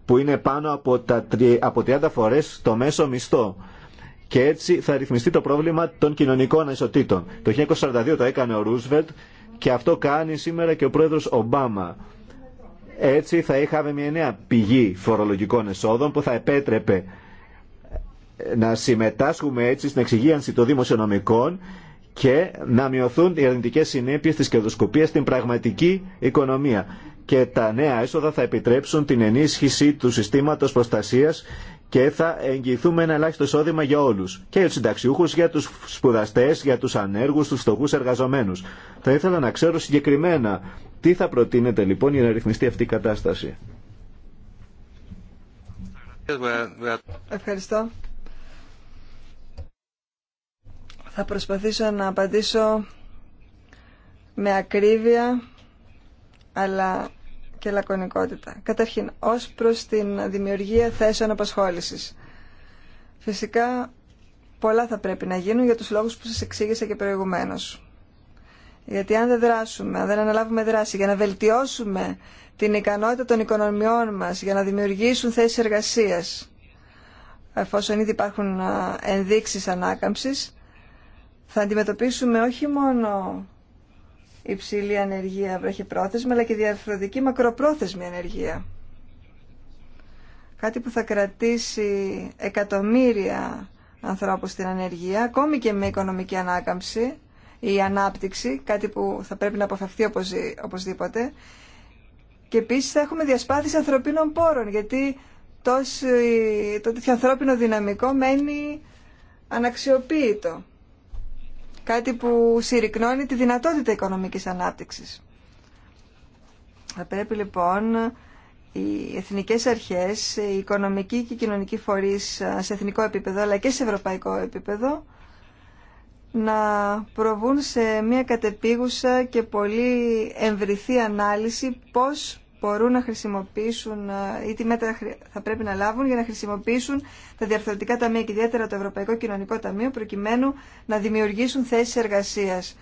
που είναι πάνω από, τα, από 30 φορές το μέσο μισθό. Και έτσι θα ρυθμιστεί το πρόβλημα των κοινωνικών ανισοτήτων. Το 1942 το έκανε ο Ρούσβελτ και αυτό κάνει σήμερα και ο πρόεδρος Ομπάμα. Έτσι θα είχαμε μια νέα πηγή φορολογικών εσόδων που θα επέτρεπε να συμμετάσχουμε έτσι στην εξυγίανση των δημοσιονομικών και να μειωθούν οι αρνητικές συνέπειες της κερδοσκοπίας στην πραγματική οικονομία. Και τα νέα έσοδα θα επιτρέψουν την ενίσχυση του συστήματος προστασίας και θα εγγυηθούμε ένα ελάχιστο εισόδημα για όλου. Και του συνταξιούχου, για του σπουδαστέ, για του ανέργου, του φτωχού εργαζομένου. Θα ήθελα να ξέρω συγκεκριμένα τι θα προτείνετε λοιπόν για να ρυθμιστεί αυτή η κατάσταση. Ευχαριστώ. Θα προσπαθήσω να απαντήσω με ακρίβεια αλλά και λακωνικότητα. Καταρχήν, ως προς την δημιουργία θέσεων απασχόλησης. Φυσικά, πολλά θα πρέπει να γίνουν για τους λόγους που σας εξήγησα και προηγουμένως. Γιατί αν δεν δράσουμε, αν δεν αναλάβουμε δράση για να βελτιώσουμε την ικανότητα των οικονομιών μας, για να δημιουργήσουν θέσεις εργασίας, εφόσον ήδη υπάρχουν ενδείξεις ανάκαμψης, θα αντιμετωπίσουμε όχι μόνο υψηλή ανεργία βραχυπρόθεσμα, αλλά και διαρθρωτική μακροπρόθεσμη ανεργία. Κάτι που θα κρατήσει εκατομμύρια ανθρώπους στην ανεργία, ακόμη και με οικονομική ανάκαμψη ή ανάπτυξη, κάτι που θα πρέπει να αποφευθεί οπωσδήποτε. Και επίσης θα έχουμε διασπάθηση ανθρωπίνων πόρων, γιατί το τέτοιο ανθρώπινο δυναμικό μένει αναξιοποίητο. Κάτι που συρρυκνώνει τη δυνατότητα οικονομικής ανάπτυξης. Θα πρέπει λοιπόν οι εθνικές αρχές, οι οικονομικοί και οι κοινωνικοί φορείς ε, σε εθνικό επίπεδο αλλά και σε ευρωπαϊκό επίπεδο να προβούν σε μια κατεπίγουσα και πολύ εμβριθή ανάλυση πώς μπορούν να χρησιμοποιήσουν ε, ή τι μέτρα θα πρέπει να λάβουν για να χρησιμοποιήσουν τα διαρθρωτικά ταμεία και ιδιαίτερα το Ευρωπαϊκό Κοινωνικό Ταμείο προκειμένου να δημιουργήσουν θέσεις εργασίας,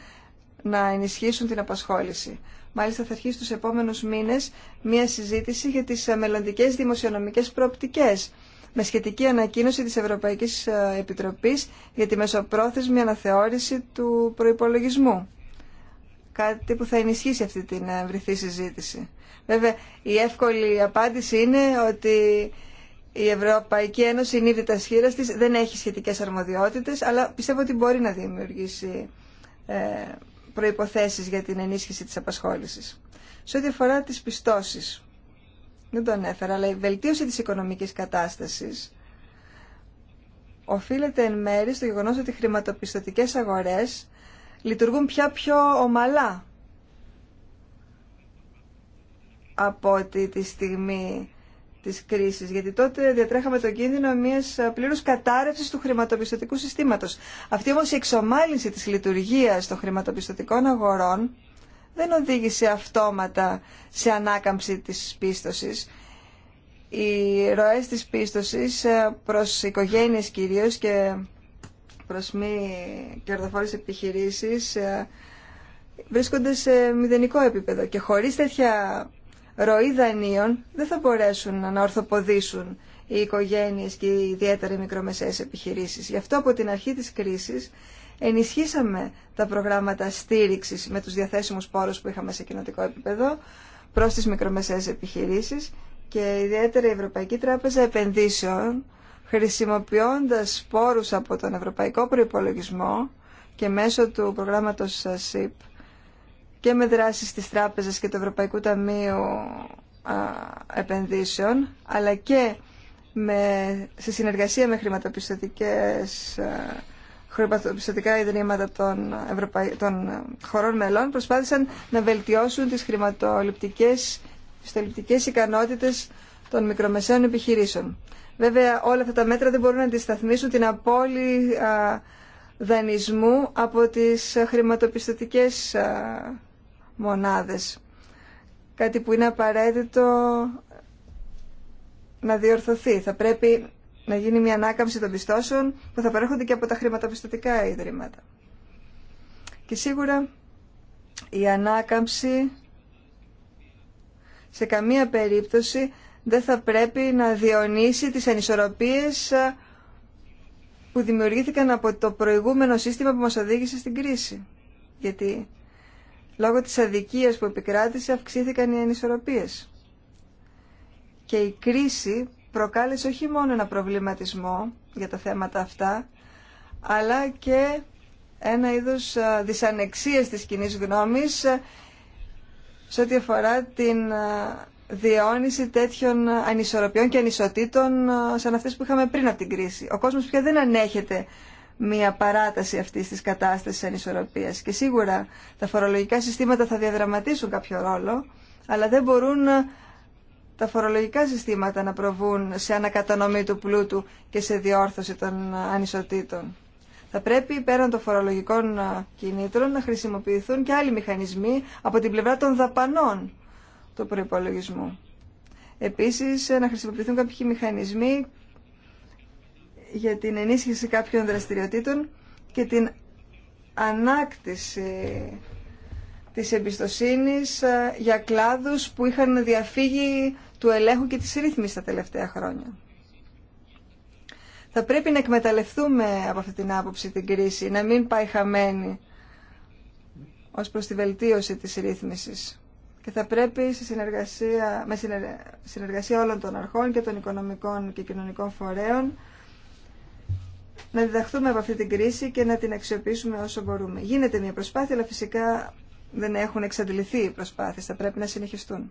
να ενισχύσουν την απασχόληση. Μάλιστα θα αρχίσει τους επόμενους μήνες μία συζήτηση για τις ε, μελλοντικέ δημοσιονομικές προοπτικές με σχετική ανακοίνωση της Ευρωπαϊκής ε, Επιτροπής για τη μεσοπρόθεσμη αναθεώρηση του προϋπολογισμού. Κάτι που θα ενισχύσει αυτή την ευρυθή συζήτηση. Βέβαια, η εύκολη απάντηση είναι ότι η Ευρωπαϊκή Ένωση τα σχήρας της δεν έχει σχετικές αρμοδιότητες, αλλά πιστεύω ότι μπορεί να δημιουργήσει ε, προϋποθέσεις για την ενίσχυση της απασχόλησης. Σε ό,τι αφορά τις πιστώσεις, δεν το ανέφερα, αλλά η βελτίωση της οικονομικής κατάστασης οφείλεται εν μέρη στο γεγονός ότι οι χρηματοπιστωτικές αγορές λειτουργούν πια πιο ομαλά από τη στιγμή της κρίσης, γιατί τότε διατρέχαμε τον κίνδυνο μιας ε, πλήρους κατάρρευσης του χρηματοπιστωτικού συστήματος. Αυτή όμως η εξομάλυνση της λειτουργίας των χρηματοπιστωτικών αγορών δεν οδήγησε αυτόματα σε ανάκαμψη της πίστοσης. Οι ροές της πίστοσης ε, προς οικογένειες κυρίως και προς μη κερδοφόρες επιχειρήσεις ε, βρίσκονται σε μηδενικό επίπεδο και χωρίς τέτοια ροή δανείων δεν θα μπορέσουν να ορθοποδήσουν οι οικογένειες και οι ιδιαίτερα οι μικρομεσαίες επιχειρήσεις. Γι' αυτό από την αρχή της κρίσης ενισχύσαμε τα προγράμματα στήριξης με τους διαθέσιμους πόρους που είχαμε σε κοινοτικό επίπεδο προς τις μικρομεσαίες επιχειρήσεις και ιδιαίτερα η Ευρωπαϊκή Τράπεζα Επενδύσεων χρησιμοποιώντας πόρους από τον Ευρωπαϊκό Προϋπολογισμό και μέσω του προγράμματος SIP και με δράσεις της Τράπεζας και του Ευρωπαϊκού Ταμείου Επενδύσεων, αλλά και με, σε συνεργασία με χρηματοπιστωτικές χρηματοπιστωτικά ιδρύματα των, Ευρωπαϊ... χωρών μελών προσπάθησαν να βελτιώσουν τις χρηματοληπτικές πιστοληπτικές ικανότητες των μικρομεσαίων επιχειρήσεων. Βέβαια όλα αυτά τα μέτρα δεν μπορούν να αντισταθμίσουν την απώλεια δανεισμού από τις χρηματοπιστωτικές μονάδες. Κάτι που είναι απαραίτητο να διορθωθεί. Θα πρέπει να γίνει μια ανάκαμψη των πιστώσεων που θα παρέχονται και από τα χρηματοπιστωτικά ιδρύματα. Και σίγουρα η ανάκαμψη σε καμία περίπτωση δεν θα πρέπει να διονύσει τις ανισορροπίες που δημιουργήθηκαν από το προηγούμενο σύστημα που μας οδήγησε στην κρίση. Γιατί λόγω της αδικίας που επικράτησε αυξήθηκαν οι ανισορροπίες. Και η κρίση προκάλεσε όχι μόνο ένα προβληματισμό για τα θέματα αυτά, αλλά και ένα είδος δυσανεξίας της κοινή γνώμης σε ό,τι αφορά την διαιώνιση τέτοιων ανισορροπιών και ανισοτήτων σαν αυτές που είχαμε πριν από την κρίση. Ο κόσμος πια δεν ανέχεται μια παράταση αυτής της κατάστασης ανισορροπίας. Και σίγουρα τα φορολογικά συστήματα θα διαδραματίσουν κάποιο ρόλο, αλλά δεν μπορούν ε, τα φορολογικά συστήματα να προβούν σε ανακατανομή του πλούτου και σε διόρθωση των ε, ανισοτήτων. Θα πρέπει πέραν των φορολογικών ε, κινήτρων να χρησιμοποιηθούν και άλλοι μηχανισμοί από την πλευρά των δαπανών του προπολογισμού. Επίσης, να χρησιμοποιηθούν κάποιοι μηχανισμοί για την ενίσχυση κάποιων δραστηριοτήτων και την ανάκτηση της εμπιστοσύνης ε, για κλάδους που είχαν διαφύγει του ελέγχου και της ρύθμισης τα τελευταία χρόνια. Θα πρέπει να εκμεταλλευτούμε από αυτή την άποψη την κρίση, να μην πάει χαμένη ως προς τη βελτίωση της ρύθμισης. Και θα πρέπει σε συνεργασία, με συνεργασία όλων των αρχών και των οικονομικών και κοινωνικών φορέων να διδαχθούμε από αυτή την κρίση και να την αξιοποιήσουμε όσο μπορούμε. Γίνεται μια προσπάθεια, αλλά φυσικά δεν έχουν εξαντληθεί οι προσπάθειες, θα πρέπει να συνεχιστούν.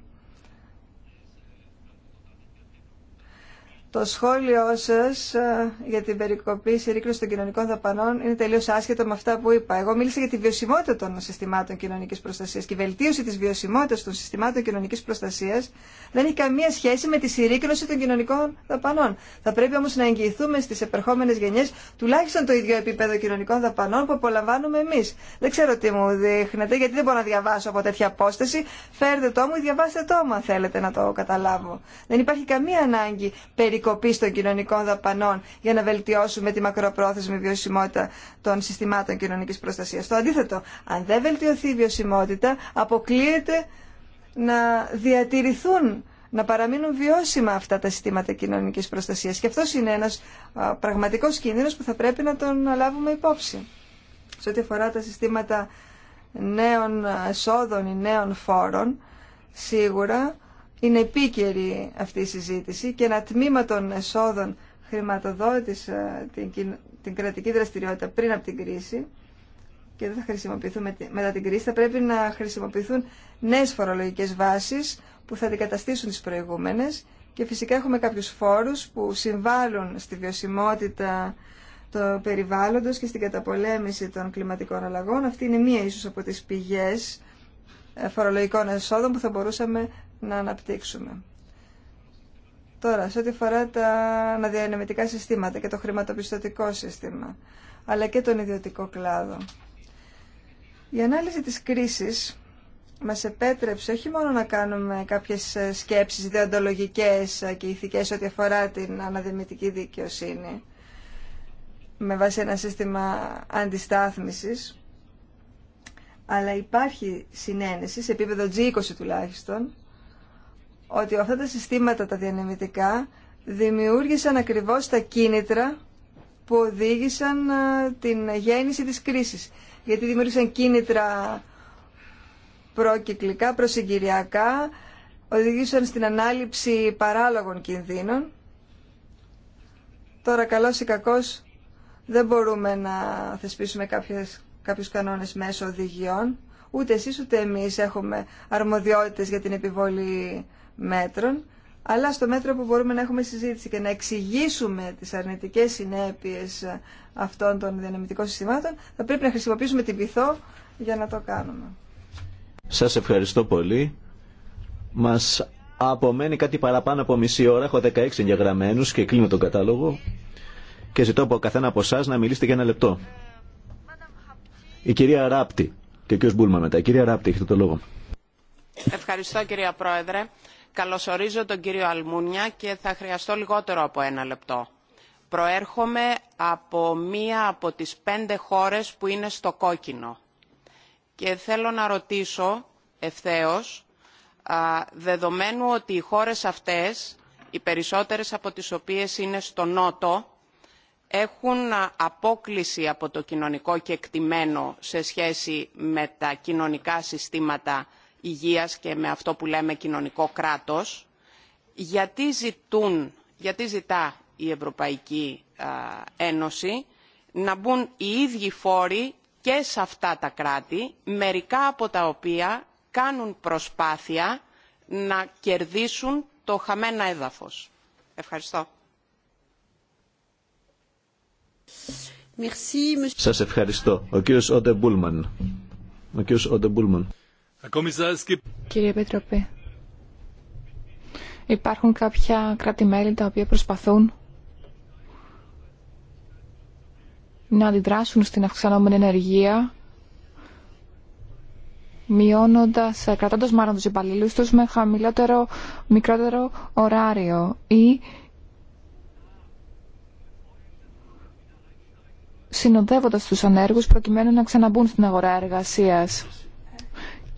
Το σχόλιο σας ε, για την περικοπή συρρήκνωση των κοινωνικών δαπανών είναι τελείως άσχετο με αυτά που είπα. Εγώ μίλησα για τη βιωσιμότητα των συστημάτων κοινωνικής προστασίας και η βελτίωση της βιωσιμότητας των συστημάτων κοινωνικής προστασίας δεν έχει καμία σχέση με τη συρρήκνωση των κοινωνικών δαπανών. Θα πρέπει όμως να εγγυηθούμε στις επερχόμενες γενιές τουλάχιστον το ίδιο επίπεδο κοινωνικών δαπανών που απολαμβάνουμε εμείς. Δεν ξέρω τι μου δείχνετε γιατί δεν μπορώ να διαβάσω από τέτοια απόσταση. Φέρτε το μου διαβάστε το μου αν θέλετε να το καταλάβω. Δεν υπάρχει καμία ανάγκη περικοπής των κοινωνικών δαπανών για να βελτιώσουμε τη μακροπρόθεσμη βιωσιμότητα των συστημάτων κοινωνικής προστασίας. Το αντίθετο, αν δεν βελτιωθεί η βιωσιμότητα, αποκλείεται να διατηρηθούν να παραμείνουν βιώσιμα αυτά τα συστήματα κοινωνικής προστασίας. Και αυτός είναι ένας πραγματικός κίνδυνος που θα πρέπει να τον λάβουμε υπόψη. Σε ό,τι αφορά τα συστήματα νέων εσόδων ή νέων φόρων, σίγουρα είναι επίκαιρη αυτή η συζήτηση και ένα τμήμα των εσόδων χρηματοδότησε την κρατική δραστηριότητα πριν από την κρίση και δεν θα χρησιμοποιηθούν μετά την κρίση, θα πρέπει να χρησιμοποιηθούν νέες φορολογικές βάσεις που θα αντικαταστήσουν τις προηγούμενες και φυσικά έχουμε κάποιους φόρους που συμβάλλουν στη βιωσιμότητα το περιβάλλοντος και στην καταπολέμηση των κλιματικών αλλαγών. Αυτή είναι μία ίσως από τις πηγές ε, φορολογικών εσόδων που θα μπορούσαμε να αναπτύξουμε. Τώρα, σε ό,τι αφορά τα αναδιανεμητικά συστήματα και το χρηματοπιστωτικό σύστημα, αλλά και τον ιδιωτικό κλάδο. Η ανάλυση της κρίσης μας επέτρεψε όχι μόνο να κάνουμε κάποιες ε, σκέψεις ιδεοντολογικές και ηθικές ό,τι αφορά την αναδημητική δικαιοσύνη με βάση ένα σύστημα αντιστάθμισης αλλά υπάρχει συνένεση σε επίπεδο G20 τουλάχιστον ότι αυτά τα συστήματα τα διανεμητικά δημιούργησαν ακριβώς τα κίνητρα που οδήγησαν την γέννηση της κρίσης. Γιατί δημιούργησαν κίνητρα προκυκλικά, προσυγκυριακά, οδηγήσαν στην ανάληψη παράλογων κινδύνων. Τώρα καλός ή κακός δεν μπορούμε να θεσπίσουμε κάποιες, κάποιους κανόνες μέσω οδηγιών. Ούτε εσείς ούτε εμείς έχουμε αρμοδιότητες για την επιβολή μέτρων, αλλά στο μέτρο που μπορούμε να έχουμε συζήτηση και να εξηγήσουμε τις αρνητικές συνέπειες αυτών των διανεμητικών συστημάτων, θα πρέπει να χρησιμοποιήσουμε την πυθό για να το κάνουμε. Σας ευχαριστώ πολύ. Μας απομένει κάτι παραπάνω από μισή ώρα. Έχω 16 εγγεγραμμένους και κλείνω τον κατάλογο. Και ζητώ από καθένα από εσά να μιλήσετε για ένα λεπτό. Η κυρία Ράπτη και ο κ. Μπούλμα μετά. Η κυρία Ράπτη, έχετε το λόγο. Ευχαριστώ κυρία Πρόεδρε. Καλωσορίζω τον κύριο Αλμούνια και θα χρειαστώ λιγότερο από ένα λεπτό. Προέρχομαι από μία από τις πέντε χώρες που είναι στο κόκκινο. Και θέλω να ρωτήσω ευθέως, δεδομένου ότι οι χώρες αυτές, οι περισσότερες από τις οποίες είναι στο νότο, έχουν απόκληση από το κοινωνικό και εκτιμένο σε σχέση με τα κοινωνικά συστήματα υγείας και με αυτό που λέμε κοινωνικό κράτος, γιατί, ζητούν, γιατί ζητά η Ευρωπαϊκή Ένωση να μπουν οι ίδιοι φόροι και σε αυτά τα κράτη, μερικά από τα οποία κάνουν προσπάθεια να κερδίσουν το χαμένα έδαφος. Ευχαριστώ. Σας ευχαριστώ. Ο κύριος Ότε Ο κύριος Κύριε Επίτροπε, υπάρχουν κάποια κράτη-μέλη τα οποία προσπαθούν να αντιδράσουν στην αυξανόμενη ενεργεία μειώνοντας, ε, κρατώντας μάλλον τους υπαλλήλους τους με χαμηλότερο, μικρότερο ωράριο ή συνοδεύοντας τους ανέργους προκειμένου να ξαναμπούν στην αγορά εργασίας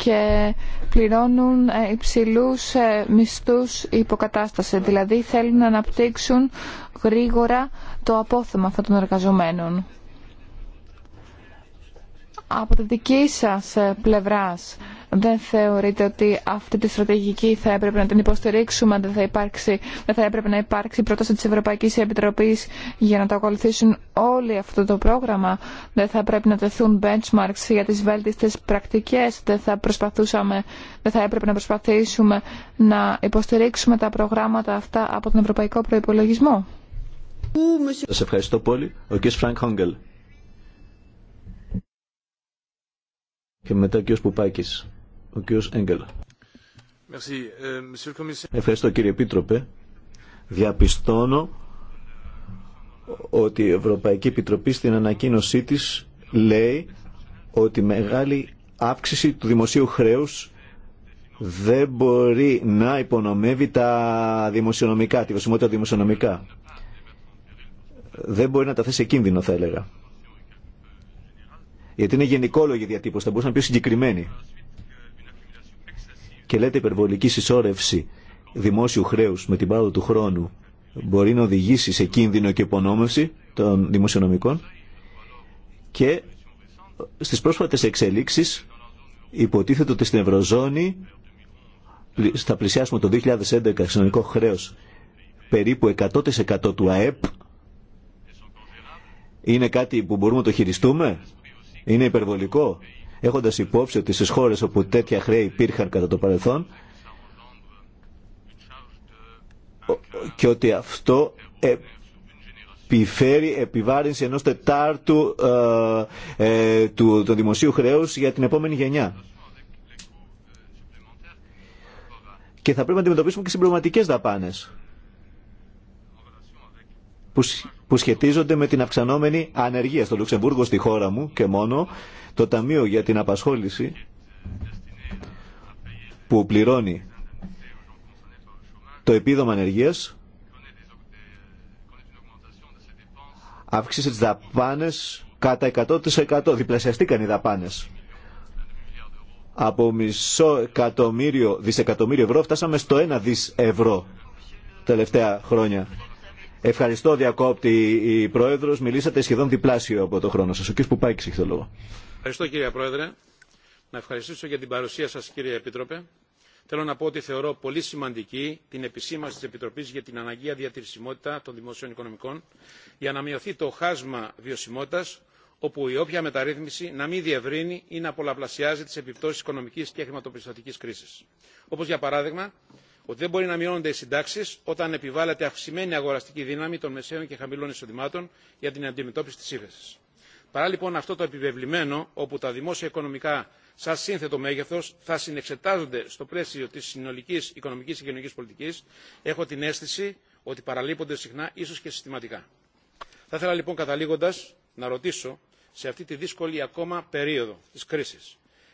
και πληρώνουν ε, υψηλούς ε, μισθούς υποκατάσταση. Δηλαδή θέλουν να αναπτύξουν γρήγορα το απόθεμα αυτών των εργαζομένων. Από τη δική σας ε, πλευράς δεν θεωρείτε ότι αυτή τη στρατηγική θα έπρεπε να την υποστηρίξουμε, δεν θα, υπάρξει, δεν θα έπρεπε να υπάρξει πρόταση της Ευρωπαϊκής Επιτροπής για να το ακολουθήσουν όλοι αυτό το πρόγραμμα. Δεν θα πρέπει να τεθούν benchmarks για τις βέλτιστες πρακτικές. Δεν θα, προσπαθούσαμε, δεν θα έπρεπε να προσπαθήσουμε να υποστηρίξουμε τα προγράμματα αυτά από τον Ευρωπαϊκό Προϋπολογισμό. ευχαριστώ πολύ. Και μετά ο κ. Πουπάκης. Euh, Ευχαριστώ κύριε Επίτροπε. Διαπιστώνω ότι η Ευρωπαϊκή Επιτροπή στην ανακοίνωσή της λέει ότι μεγάλη αύξηση του δημοσίου χρέους δεν μπορεί να υπονομεύει τα δημοσιονομικά, τη βασιμότητα δημοσιονομικά. Δεν μπορεί να τα θέσει κίνδυνο θα έλεγα. Γιατί είναι γενικόλογη διατύπωση, θα μπορούσε να πει συγκεκριμένη και λέτε υπερβολική συσσόρευση δημόσιου χρέους με την πάροδο του χρόνου μπορεί να οδηγήσει σε κίνδυνο και υπονόμευση των δημοσιονομικών και στις πρόσφατες εξελίξεις υποτίθεται ότι στην Ευρωζώνη θα πλησιάσουμε το 2011 οικονομικό χρέος περίπου 100% του ΑΕΠ είναι κάτι που μπορούμε να το χειριστούμε είναι υπερβολικό έχοντας υπόψη ότι στις χώρες όπου τέτοια χρέη υπήρχαν κατά το παρελθόν και ότι αυτό επιφέρει επιβάρυνση ενός τετάρτου ε, ε, του, του δημοσίου χρέους για την επόμενη γενιά. Και θα πρέπει να αντιμετωπίσουμε και συμπληρωματικές δαπάνες που που σχετίζονται με την αυξανόμενη ανεργία στο Λουξεμβούργο, στη χώρα μου και μόνο. Το Ταμείο για την Απασχόληση που πληρώνει το επίδομα ανεργίας αύξησε τις δαπάνες κατά 100%. Διπλασιαστήκαν οι δαπάνες. Από μισό εκατομμύριο, δισεκατομμύριο ευρώ φτάσαμε στο ένα δις ευρώ τελευταία χρόνια. Ευχαριστώ, διακόπτη η Πρόεδρο. Μιλήσατε σχεδόν διπλάσιο από το χρόνο σα. Ο κ. Πουπάκη έχει το λόγο. Ευχαριστώ, κύριε Πρόεδρε. Να ευχαριστήσω για την παρουσία σα, κύριε Επίτροπε. Θέλω να πω ότι θεωρώ πολύ σημαντική την επισήμανση τη Επιτροπή για την αναγκαία διατηρησιμότητα των δημοσίων οικονομικών για να μειωθεί το χάσμα βιωσιμότητα, όπου η όποια μεταρρύθμιση να μην διευρύνει ή να πολλαπλασιάζει τι επιπτώσει οικονομική και χρηματοπιστωτική κρίση. Όπω για παράδειγμα, ότι δεν μπορεί να μειώνονται οι συντάξει όταν επιβάλλεται αυξημένη αγοραστική δύναμη των μεσαίων και χαμηλών εισοδημάτων για την αντιμετώπιση τη ύφεση. Παρά λοιπόν αυτό το επιβεβλημένο, όπου τα δημόσια οικονομικά σαν σύνθετο μέγεθο θα συνεξετάζονται στο πλαίσιο τη συνολική οικονομική και κοινωνική πολιτική, έχω την αίσθηση ότι παραλείπονται συχνά, ίσω και συστηματικά. Θα ήθελα λοιπόν καταλήγοντα να ρωτήσω σε αυτή τη δύσκολη ακόμα περίοδο τη κρίση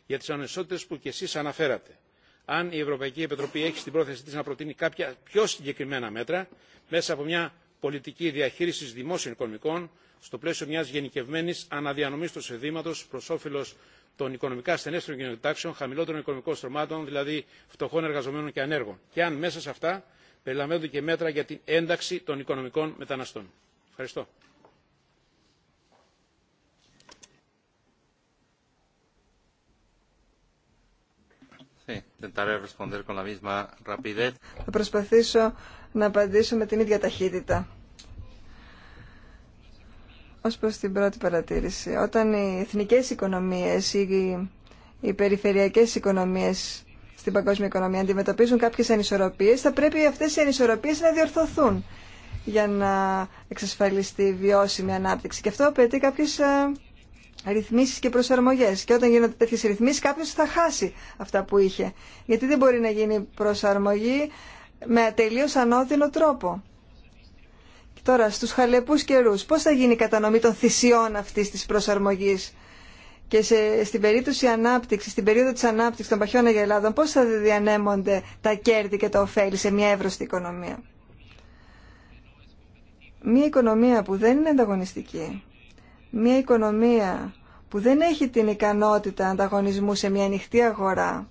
για τι ανισότητε που κι εσεί αναφέρατε αν η Ευρωπαϊκή Επιτροπή έχει στην πρόθεση της να προτείνει κάποια πιο συγκεκριμένα μέτρα μέσα από μια πολιτική διαχείρισης δημόσιων οικονομικών στο πλαίσιο μιας γενικευμένης αναδιανομής του εισοδήματος προς όφελος των οικονομικά στενέστερων κοινοτάξεων, χαμηλότερων οικονομικών στρωμάτων, δηλαδή φτωχών εργαζομένων και ανέργων. Και αν μέσα σε αυτά περιλαμβάνονται και μέτρα για την ένταξη των οικονομικών μεταναστών. Ευχαριστώ. Θα προσπαθήσω να απαντήσω με την ίδια ταχύτητα. Ως προς την πρώτη παρατήρηση, όταν οι εθνικές οικονομίες ή οι περιφερειακές οικονομίες στην παγκόσμια οικονομία αντιμετωπίζουν κάποιες ανισορροπίες, θα πρέπει αυτές οι ανισορροπίες να διορθωθούν για να εξασφαλιστεί βιώσιμη ανάπτυξη. Και αυτό απαιτεί κάποιες ε, ρυθμίσεις και προσαρμογές. Και όταν γίνονται τέτοιες ρυθμίσεις κάποιος θα χάσει αυτά που είχε. Γιατί δεν μπορεί να γίνει προσαρμογή με τελείως ανώδυνο τρόπο. Και τώρα στους χαλεπούς καιρούς πώς θα γίνει η κατανομή των θυσιών αυτής της προσαρμογής και σε, στην περίπτωση ανάπτυξη, στην περίοδο της ανάπτυξης των παχιών αγελάδων πώς θα διανέμονται τα κέρδη και τα ωφέλη σε μια εύρωστη οικονομία. Μια οικονομία που δεν είναι ανταγωνιστική μια οικονομία που δεν έχει την ικανότητα ανταγωνισμού σε μια ανοιχτή αγορά,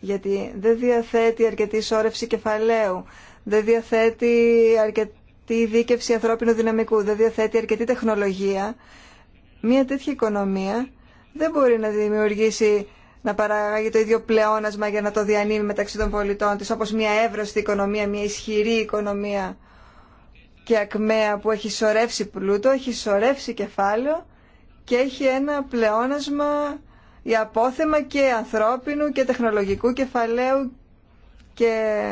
γιατί δεν διαθέτει αρκετή σώρευση κεφαλαίου, δεν διαθέτει αρκετή δίκευση ανθρώπινου δυναμικού, δεν διαθέτει αρκετή τεχνολογία, μια τέτοια οικονομία δεν μπορεί να δημιουργήσει να παράγει το ίδιο πλεόνασμα για να το διανύμει μεταξύ των πολιτών της, όπως μια εύρωστη οικονομία, μια ισχυρή οικονομία και ακμαία που έχει σωρεύσει πλούτο, έχει σωρεύσει κεφάλαιο και έχει ένα πλεόνασμα η απόθεμα και ανθρώπινου και τεχνολογικού κεφαλαίου και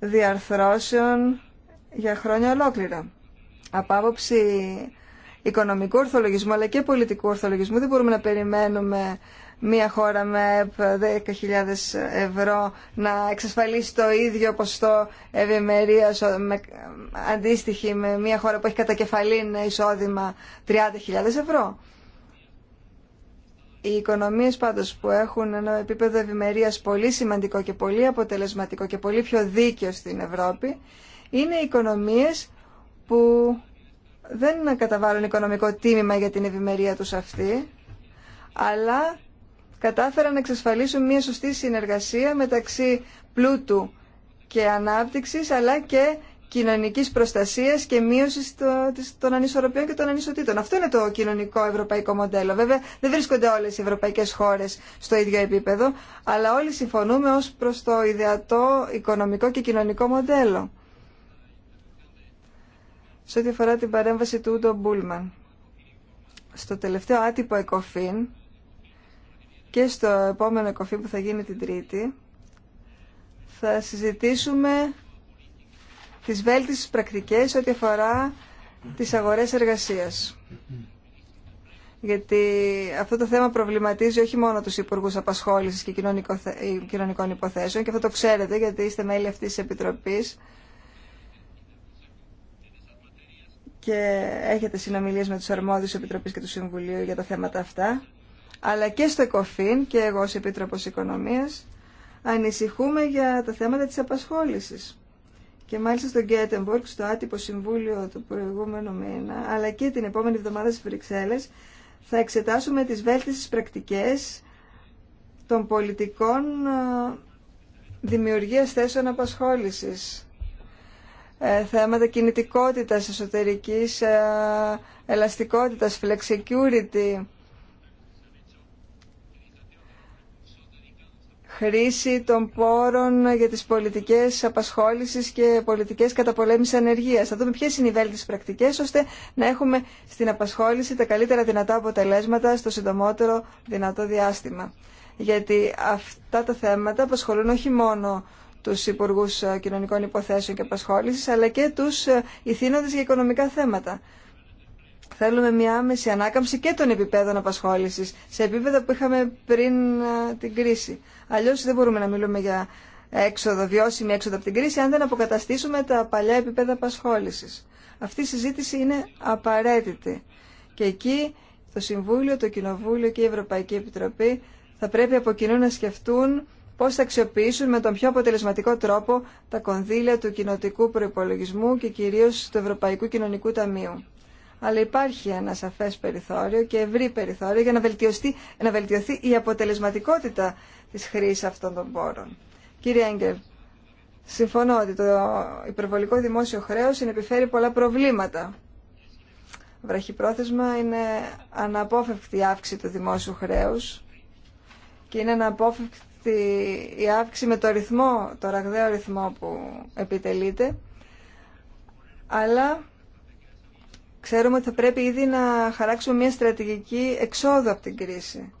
διαρθρώσεων για χρόνια ολόκληρα. Από άποψη οικονομικού ορθολογισμού αλλά και πολιτικού ορθολογισμού δεν μπορούμε να περιμένουμε μια χώρα με 10.000 ευρώ να εξασφαλίσει το ίδιο ποσοστό ευημερία αντίστοιχη με μια χώρα που έχει κατακεφαλήν εισόδημα 30.000 ευρώ. Οι οικονομίες πάντως που έχουν ένα επίπεδο ευημερία πολύ σημαντικό και πολύ αποτελεσματικό και πολύ πιο δίκαιο στην Ευρώπη είναι οι οικονομίες που δεν καταβάλουν οικονομικό τίμημα για την ευημερία τους αυτή αλλά κατάφεραν να εξασφαλίσουν μια σωστή συνεργασία μεταξύ πλούτου και ανάπτυξης αλλά και κοινωνικής προστασίας και μείωσης των ανισορροπιών και των ανισοτήτων. Αυτό είναι το κοινωνικό ευρωπαϊκό μοντέλο. Βέβαια δεν βρίσκονται όλες οι ευρωπαϊκές χώρες στο ίδιο επίπεδο, αλλά όλοι συμφωνούμε ως προς το ιδεατό οικονομικό και κοινωνικό μοντέλο. Σε ό,τι αφορά την παρέμβαση του Ούντο Μπούλμαν. Στο τελευταίο άτυπο εκοφήν, και στο επόμενο εκοφή που θα γίνει την Τρίτη θα συζητήσουμε τις βέλτιστες πρακτικές ό,τι αφορά τις αγορές εργασίας. Γιατί αυτό το θέμα προβληματίζει όχι μόνο τους Υπουργούς Απασχόλησης και ε, Κοινωνικών Υποθέσεων και αυτό το ξέρετε γιατί είστε μέλη αυτής της Επιτροπής και έχετε συνομιλίες με τους αρμόδιους Επιτροπής και του Συμβουλίου για τα θέματα αυτά αλλά και στο ΕΚΟΦΗΝ και εγώ ως Επίτροπος Οικονομίας ανησυχούμε για τα θέματα της απασχόλησης. Και μάλιστα στο Γκέτεμπορκ, στο άτυπο συμβούλιο του προηγούμενου μήνα, αλλά και την επόμενη εβδομάδα στις Βρυξέλλες, θα εξετάσουμε τις βέλτιστες πρακτικές των πολιτικών ε, δημιουργίας θέσεων απασχόλησης. Ε, θέματα κινητικότητας εσωτερικής, ε, ελαστικότητας, flexicurity, χρήση των πόρων για τις πολιτικές απασχόλησης και πολιτικές καταπολέμησης ανεργίας. Θα δούμε ποιες είναι οι βέλτιστες πρακτικές ώστε να έχουμε στην απασχόληση τα καλύτερα δυνατά αποτελέσματα στο συντομότερο δυνατό διάστημα. Γιατί αυτά τα θέματα απασχολούν όχι μόνο του υπουργού Κοινωνικών Υποθέσεων και απασχόληση, αλλά και του ε, ηθήνοντε για οικονομικά θέματα. Θέλουμε μια άμεση ανάκαμψη και των επιπέδων απασχόληση, σε επίπεδα που είχαμε πριν την κρίση. Αλλιώ δεν μπορούμε να μιλούμε για έξοδο, βιώσιμη έξοδο από την κρίση αν δεν αποκαταστήσουμε τα παλιά επίπεδα απασχόληση. Αυτή η συζήτηση είναι απαραίτητη. Και εκεί το Συμβούλιο, το Κοινοβούλιο και η Ευρωπαϊκή Επιτροπή θα πρέπει από κοινού να σκεφτούν πώ θα αξιοποιήσουν με τον πιο αποτελεσματικό τρόπο τα κονδύλια του κοινοτικού προπολογισμού και κυρίω του Ευρωπαϊκού Κοινωνικού Ταμείου αλλά υπάρχει ένα σαφέ περιθώριο και ευρύ περιθώριο για να βελτιωθεί, να βελτιωθεί η αποτελεσματικότητα της χρήσης αυτών των πόρων. Κύριε Έγκερ, συμφωνώ ότι το υπερβολικό δημόσιο χρέος συνεπιφέρει πολλά προβλήματα. Βραχυπρόθεσμα είναι αναπόφευκτη αύξηση του δημόσιου χρέους και είναι αναπόφευκτη η αύξηση με το ρυθμό, το ραγδαίο ρυθμό που επιτελείται, αλλά Ξέρουμε ότι θα πρέπει ήδη να χαράξουμε μια στρατηγική εξόδου από την κρίση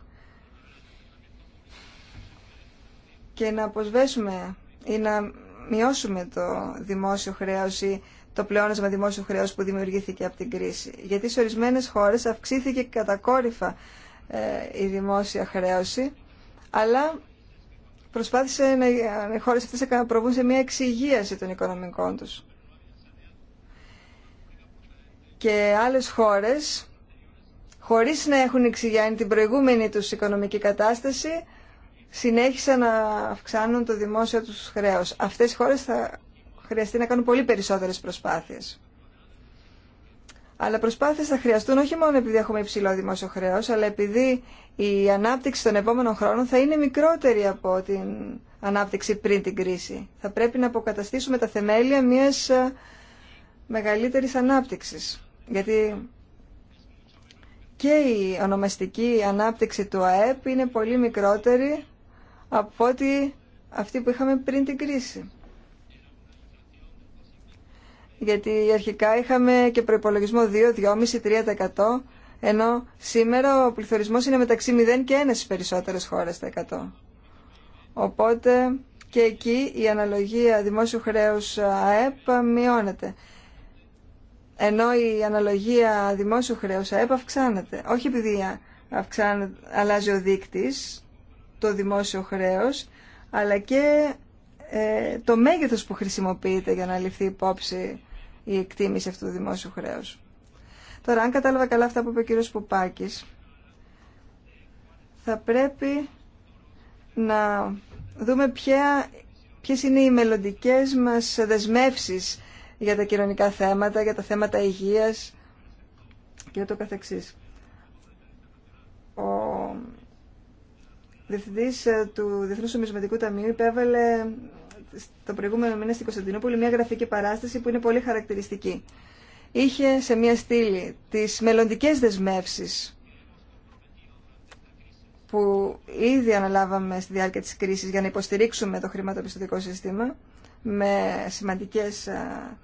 και να αποσβέσουμε ή να μειώσουμε το δημόσιο χρέος ή το πλεόνασμα δημόσιου χρέους που δημιουργήθηκε από την κρίση. Γιατί σε ορισμένες χώρες αυξήθηκε κατακόρυφα ε, η να μειωσουμε το δημοσιο χρεος το χρέωση, αλλά προσπάθησε να, οι χώρες αυτές να προβούν σε μια εξυγίαση των οικονομικών τους και άλλες χώρες, χωρίς να έχουν εξηγιάνει την προηγούμενη τους οικονομική κατάσταση, συνέχισαν να αυξάνουν το δημόσιο τους χρέος. Αυτές οι χώρες θα χρειαστεί να κάνουν πολύ περισσότερες προσπάθειες. Αλλά προσπάθειες θα χρειαστούν όχι μόνο επειδή έχουμε υψηλό δημόσιο χρέος, αλλά επειδή η ανάπτυξη των επόμενων χρόνων θα είναι μικρότερη από την ανάπτυξη πριν την κρίση. Θα πρέπει να αποκαταστήσουμε τα θεμέλια μιας μεγαλύτερης ανάπτυξης γιατί και η ονομαστική ανάπτυξη του ΑΕΠ είναι πολύ μικρότερη από ό,τι αυτή που είχαμε πριν την κρίση. Γιατί αρχικά είχαμε και προϋπολογισμό 2, 2,5, 3%, ενώ σήμερα ο πληθωρισμός είναι μεταξύ 0 και 1 στις περισσότερες χώρες τα 100. Οπότε και εκεί η αναλογία δημόσιου χρέους ΑΕΠ μειώνεται ενώ η αναλογία δημόσιου χρέου, ΑΕΠ αυξάνεται. Όχι επειδή αυξάνεται, αλλάζει ο δείκτης, το δημόσιο χρέο, αλλά και ε, το μέγεθος που χρησιμοποιείται για να ληφθεί υπόψη η εκτίμηση αυτού του δημόσιου χρέου. Τώρα, αν κατάλαβα καλά αυτά που είπε ο κύριος Πουπάκης, θα πρέπει να δούμε ποια, ποιες είναι οι μελλοντικές μας δεσμεύσεις για τα κοινωνικά θέματα, για τα θέματα υγείας και ούτω καθεξής. Ο διευθυντής ε, του Διεθνούς Ομισματικού Ταμείου υπέβαλε ε, το προηγούμενο μήνα στην Κωνσταντινούπολη μια γραφική παράσταση που είναι πολύ χαρακτηριστική. Είχε σε μια στήλη τις μελλοντικές δεσμεύσεις που ήδη αναλάβαμε στη διάρκεια της κρίσης για να υποστηρίξουμε το χρηματοπιστωτικό σύστημα με σημαντικές ε,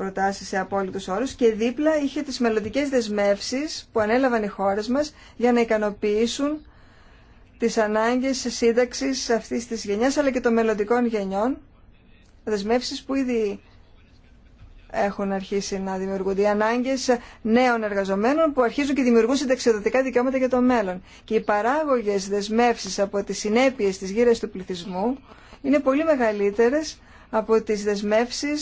προτάσει σε απόλυτου όρου και δίπλα είχε τι μελλοντικέ δεσμεύσει που ανέλαβαν οι χώρε μα για να ικανοποιήσουν τι ανάγκε σύνταξη αυτή τη γενιά, αλλά και των μελλοντικών γενιών δεσμεύσει που ήδη έχουν αρχίσει να δημιουργούνται οι ανάγκε νέων εργαζομένων που αρχίζουν και δημιουργούν συνταξιοδοτικά δικαιώματα για το μέλλον. Και οι παράγωγε δεσμεύσει από τι συνέπειε τη γύρα του πληθυσμού είναι πολύ μεγαλύτερε από τι δεσμεύσει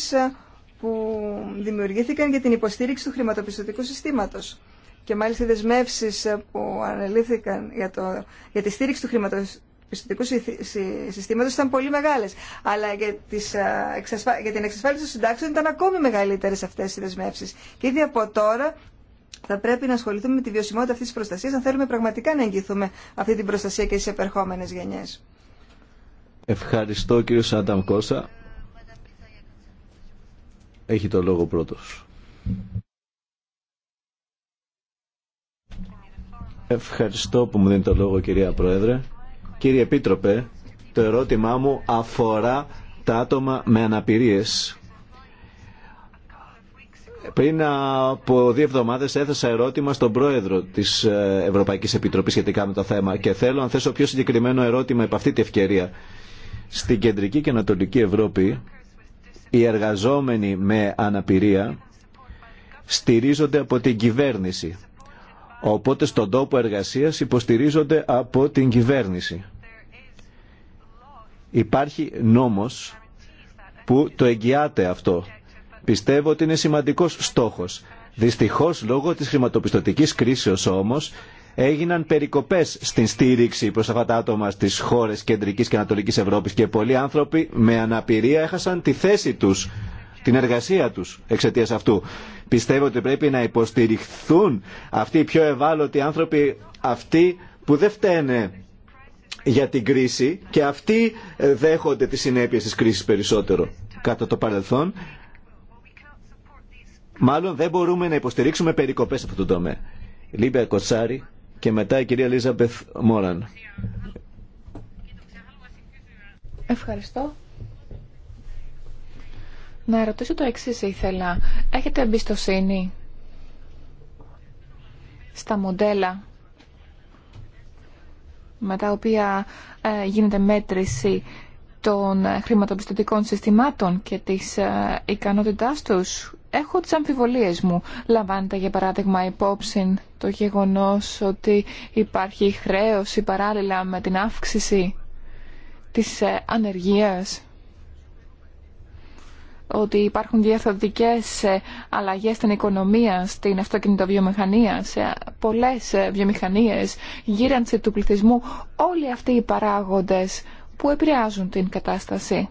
που δημιουργήθηκαν για την υποστήριξη του χρηματοπιστωτικού συστήματος. Και μάλιστα οι δεσμεύσει ε, που αναλύθηκαν για, το, για τη στήριξη του χρηματοπιστωτικού συστήματος ήταν πολύ μεγάλες. Αλλά για, τις, ε, για την εξασφάλιση των συντάξεων ήταν ακόμη μεγαλύτερες αυτές οι δεσμεύσεις. Και ήδη από τώρα θα πρέπει να ασχοληθούμε με τη βιωσιμότητα αυτής της προστασίας αν θέλουμε πραγματικά να εγγυηθούμε αυτή την προστασία και στις επερχόμενες γενιές. Ευχαριστώ κύριο Σανταμ Κώσα έχει το λόγο πρώτος. Ευχαριστώ που μου δίνει το λόγο κυρία Πρόεδρε. Κύριε Επίτροπε, το ερώτημά μου αφορά τα άτομα με αναπηρίες. Πριν από δύο εβδομάδες έθεσα ερώτημα στον Πρόεδρο της ε, Ευρωπαϊκής Επιτροπής σχετικά με το θέμα και θέλω να θέσω πιο συγκεκριμένο ερώτημα επ' αυτή τη ευκαιρία. Στην Κεντρική και Ανατολική Ευρώπη οι εργαζόμενοι με αναπηρία στηρίζονται από την κυβέρνηση. Οπότε στον τόπο εργασίας υποστηρίζονται από την κυβέρνηση. Υπάρχει νόμος που το εγγυάται αυτό. Πιστεύω ότι είναι σημαντικός στόχος. Δυστυχώς λόγω της χρηματοπιστωτικής κρίσεως όμως έγιναν περικοπές στην στήριξη προς αυτά τα άτομα στις χώρες κεντρικής και ανατολικής Ευρώπης και πολλοί άνθρωποι με αναπηρία έχασαν τη θέση τους την εργασία τους εξαιτία αυτού. Πιστεύω ότι πρέπει να υποστηριχθούν αυτοί οι πιο ευάλωτοι άνθρωποι, αυτοί που δεν φταίνε για την κρίση και αυτοί δέχονται τις συνέπειες της κρίσης περισσότερο κατά το παρελθόν. Μάλλον δεν μπορούμε να υποστηρίξουμε περικοπές σε αυτό το τομέα. Λίμπια Κοτσάρη, και μετά η κυρία Λίζα Μόραν. Ευχαριστώ. Να ρωτήσω το εξή ήθελα. Έχετε εμπιστοσύνη στα μοντέλα με τα οποία ε, γίνεται μέτρηση των χρηματοπιστωτικών συστημάτων και της ε, ικανότητάς τους έχω τις αμφιβολίες μου. Λαμβάνεται για παράδειγμα υπόψη το γεγονός ότι υπάρχει χρέωση παράλληλα με την αύξηση της ε, ανεργίας ότι υπάρχουν διαφορετικές ε, αλλαγές στην οικονομία, στην αυτοκινητοβιομηχανία, σε πολλές ε, βιομηχανίες, γύρανση του πληθυσμού, όλοι αυτοί οι παράγοντες που επηρεάζουν την κατάσταση.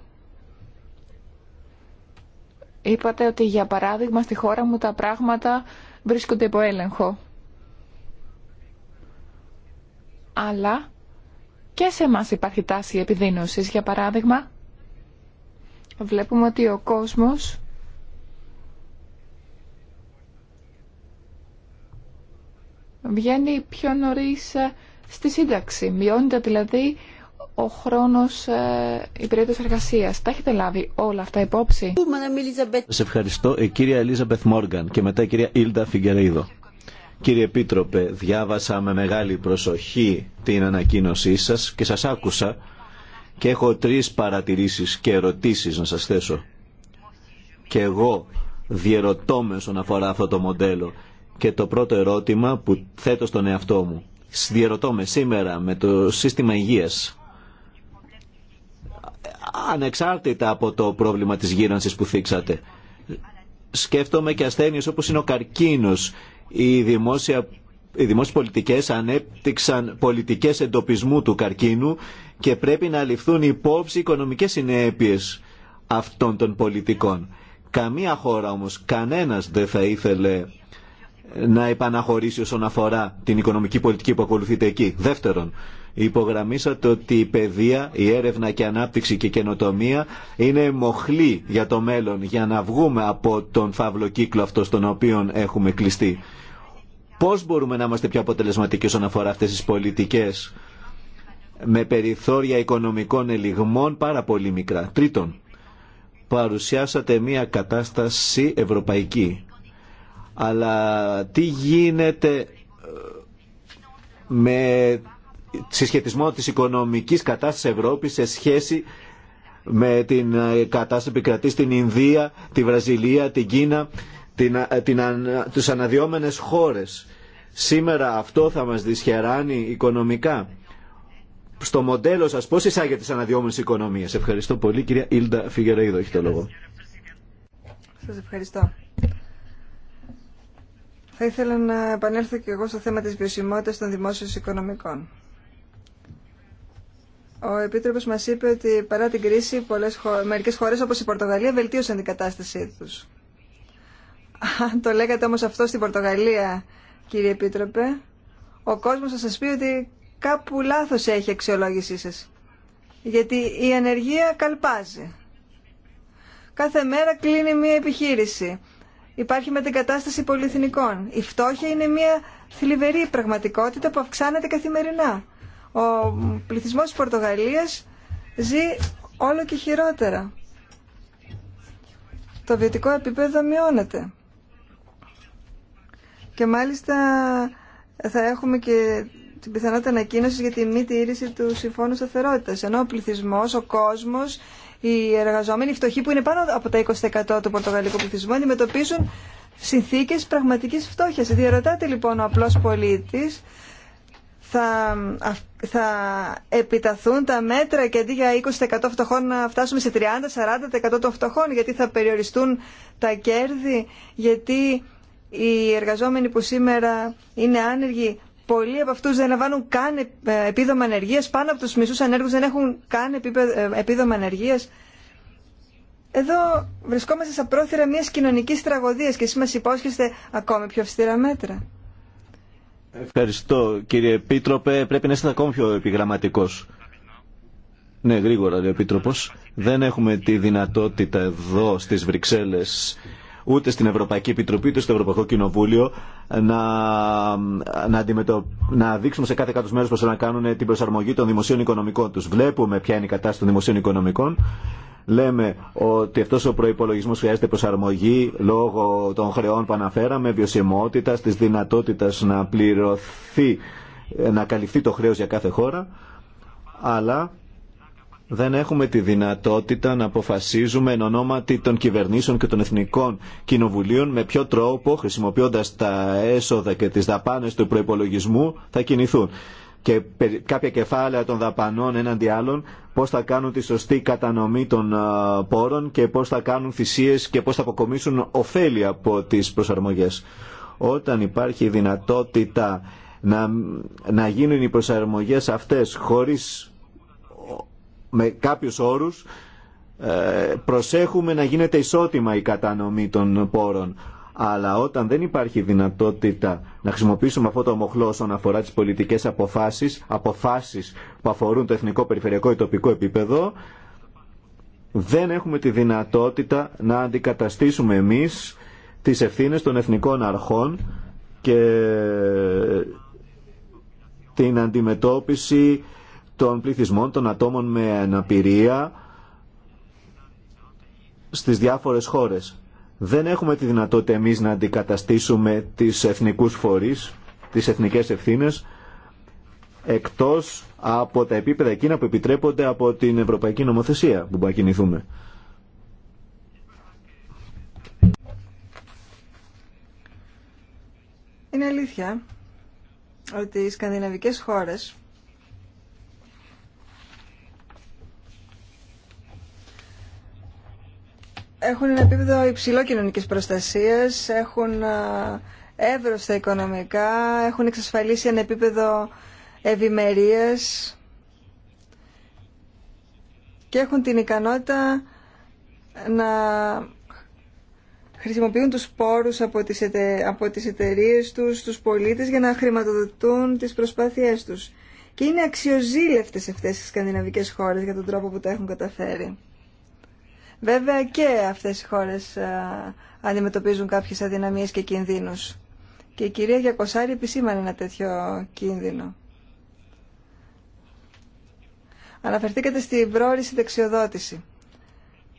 Είπατε ότι για παράδειγμα στη χώρα μου τα πράγματα βρίσκονται υπό έλεγχο. Αλλά και σε μας υπάρχει τάση επιδείνωσης. Για παράδειγμα, βλέπουμε ότι ο κόσμος βγαίνει πιο νωρίς ε, στη σύνταξη. Μειώνεται δηλαδή ο χρόνος, ε, υπηρέτητας εργασίας. Τα έχετε λάβει όλα αυτά υπόψη. Σε ευχαριστώ. Η ε, κυρία Ελίζαμπεθ Μόργαν και μετά η κυρία Ήλτα Φιγκερείδο. Κύριε Επίτροπε, διάβασα με μεγάλη προσοχή την ανακοίνωσή σας και σας άκουσα και έχω τρεις παρατηρήσεις και ερωτήσεις να σας θέσω. Και εγώ διαιρωτώ με όσον αφορά αυτό το μοντέλο. Και το πρώτο ερώτημα που θέτω στον εαυτό μου. Διερωτώ με σήμερα με το σύστημα υγείας ανεξάρτητα από το πρόβλημα της γύρανσης που θίξατε. Σκέφτομαι και ασθένειες όπως είναι ο καρκίνος. Οι, δημόσια, οι δημόσιες πολιτικές ανέπτυξαν πολιτικές εντοπισμού του καρκίνου και πρέπει να ληφθούν υπόψη οικονομικές συνέπειες αυτών των πολιτικών. Καμία χώρα όμως, κανένας δεν θα ήθελε να επαναχωρήσει όσον αφορά την οικονομική πολιτική που ακολουθείται εκεί. Δεύτερον, υπογραμμίσατε ότι η παιδεία, η έρευνα και η ανάπτυξη και η καινοτομία είναι μοχλή για το μέλλον, για να βγούμε από τον φαύλο κύκλο αυτό στον οποίο έχουμε κλειστεί. Πώς μπορούμε να είμαστε πιο αποτελεσματικοί όσον αφορά αυτές τις πολιτικές με περιθώρια οικονομικών ελιγμών πάρα πολύ μικρά. Τρίτον, παρουσιάσατε μια κατάσταση ευρωπαϊκή αλλά τι γίνεται ε, με συσχετισμό της οικονομικής κατάστασης Ευρώπης σε σχέση με την ε, κατάσταση που στην Ινδία, τη Βραζιλία, την Κίνα, την, ε, την, τους αναδιόμενες χώρες. Σήμερα αυτό θα μας δυσχεράνει οικονομικά. Στο μοντέλο σας πώς εισάγεται τις αναδιόμενες οικονομίες. Ευχαριστώ πολύ κυρία Ήλντα Φιγερέιδο, έχει το λόγο. Σας ευχαριστώ. Θα ήθελα να επανέλθω και εγώ στο θέμα της βιωσιμότητας των δημόσιων οικονομικών. Ο Επίτροπος μας είπε ότι παρά την κρίση, πολλές, μερικές χώρες όπως η Πορτογαλία βελτίωσαν την κατάστασή τους. Αν το λέγατε όμως αυτό στην Πορτογαλία, κύριε Επίτροπε, ο κόσμος θα σας πει ότι κάπου λάθος έχει αξιολόγησή σας. Γιατί η ανεργία καλπάζει. Κάθε μέρα κλείνει μία επιχείρηση. Υπάρχει την κατάσταση πολυεθνικών. Η φτώχεια είναι μια θλιβερή πραγματικότητα που αυξάνεται καθημερινά. Ο πληθυσμός της Πορτογαλίας ζει όλο και χειρότερα. Το βιωτικό επίπεδο μειώνεται. Και μάλιστα θα έχουμε και την πιθανότητα ανακοίνωση για τη μη τήρηση του Συμφώνου Σταθερότητα. Ενώ ο πληθυσμό, ο κόσμο, οι εργαζόμενοι οι φτωχοί που είναι πάνω από τα 20% του πορτογαλικού πληθυσμού αντιμετωπίζουν συνθήκε πραγματική φτώχεια. Διαρωτάτε λοιπόν ο απλό πολίτη θα, θα επιταθούν τα μέτρα και αντί για 20% φτωχών να φτάσουμε σε 30-40% των φτωχών γιατί θα περιοριστούν τα κέρδη, γιατί οι εργαζόμενοι που σήμερα είναι άνεργοι πολλοί από αυτούς δεν λαμβάνουν καν ε, επίδομα ανεργίας, πάνω από τους μισούς ανέργους δεν έχουν καν ε, επίδομα ανεργίας. Εδώ βρισκόμαστε στα πρόθυρα μιας κοινωνικής τραγωδίας και εσείς μας υπόσχεστε ακόμη πιο αυστηρά μέτρα. Ευχαριστώ κύριε Επίτροπε. Πρέπει να είστε ακόμη πιο επιγραμματικός. Ναι, γρήγορα λέει ο Επίτροπος. Δεν έχουμε τη δυνατότητα εδώ στις Βρυξέλλες ούτε στην Ευρωπαϊκή Επιτροπή ούτε στο Ευρωπαϊκό Κοινοβούλιο να, να, να δείξουμε σε κάθε κάτω μέρο πώ να κάνουν την προσαρμογή των δημοσίων οικονομικών του. Βλέπουμε ποια είναι η κατάσταση των δημοσίων οικονομικών. Λέμε ότι αυτό ο προπολογισμό χρειάζεται προσαρμογή λόγω των χρεών που αναφέραμε, βιωσιμότητα, τη δυνατότητα να πληρωθεί, να καλυφθεί το χρέο για κάθε χώρα. Αλλά δεν έχουμε τη δυνατότητα να αποφασίζουμε εν ονόματι των κυβερνήσεων και των εθνικών κοινοβουλίων με ποιο τρόπο, χρησιμοποιώντας τα έσοδα και τις δαπάνες του προϋπολογισμού, θα κινηθούν. Και κάποια κεφάλαια των δαπανών έναντι άλλων, πώς θα κάνουν τη σωστή κατανομή των πόρων και πώς θα κάνουν θυσίες και πώς θα αποκομίσουν ωφέλη από τις προσαρμογές. Όταν υπάρχει δυνατότητα να, να γίνουν οι προσαρμογές αυτές χωρίς με κάποιους όρους ε, προσέχουμε να γίνεται ισότιμα η κατανομή των πόρων. Αλλά όταν δεν υπάρχει δυνατότητα να χρησιμοποιήσουμε αυτό το μοχλό όσον αφορά τις πολιτικές αποφάσεις, αποφάσεις που αφορούν το εθνικό, περιφερειακό ή τοπικό επίπεδο, δεν έχουμε τη δυνατότητα να αντικαταστήσουμε εμείς τις ευθύνες των εθνικών αρχών και την αντιμετώπιση των πληθυσμών, των ατόμων με αναπηρία στις διάφορες χώρες. Δεν έχουμε τη δυνατότητα εμείς να αντικαταστήσουμε τις εθνικούς φορείς, τις εθνικές ευθύνες, εκτός από τα επίπεδα εκείνα που επιτρέπονται από την Ευρωπαϊκή Νομοθεσία που κινηθούμε. Είναι αλήθεια ότι οι σκανδιναβικές χώρες έχουν ένα επίπεδο υψηλό κοινωνικής προστασίας, έχουν εύρωστα οικονομικά, έχουν εξασφαλίσει ένα επίπεδο ευημερία και έχουν την ικανότητα να χρησιμοποιούν τους πόρους από τις, εται, από τις εταιρείες τους, τους πολίτες για να χρηματοδοτούν τις προσπάθειές τους. Και είναι αξιοζήλευτες αυτές οι σκανδιναβικές χώρες για τον τρόπο που τα έχουν καταφέρει. Βέβαια και αυτές οι χώρες ε, αντιμετωπίζουν κάποιες αδυναμίες και κινδύνους. Και η κυρία Γιακοσάρη επισήμανε ένα τέτοιο κίνδυνο. Αναφερθήκατε στην πρόοριση δεξιοδότηση.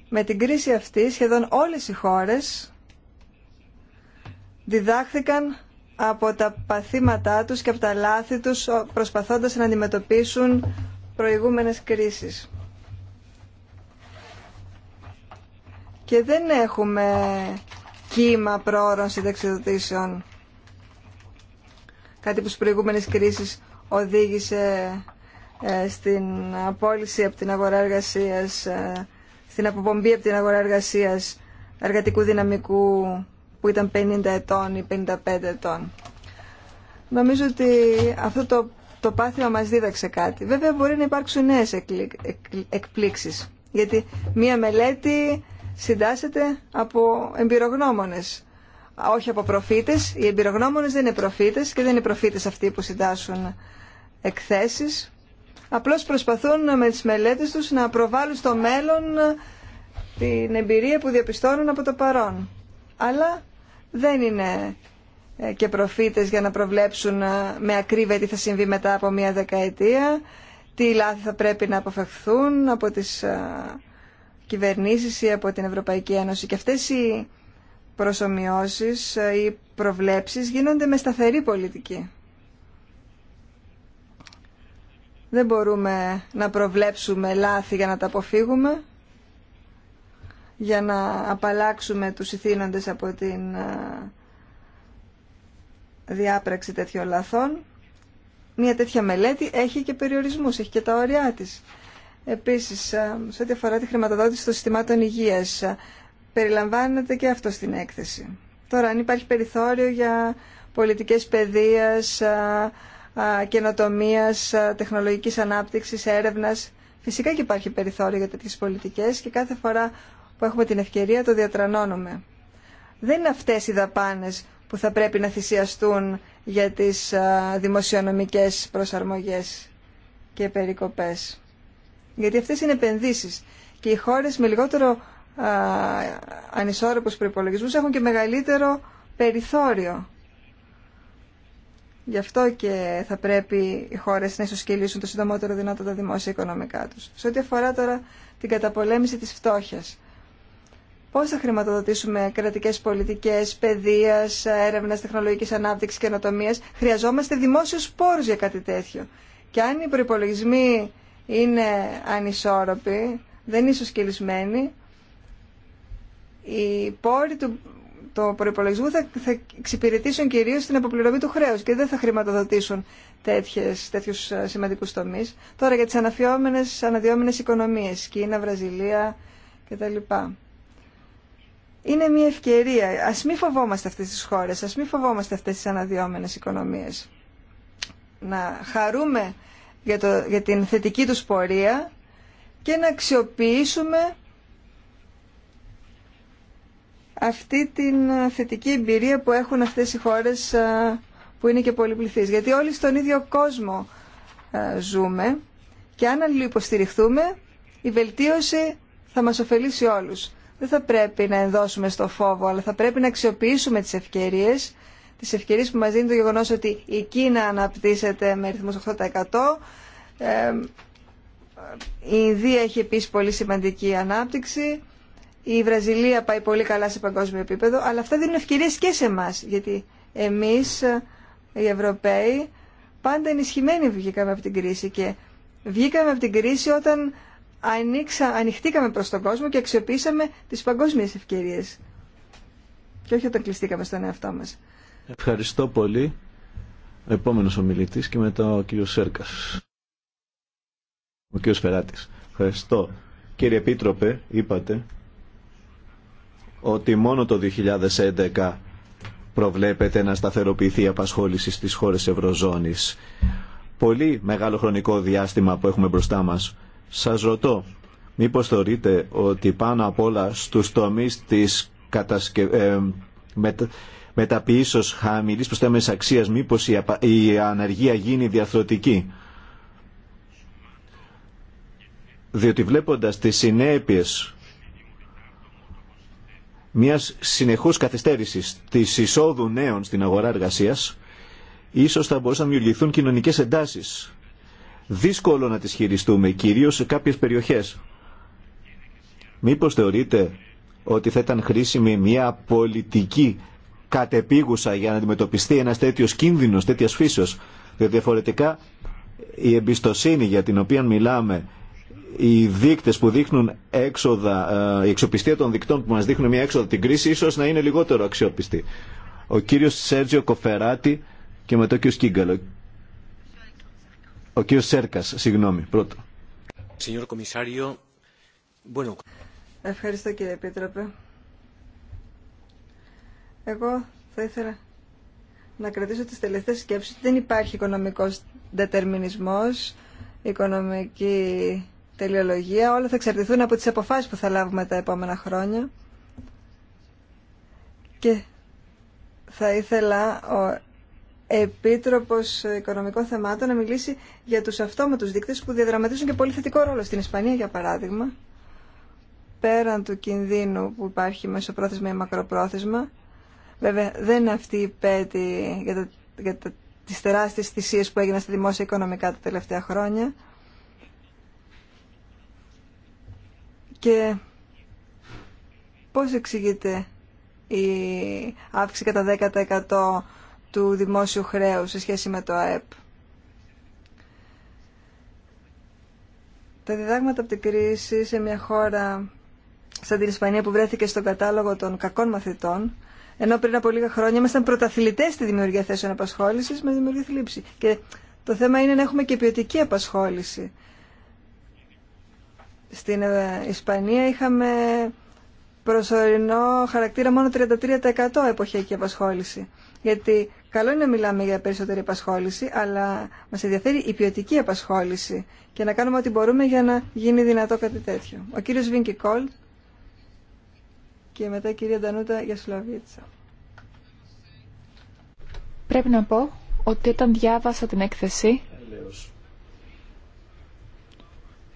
Με την κρίση αυτή σχεδόν όλες οι χώρες διδάχθηκαν από τα παθήματά τους και από τα λάθη τους προσπαθώντας να αντιμετωπίσουν προηγούμενες κρίσεις. και δεν έχουμε κύμα πρόωρων συνταξιδοτήσεων. Κάτι που στις προηγούμενες κρίσεις οδήγησε ε, στην απόλυση από την αγορά εργασίας, ε, στην αποπομπή από την αγορά εργασίας εργατικού δυναμικού που ήταν 50 ετών ή 55 ετών. Νομίζω ότι αυτό το, το πάθημα μας δίδαξε κάτι. Βέβαια μπορεί να υπάρξουν νέες εκπλήξεις, γιατί μία μελέτη συντάσσεται από εμπειρογνώμονες, όχι από προφήτες. Οι εμπειρογνώμονες δεν είναι προφήτες και δεν είναι προφήτες αυτοί που συντάσσουν εκθέσεις. Απλώς προσπαθούν με τις μελέτες τους να προβάλλουν στο μέλλον την εμπειρία που διαπιστώνουν από το παρόν. Αλλά δεν είναι ε, και προφήτες για να προβλέψουν ε, με ακρίβεια τι θα συμβεί μετά από μία δεκαετία, τι λάθη θα πρέπει να αποφευχθούν από τις ε, κυβερνήσεις ή από την Ευρωπαϊκή Ένωση. Και αυτές οι προσωμιώσεις ή προβλέψεις γίνονται με σταθερή πολιτική. Δεν μπορούμε να προβλέψουμε λάθη για να τα αποφύγουμε, για να απαλλάξουμε τους ηθήνοντες από την ε, διάπραξη τέτοιων λαθών. Μία τέτοια μελέτη έχει και περιορισμούς, έχει και τα όρια της. Επίσης, ε, σε ό,τι αφορά τη χρηματοδότηση των συστημάτων υγείας, ε, περιλαμβάνεται και αυτό στην έκθεση. Τώρα, αν υπάρχει περιθώριο για πολιτικές παιδείας, ε, καινοτομίας, τεχνολογικής ανάπτυξης, έρευνας, φυσικά και υπάρχει περιθώριο για τέτοιες πολιτικές και κάθε φορά που έχουμε την ευκαιρία το διατρανώνουμε. Δεν είναι αυτές οι δαπάνες που θα πρέπει να θυσιαστούν για τις δημοσιονομικές προσαρμογές και περικοπές. Γιατί αυτές είναι επενδύσεις και οι χώρες με λιγότερο α, ανισόρροπους προϋπολογισμούς έχουν και μεγαλύτερο περιθώριο. Γι' αυτό και θα πρέπει οι χώρες να ισοσκελίσουν το συντομότερο δυνατό τα δημόσια οικονομικά τους. Σε ό,τι αφορά τώρα την καταπολέμηση της φτώχειας. Πώς θα χρηματοδοτήσουμε κρατικές πολιτικές, παιδείας, έρευνας, τεχνολογικής και καινοτομίας. Χρειαζόμαστε δημόσιους πόρους για κάτι τέτοιο. Και αν οι προπολογισμοί είναι ανισόρροπη, δεν είναι ισοσκελισμένη, οι πόροι του το προϋπολογισμού θα, θα εξυπηρετήσουν κυρίως την αποπληρωμή του χρέους και δεν θα χρηματοδοτήσουν τέτοιες, τέτοιους σημαντικούς τομείς. Τώρα για τις αναφιόμενες, οικονομίε, οικονομίες, Κίνα, Βραζιλία κτλ. Είναι μια ευκαιρία. Α μην φοβόμαστε αυτέ τι χώρε. Α μην φοβόμαστε αυτέ τι αναδυόμενε οικονομίε. Να χαρούμε για, την θετική τους πορεία και να αξιοποιήσουμε αυτή την θετική εμπειρία που έχουν αυτές οι χώρες που είναι και πολυπληθείς. Γιατί όλοι στον ίδιο κόσμο ζούμε και αν αλληλοϊποστηριχθούμε η βελτίωση θα μας ωφελήσει όλους. Δεν θα πρέπει να ενδώσουμε στο φόβο, αλλά θα πρέπει να αξιοποιήσουμε τις ευκαιρίες τις ευκαιρίες που μας δίνει το γεγονό ότι η Κίνα αναπτύσσεται με ρυθμού 8%. Ε, η Ινδία έχει επίσης πολύ σημαντική ανάπτυξη. Η Βραζιλία πάει πολύ καλά σε παγκόσμιο επίπεδο. Αλλά αυτά δίνουν ευκαιρίες και σε εμά, γιατί εμείς ε, οι Ευρωπαίοι πάντα ενισχυμένοι βγήκαμε από την κρίση και βγήκαμε από την κρίση όταν ανοίξα, ανοιχτήκαμε προς τον κόσμο και αξιοποιήσαμε τις παγκόσμιες ευκαιρίες και όχι όταν κλειστήκαμε στον εαυτό μας. Ευχαριστώ πολύ. Ο επόμενος ομιλητής και μετά ο κύριος Σέρκας. Ο κύριος Φεράτης. Ευχαριστώ. Κύριε Επίτροπε, είπατε ότι μόνο το 2011 προβλέπεται να σταθεροποιηθεί η απασχόληση στις χώρες Ευρωζώνης. Πολύ μεγάλο χρονικό διάστημα που έχουμε μπροστά μας. Σας ρωτώ, μήπως θεωρείτε ότι πάνω απ' όλα στους τομείς της κατασκευής ε, μεταποιήσεω χαμηλή προστάμενη αξία, μήπω η αναργία γίνει διαθροτική. Διότι βλέποντα τι συνέπειε μια συνεχού καθυστερήση της εισόδου νέων στην αγορά εργασία, ίσω θα μπορούσαν να δημιουργηθούν κοινωνικέ εντάσει. Δύσκολο να τις χειριστούμε, κυρίως σε κάποιες περιοχές. Μήπως θεωρείτε ότι θα ήταν χρήσιμη μια πολιτική κατεπίγουσα για να αντιμετωπιστεί ένας τέτοιος κίνδυνος, τέτοιας φύσεως. Διότι διαφορετικά η εμπιστοσύνη για την οποία μιλάμε, οι δείκτες που δείχνουν έξοδα, ε, η εξοπιστία των δικτών που μας δείχνουν μια έξοδα την κρίση, ίσως να είναι λιγότερο αξιόπιστη. Ο κύριος Σέρτζιο Κοφεράτη και μετά ο κύριο Κίγκαλο. Ο κύριος Σέρκας, συγγνώμη, πρώτο. Ευχαριστώ κύριε Επίτροπε. Εγώ θα ήθελα να κρατήσω τις τελευταίες σκέψεις ότι δεν υπάρχει οικονομικός δετερμινισμός, οικονομική τελειολογία. Όλα θα εξαρτηθούν από τις αποφάσεις που θα λάβουμε τα επόμενα χρόνια. Και θα ήθελα ο Επίτροπος Οικονομικών Θεμάτων να μιλήσει για τους αυτόματους δείκτες που διαδραματίζουν και πολύ θετικό ρόλο στην Ισπανία, για παράδειγμα. Πέραν του κινδύνου που υπάρχει μεσοπρόθεσμα ή μακροπρόθεσμα, Βέβαια δεν είναι αυτή η πέτη για, τα, για τα, τις τεράστιες που έγιναν στα δημόσια οικονομικά τα τελευταία χρόνια. Και πώς εξηγείται η αύξηση κατά 10% του δημόσιου χρέους σε σχέση με το ΑΕΠ. Τα διδάγματα από την κρίση σε μια χώρα σαν την Ισπανία που βρέθηκε στον κατάλογο των κακών μαθητών ενώ πριν από λίγα χρόνια ήμασταν πρωταθλητέ στη δημιουργία θέσεων απασχόληση, μα δημιουργεί θλίψη. Και το θέμα είναι να έχουμε και ποιοτική απασχόληση. Στην ε, Ισπανία είχαμε προσωρινό χαρακτήρα μόνο 33% εποχιακή απασχόληση. Γιατί καλό είναι να μιλάμε για περισσότερη απασχόληση, αλλά μας ενδιαφέρει η ποιοτική απασχόληση και να κάνουμε ό,τι μπορούμε για να γίνει δυνατό κάτι τέτοιο. Ο κύριο Βίνκι Κόλτ και μετά η κυρία Ντανούτα Σλαβίτσα. Πρέπει να πω ότι όταν διάβασα την έκθεση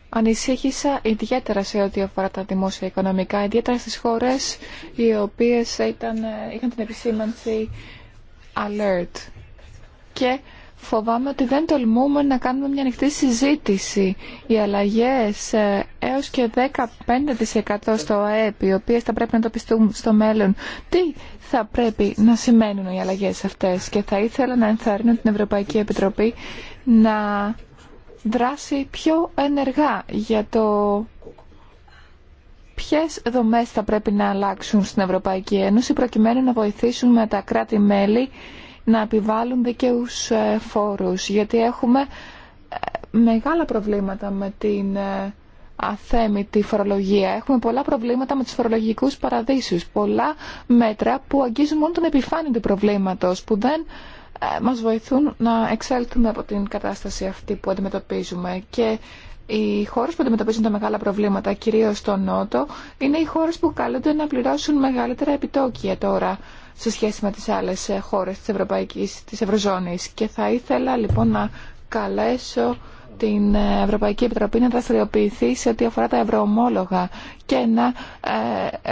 ανησύχησα ιδιαίτερα σε ό,τι αφορά τα δημόσια οικονομικά, ιδιαίτερα στις χώρες οι οποίες ήταν, είχαν την επισήμανση alert. Και φοβάμαι ότι δεν τολμούμε να κάνουμε μια ανοιχτή συζήτηση. Οι αλλαγέ ε, έως και 15% στο ΑΕΠ, οι οποίε θα πρέπει να το πιστούν στο μέλλον, τι θα πρέπει να σημαίνουν οι αλλαγές αυτές. Και θα ήθελα να ενθαρρύνω την Ευρωπαϊκή Επιτροπή να δράσει πιο ενεργά για το ποιες δομές θα πρέπει να αλλάξουν στην Ευρωπαϊκή Ένωση προκειμένου να βοηθήσουν με τα κράτη-μέλη να επιβάλλουν δικαιούς ε, φόρους, γιατί έχουμε ε, μεγάλα προβλήματα με την ε, αθέμητη φορολογία. Έχουμε πολλά προβλήματα με τους φορολογικούς παραδείσους, πολλά μέτρα που αγγίζουν μόνο τον επιφάνειο του προβλήματος, που δεν μας βοηθούν να εξέλθουμε από την κατάσταση αυτή που αντιμετωπίζουμε. Και οι χώρες που αντιμετωπίζουν τα μεγάλα προβλήματα, κυρίως στο Νότο, είναι οι χώρες που καλούνται να πληρώσουν μεγαλύτερα επιτόκια τώρα σε σχέση με τις άλλες ε, χώρες της Ευρωπαϊκής, της Ευρωζώνης. Και θα ήθελα λοιπόν να καλέσω την ε, Ευρωπαϊκή Επιτροπή να δραστηριοποιηθεί σε ό,τι αφορά τα ευρωομόλογα και να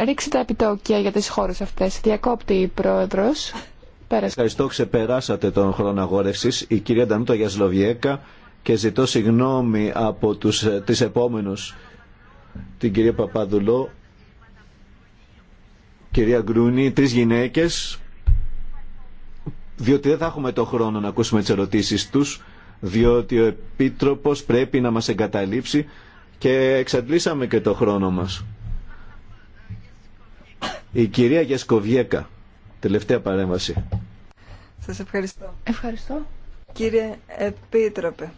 ε, ρίξει τα επιτόκια για τις χώρες αυτές. Διακόπτη η Πρόεδρος. Ευχαριστώ, ξεπεράσατε τον χρόνο αγόρευσης. Η κυρία Ντανούτα Γιασλοβιέκα και ζητώ συγγνώμη από τους, τις επόμενους την κυρία Παπαδουλό κυρία Γκρούνη, τρεις γυναίκες, διότι δεν θα έχουμε το χρόνο να ακούσουμε τις ερωτήσεις τους, διότι ο Επίτροπος πρέπει να μας εγκαταλείψει και εξαντλήσαμε και το χρόνο μας. Η κυρία Γιασκοβιέκα. τελευταία παρέμβαση. Σας ευχαριστώ. Ευχαριστώ. Κύριε Επίτροπε,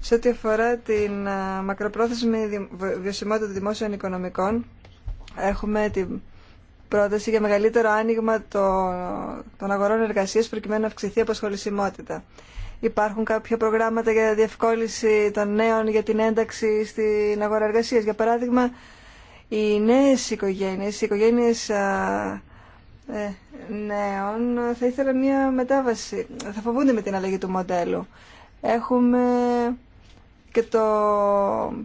σε ό,τι αφορά την μακροπρόθεσμη βιωσιμότητα δημόσιων οικονομικών, έχουμε την πρόταση για μεγαλύτερο άνοιγμα των αγορών εργασίας προκειμένου να αυξηθεί η αποσχολησιμότητα. Υπάρχουν κάποια προγράμματα για διευκόλυνση των νέων για την ένταξη στην αγορά εργασίας. Για παράδειγμα, οι νέες οικογένειες, οι οικογένειες ε, νέων θα ήθελαν μια μετάβαση, θα φοβούνται με την αλλαγή του μοντέλου. Έχουμε και το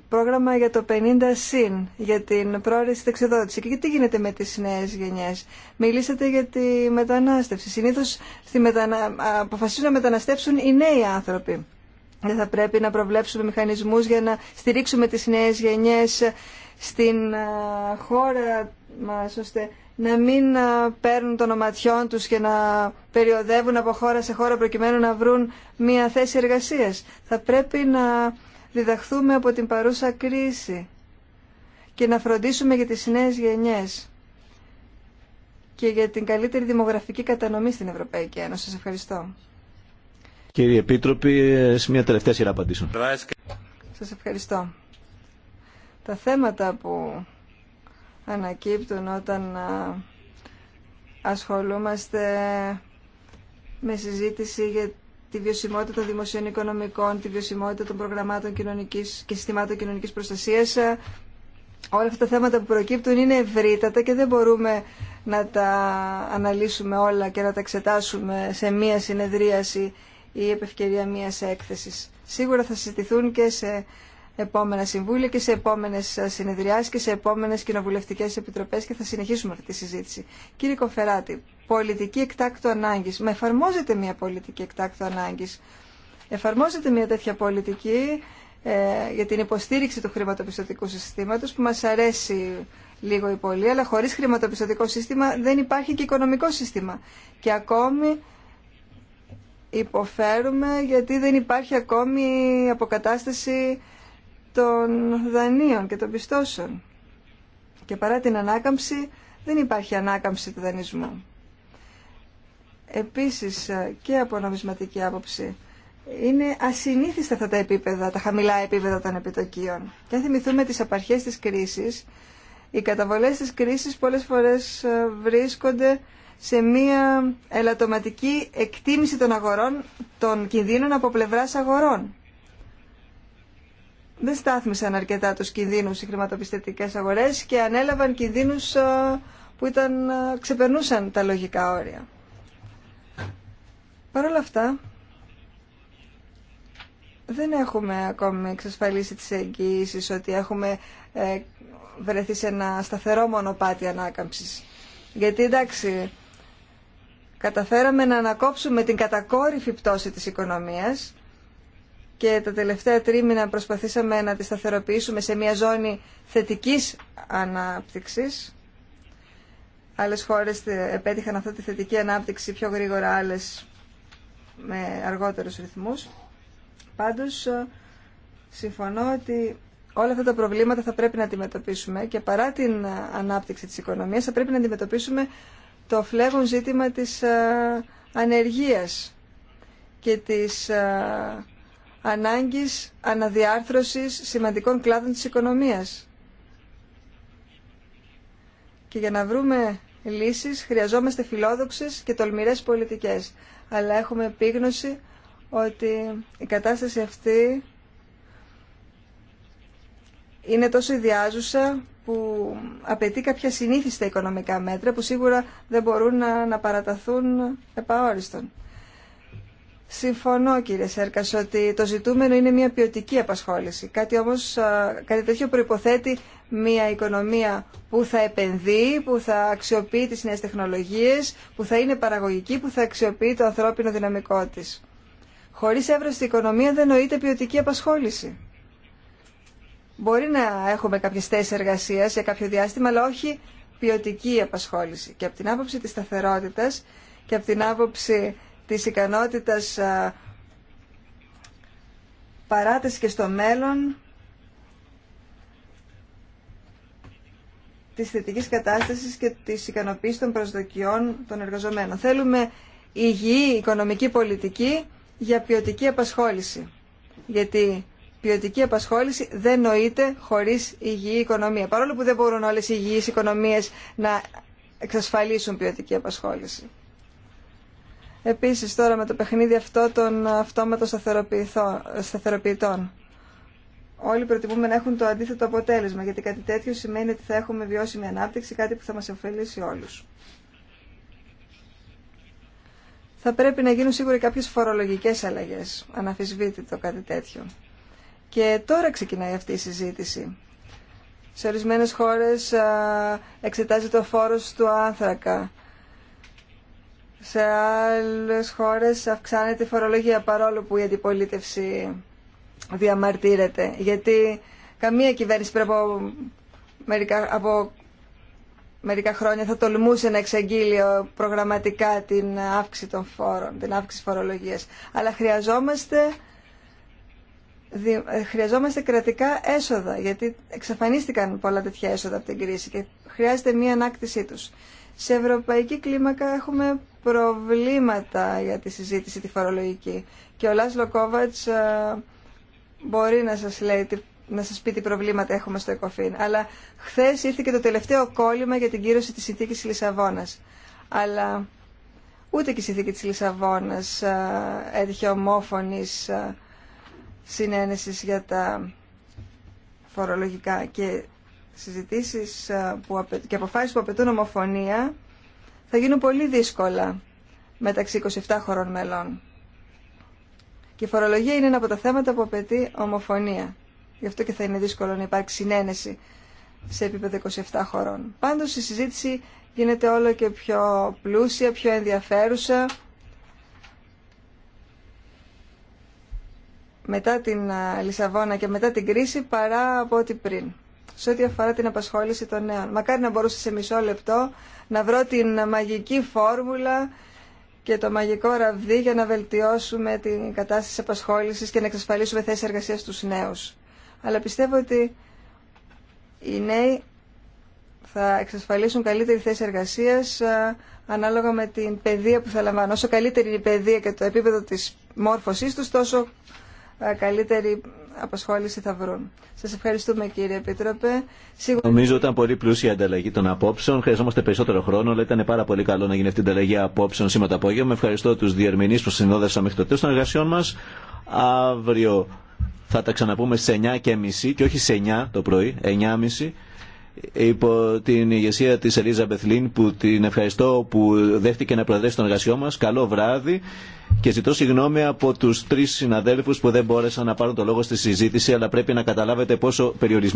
πρόγραμμα για το 50 συν, για την τη δεξιδότηση. Και τι γίνεται με τις νέες γενιές. Μιλήσατε για τη μετανάστευση. Συνήθως στη μετανα... αποφασίζουν να μεταναστεύσουν οι νέοι άνθρωποι. Δεν θα πρέπει να προβλέψουμε μηχανισμούς για να στηρίξουμε τις νέες γενιές στην χώρα μας, ώστε να μην παίρνουν των οματιών τους και να περιοδεύουν από χώρα σε χώρα προκειμένου να βρουν μια θέση εργασίας. Θα πρέπει να διδαχθούμε από την παρούσα κρίση και να φροντίσουμε για τις νέες γενιές και για την καλύτερη δημογραφική κατανομή στην Ευρωπαϊκή Ένωση. Σας ευχαριστώ. Κύριε Επίτροπη, σε μια τελευταία σειρά απαντήσεων. Σας ευχαριστώ. Τα θέματα που ανακύπτουν όταν ασχολούμαστε με συζήτηση για τη βιωσιμότητα των δημοσίων οικονομικών, τη βιωσιμότητα των προγραμμάτων κοινωνικής και συστημάτων κοινωνικής προστασίας. Όλα αυτά τα θέματα που προκύπτουν είναι ευρύτατα και δεν μπορούμε να τα αναλύσουμε όλα και να τα εξετάσουμε σε μία συνεδρίαση ή επευκαιρία μίας έκθεσης. Σίγουρα θα συζητηθούν και σε επόμενα συμβούλια και σε επόμενε συνεδριάσει και σε επόμενε κοινοβουλευτικέ επιτροπέ και θα συνεχίσουμε αυτή τη συζήτηση. Κύριε Κοφεράτη, πολιτική εκτάκτου ανάγκη Μα εφαρμόζεται μια πολιτική εκτάκτου ανάγκη. Εφαρμόζεται μια τέτοια πολιτική ε, για την υποστήριξη του χρηματοπιστωτικού συστήματο που μα αρέσει λίγο ή πολύ, αλλά χωρί χρηματοπιστωτικό σύστημα δεν υπάρχει και οικονομικό σύστημα. Και ακόμη υποφέρουμε γιατί δεν υπάρχει ακόμη αποκατάσταση των δανείων και των πιστώσεων. Και παρά την ανάκαμψη δεν υπάρχει ανάκαμψη του δανεισμού. Επίσης και από νομισματική άποψη είναι ασυνήθιστα αυτά τα επίπεδα, τα χαμηλά επίπεδα των επιτοκίων. Και αν θυμηθούμε τις απαρχές της κρίσης, οι καταβολές της κρίσης πολλές φορές ε, βρίσκονται σε μια ελαττωματική εκτίμηση των αγορών των κινδύνων από πλευράς αγορών δεν στάθμισαν αρκετά τους κινδύνους οι χρηματοπιστωτικές αγορές και ανέλαβαν κινδύνους ε, που ήταν, ε, ξεπερνούσαν τα λογικά όρια. Παρ' όλα αυτά, δεν έχουμε ακόμη εξασφαλίσει τις εγγύησεις ότι έχουμε ε, βρεθεί σε ένα σταθερό μονοπάτι ανάκαμψης. Γιατί εντάξει, καταφέραμε να ανακόψουμε την κατακόρυφη πτώση της οικονομίας και τα τελευταία τρίμηνα προσπαθήσαμε να τη σταθεροποιήσουμε σε μια ζώνη θετικής ανάπτυξης. Άλλες χώρες επέτυχαν αυτή τη θετική ανάπτυξη πιο γρήγορα, άλλες με αργότερους ρυθμούς. Πάντως, ε, συμφωνώ ότι όλα αυτά τα προβλήματα θα πρέπει να αντιμετωπίσουμε και παρά την ε, ανάπτυξη της οικονομίας θα πρέπει να αντιμετωπίσουμε το φλέγον ζήτημα της ε, ανεργίας και της ανάγκης αναδιάρθρωσης σημαντικών κλάδων της οικονομίας. Και για να βρούμε λύσεις χρειαζόμαστε φιλόδοξες και τολμηρές πολιτικές. Αλλά έχουμε επίγνωση ότι η κατάσταση αυτή είναι τόσο ιδιάζουσα που απαιτεί κάποια συνήθιστα οικονομικά μέτρα που σίγουρα δεν μπορούν να, να παραταθούν επαόριστον. Συμφωνώ κύριε Σέρκας ότι το ζητούμενο είναι μια ποιοτική απασχόληση. Κάτι όμως, κάτι τέτοιο προϋποθέτει μια οικονομία που θα επενδύει, που θα αξιοποιεί τις νέες τεχνολογίες, που θα είναι παραγωγική, που θα αξιοποιεί το ανθρώπινο δυναμικό της. Χωρίς εύρωστη οικονομία δεν νοείται ποιοτική απασχόληση. Μπορεί να έχουμε κάποιες θέσεις εργασίας για κάποιο διάστημα, αλλά όχι ποιοτική απασχόληση. Και από την άποψη της σταθερότητας και από την άποψη της ικανότητας παράταση και στο μέλλον της θετικής κατάστασης και της ικανοποίησης των προσδοκιών των εργαζομένων. Θέλουμε υγιή οικονομική πολιτική για ποιοτική απασχόληση. Γιατί ποιοτική απασχόληση δεν νοείται χωρίς υγιή οικονομία. Παρόλο που δεν μπορούν όλες οι υγιείς οικονομίες να εξασφαλίσουν ποιοτική απασχόληση. Επίσης τώρα με το παιχνίδι αυτό των αυτόματων σταθεροποιητών. Όλοι προτιμούμε να έχουν το αντίθετο αποτέλεσμα, γιατί κάτι τέτοιο σημαίνει ότι θα έχουμε βιώσιμη ανάπτυξη, κάτι που θα μας ωφελήσει όλους. Θα πρέπει να γίνουν σίγουρα κάποιες φορολογικές αλλαγές, αναφυσβήτητο κάτι τέτοιο. Και τώρα ξεκινάει αυτή η συζήτηση. Σε ορισμένες χώρες εξετάζεται ο φόρος του άνθρακα σε άλλες χώρες αυξάνεται η φορολογία παρόλο που η αντιπολίτευση διαμαρτύρεται. Γιατί καμία κυβέρνηση πριν από μερικά, από μερικά χρόνια θα τολμούσε να εξαγγείλει προγραμματικά την αύξηση των φόρων, την αύξηση φορολογίας. Αλλά χρειαζόμαστε ε, χρειαζόμαστε κρατικά έσοδα, γιατί εξαφανίστηκαν πολλά τέτοια έσοδα από την κρίση και χρειάζεται μία ανάκτησή τους. Σε ευρωπαϊκή κλίμακα έχουμε προβλήματα για τη συζήτηση τη φορολογική. Και ο Λάσλο Κόβατς ε, μπορεί να σας, λέει, πει τι προβλήματα έχουμε στο ΕΚΟΦΗΝ. Αλλά χθες ήρθε και το τελευταίο κόλλημα για την κύρωση της συνθήκης Λισαβόνας. Αλλά ούτε και η συνθήκη της Λισαβόνας ε, έτυχε ομόφωνης ε, συνένεσης για τα φορολογικά και συζητήσεις ε, που και αποφάσεις που απαιτούν ομοφωνία θα γίνουν πολύ δύσκολα μεταξύ 27 χωρών μελών. Και η φορολογία είναι ένα από τα θέματα που απαιτεί ομοφωνία. Γι' αυτό και θα είναι δύσκολο να υπάρξει συνένεση σε επίπεδο 27 χωρών. Πάντως η συζήτηση γίνεται όλο και πιο πλούσια, πιο ενδιαφέρουσα. Μετά την ε, Λισαβόνα και μετά την κρίση παρά από ό,τι πριν σε ό,τι αφορά την απασχόληση των νέων. Μακάρι να μπορούσα σε μισό λεπτό να βρω την μαγική φόρμουλα και το μαγικό ραβδί για να βελτιώσουμε την κατάσταση απασχόλησης και να εξασφαλίσουμε θέσεις εργασίας στους νέους. Αλλά πιστεύω ότι οι νέοι θα εξασφαλίσουν καλύτερη θέση εργασίας ανάλογα με την παιδεία που θα λαμβάνουν. Όσο καλύτερη είναι η παιδεία και το επίπεδο της μόρφωσής του, τόσο καλύτερη απασχόληση θα βρουν. Σας ευχαριστούμε κύριε Επίτροπε. Σίγουρα... Νομίζω ήταν πολύ πλούσια η ανταλλαγή των απόψεων. Χρειαζόμαστε περισσότερο χρόνο, αλλά ήταν πάρα πολύ καλό να γίνει αυτή η ανταλλαγή απόψεων σήμερα το απόγευμα. Ευχαριστώ του διερμηνείς που συνόδευσαν μέχρι το τέλο των εργασιών μα. Αύριο θα τα ξαναπούμε σε 9.30 και όχι σε 9 το πρωί, 9.30 υπό την ηγεσία της Ελίζα Μπεθλίν που την ευχαριστώ που δέχτηκε να προεδρεύσει τον εργασιό μας. Καλό βράδυ και ζητώ συγγνώμη από τους τρεις συναδέλφους που δεν μπόρεσαν να πάρουν το λόγο στη συζήτηση αλλά πρέπει να καταλάβετε πόσο περιορισμένη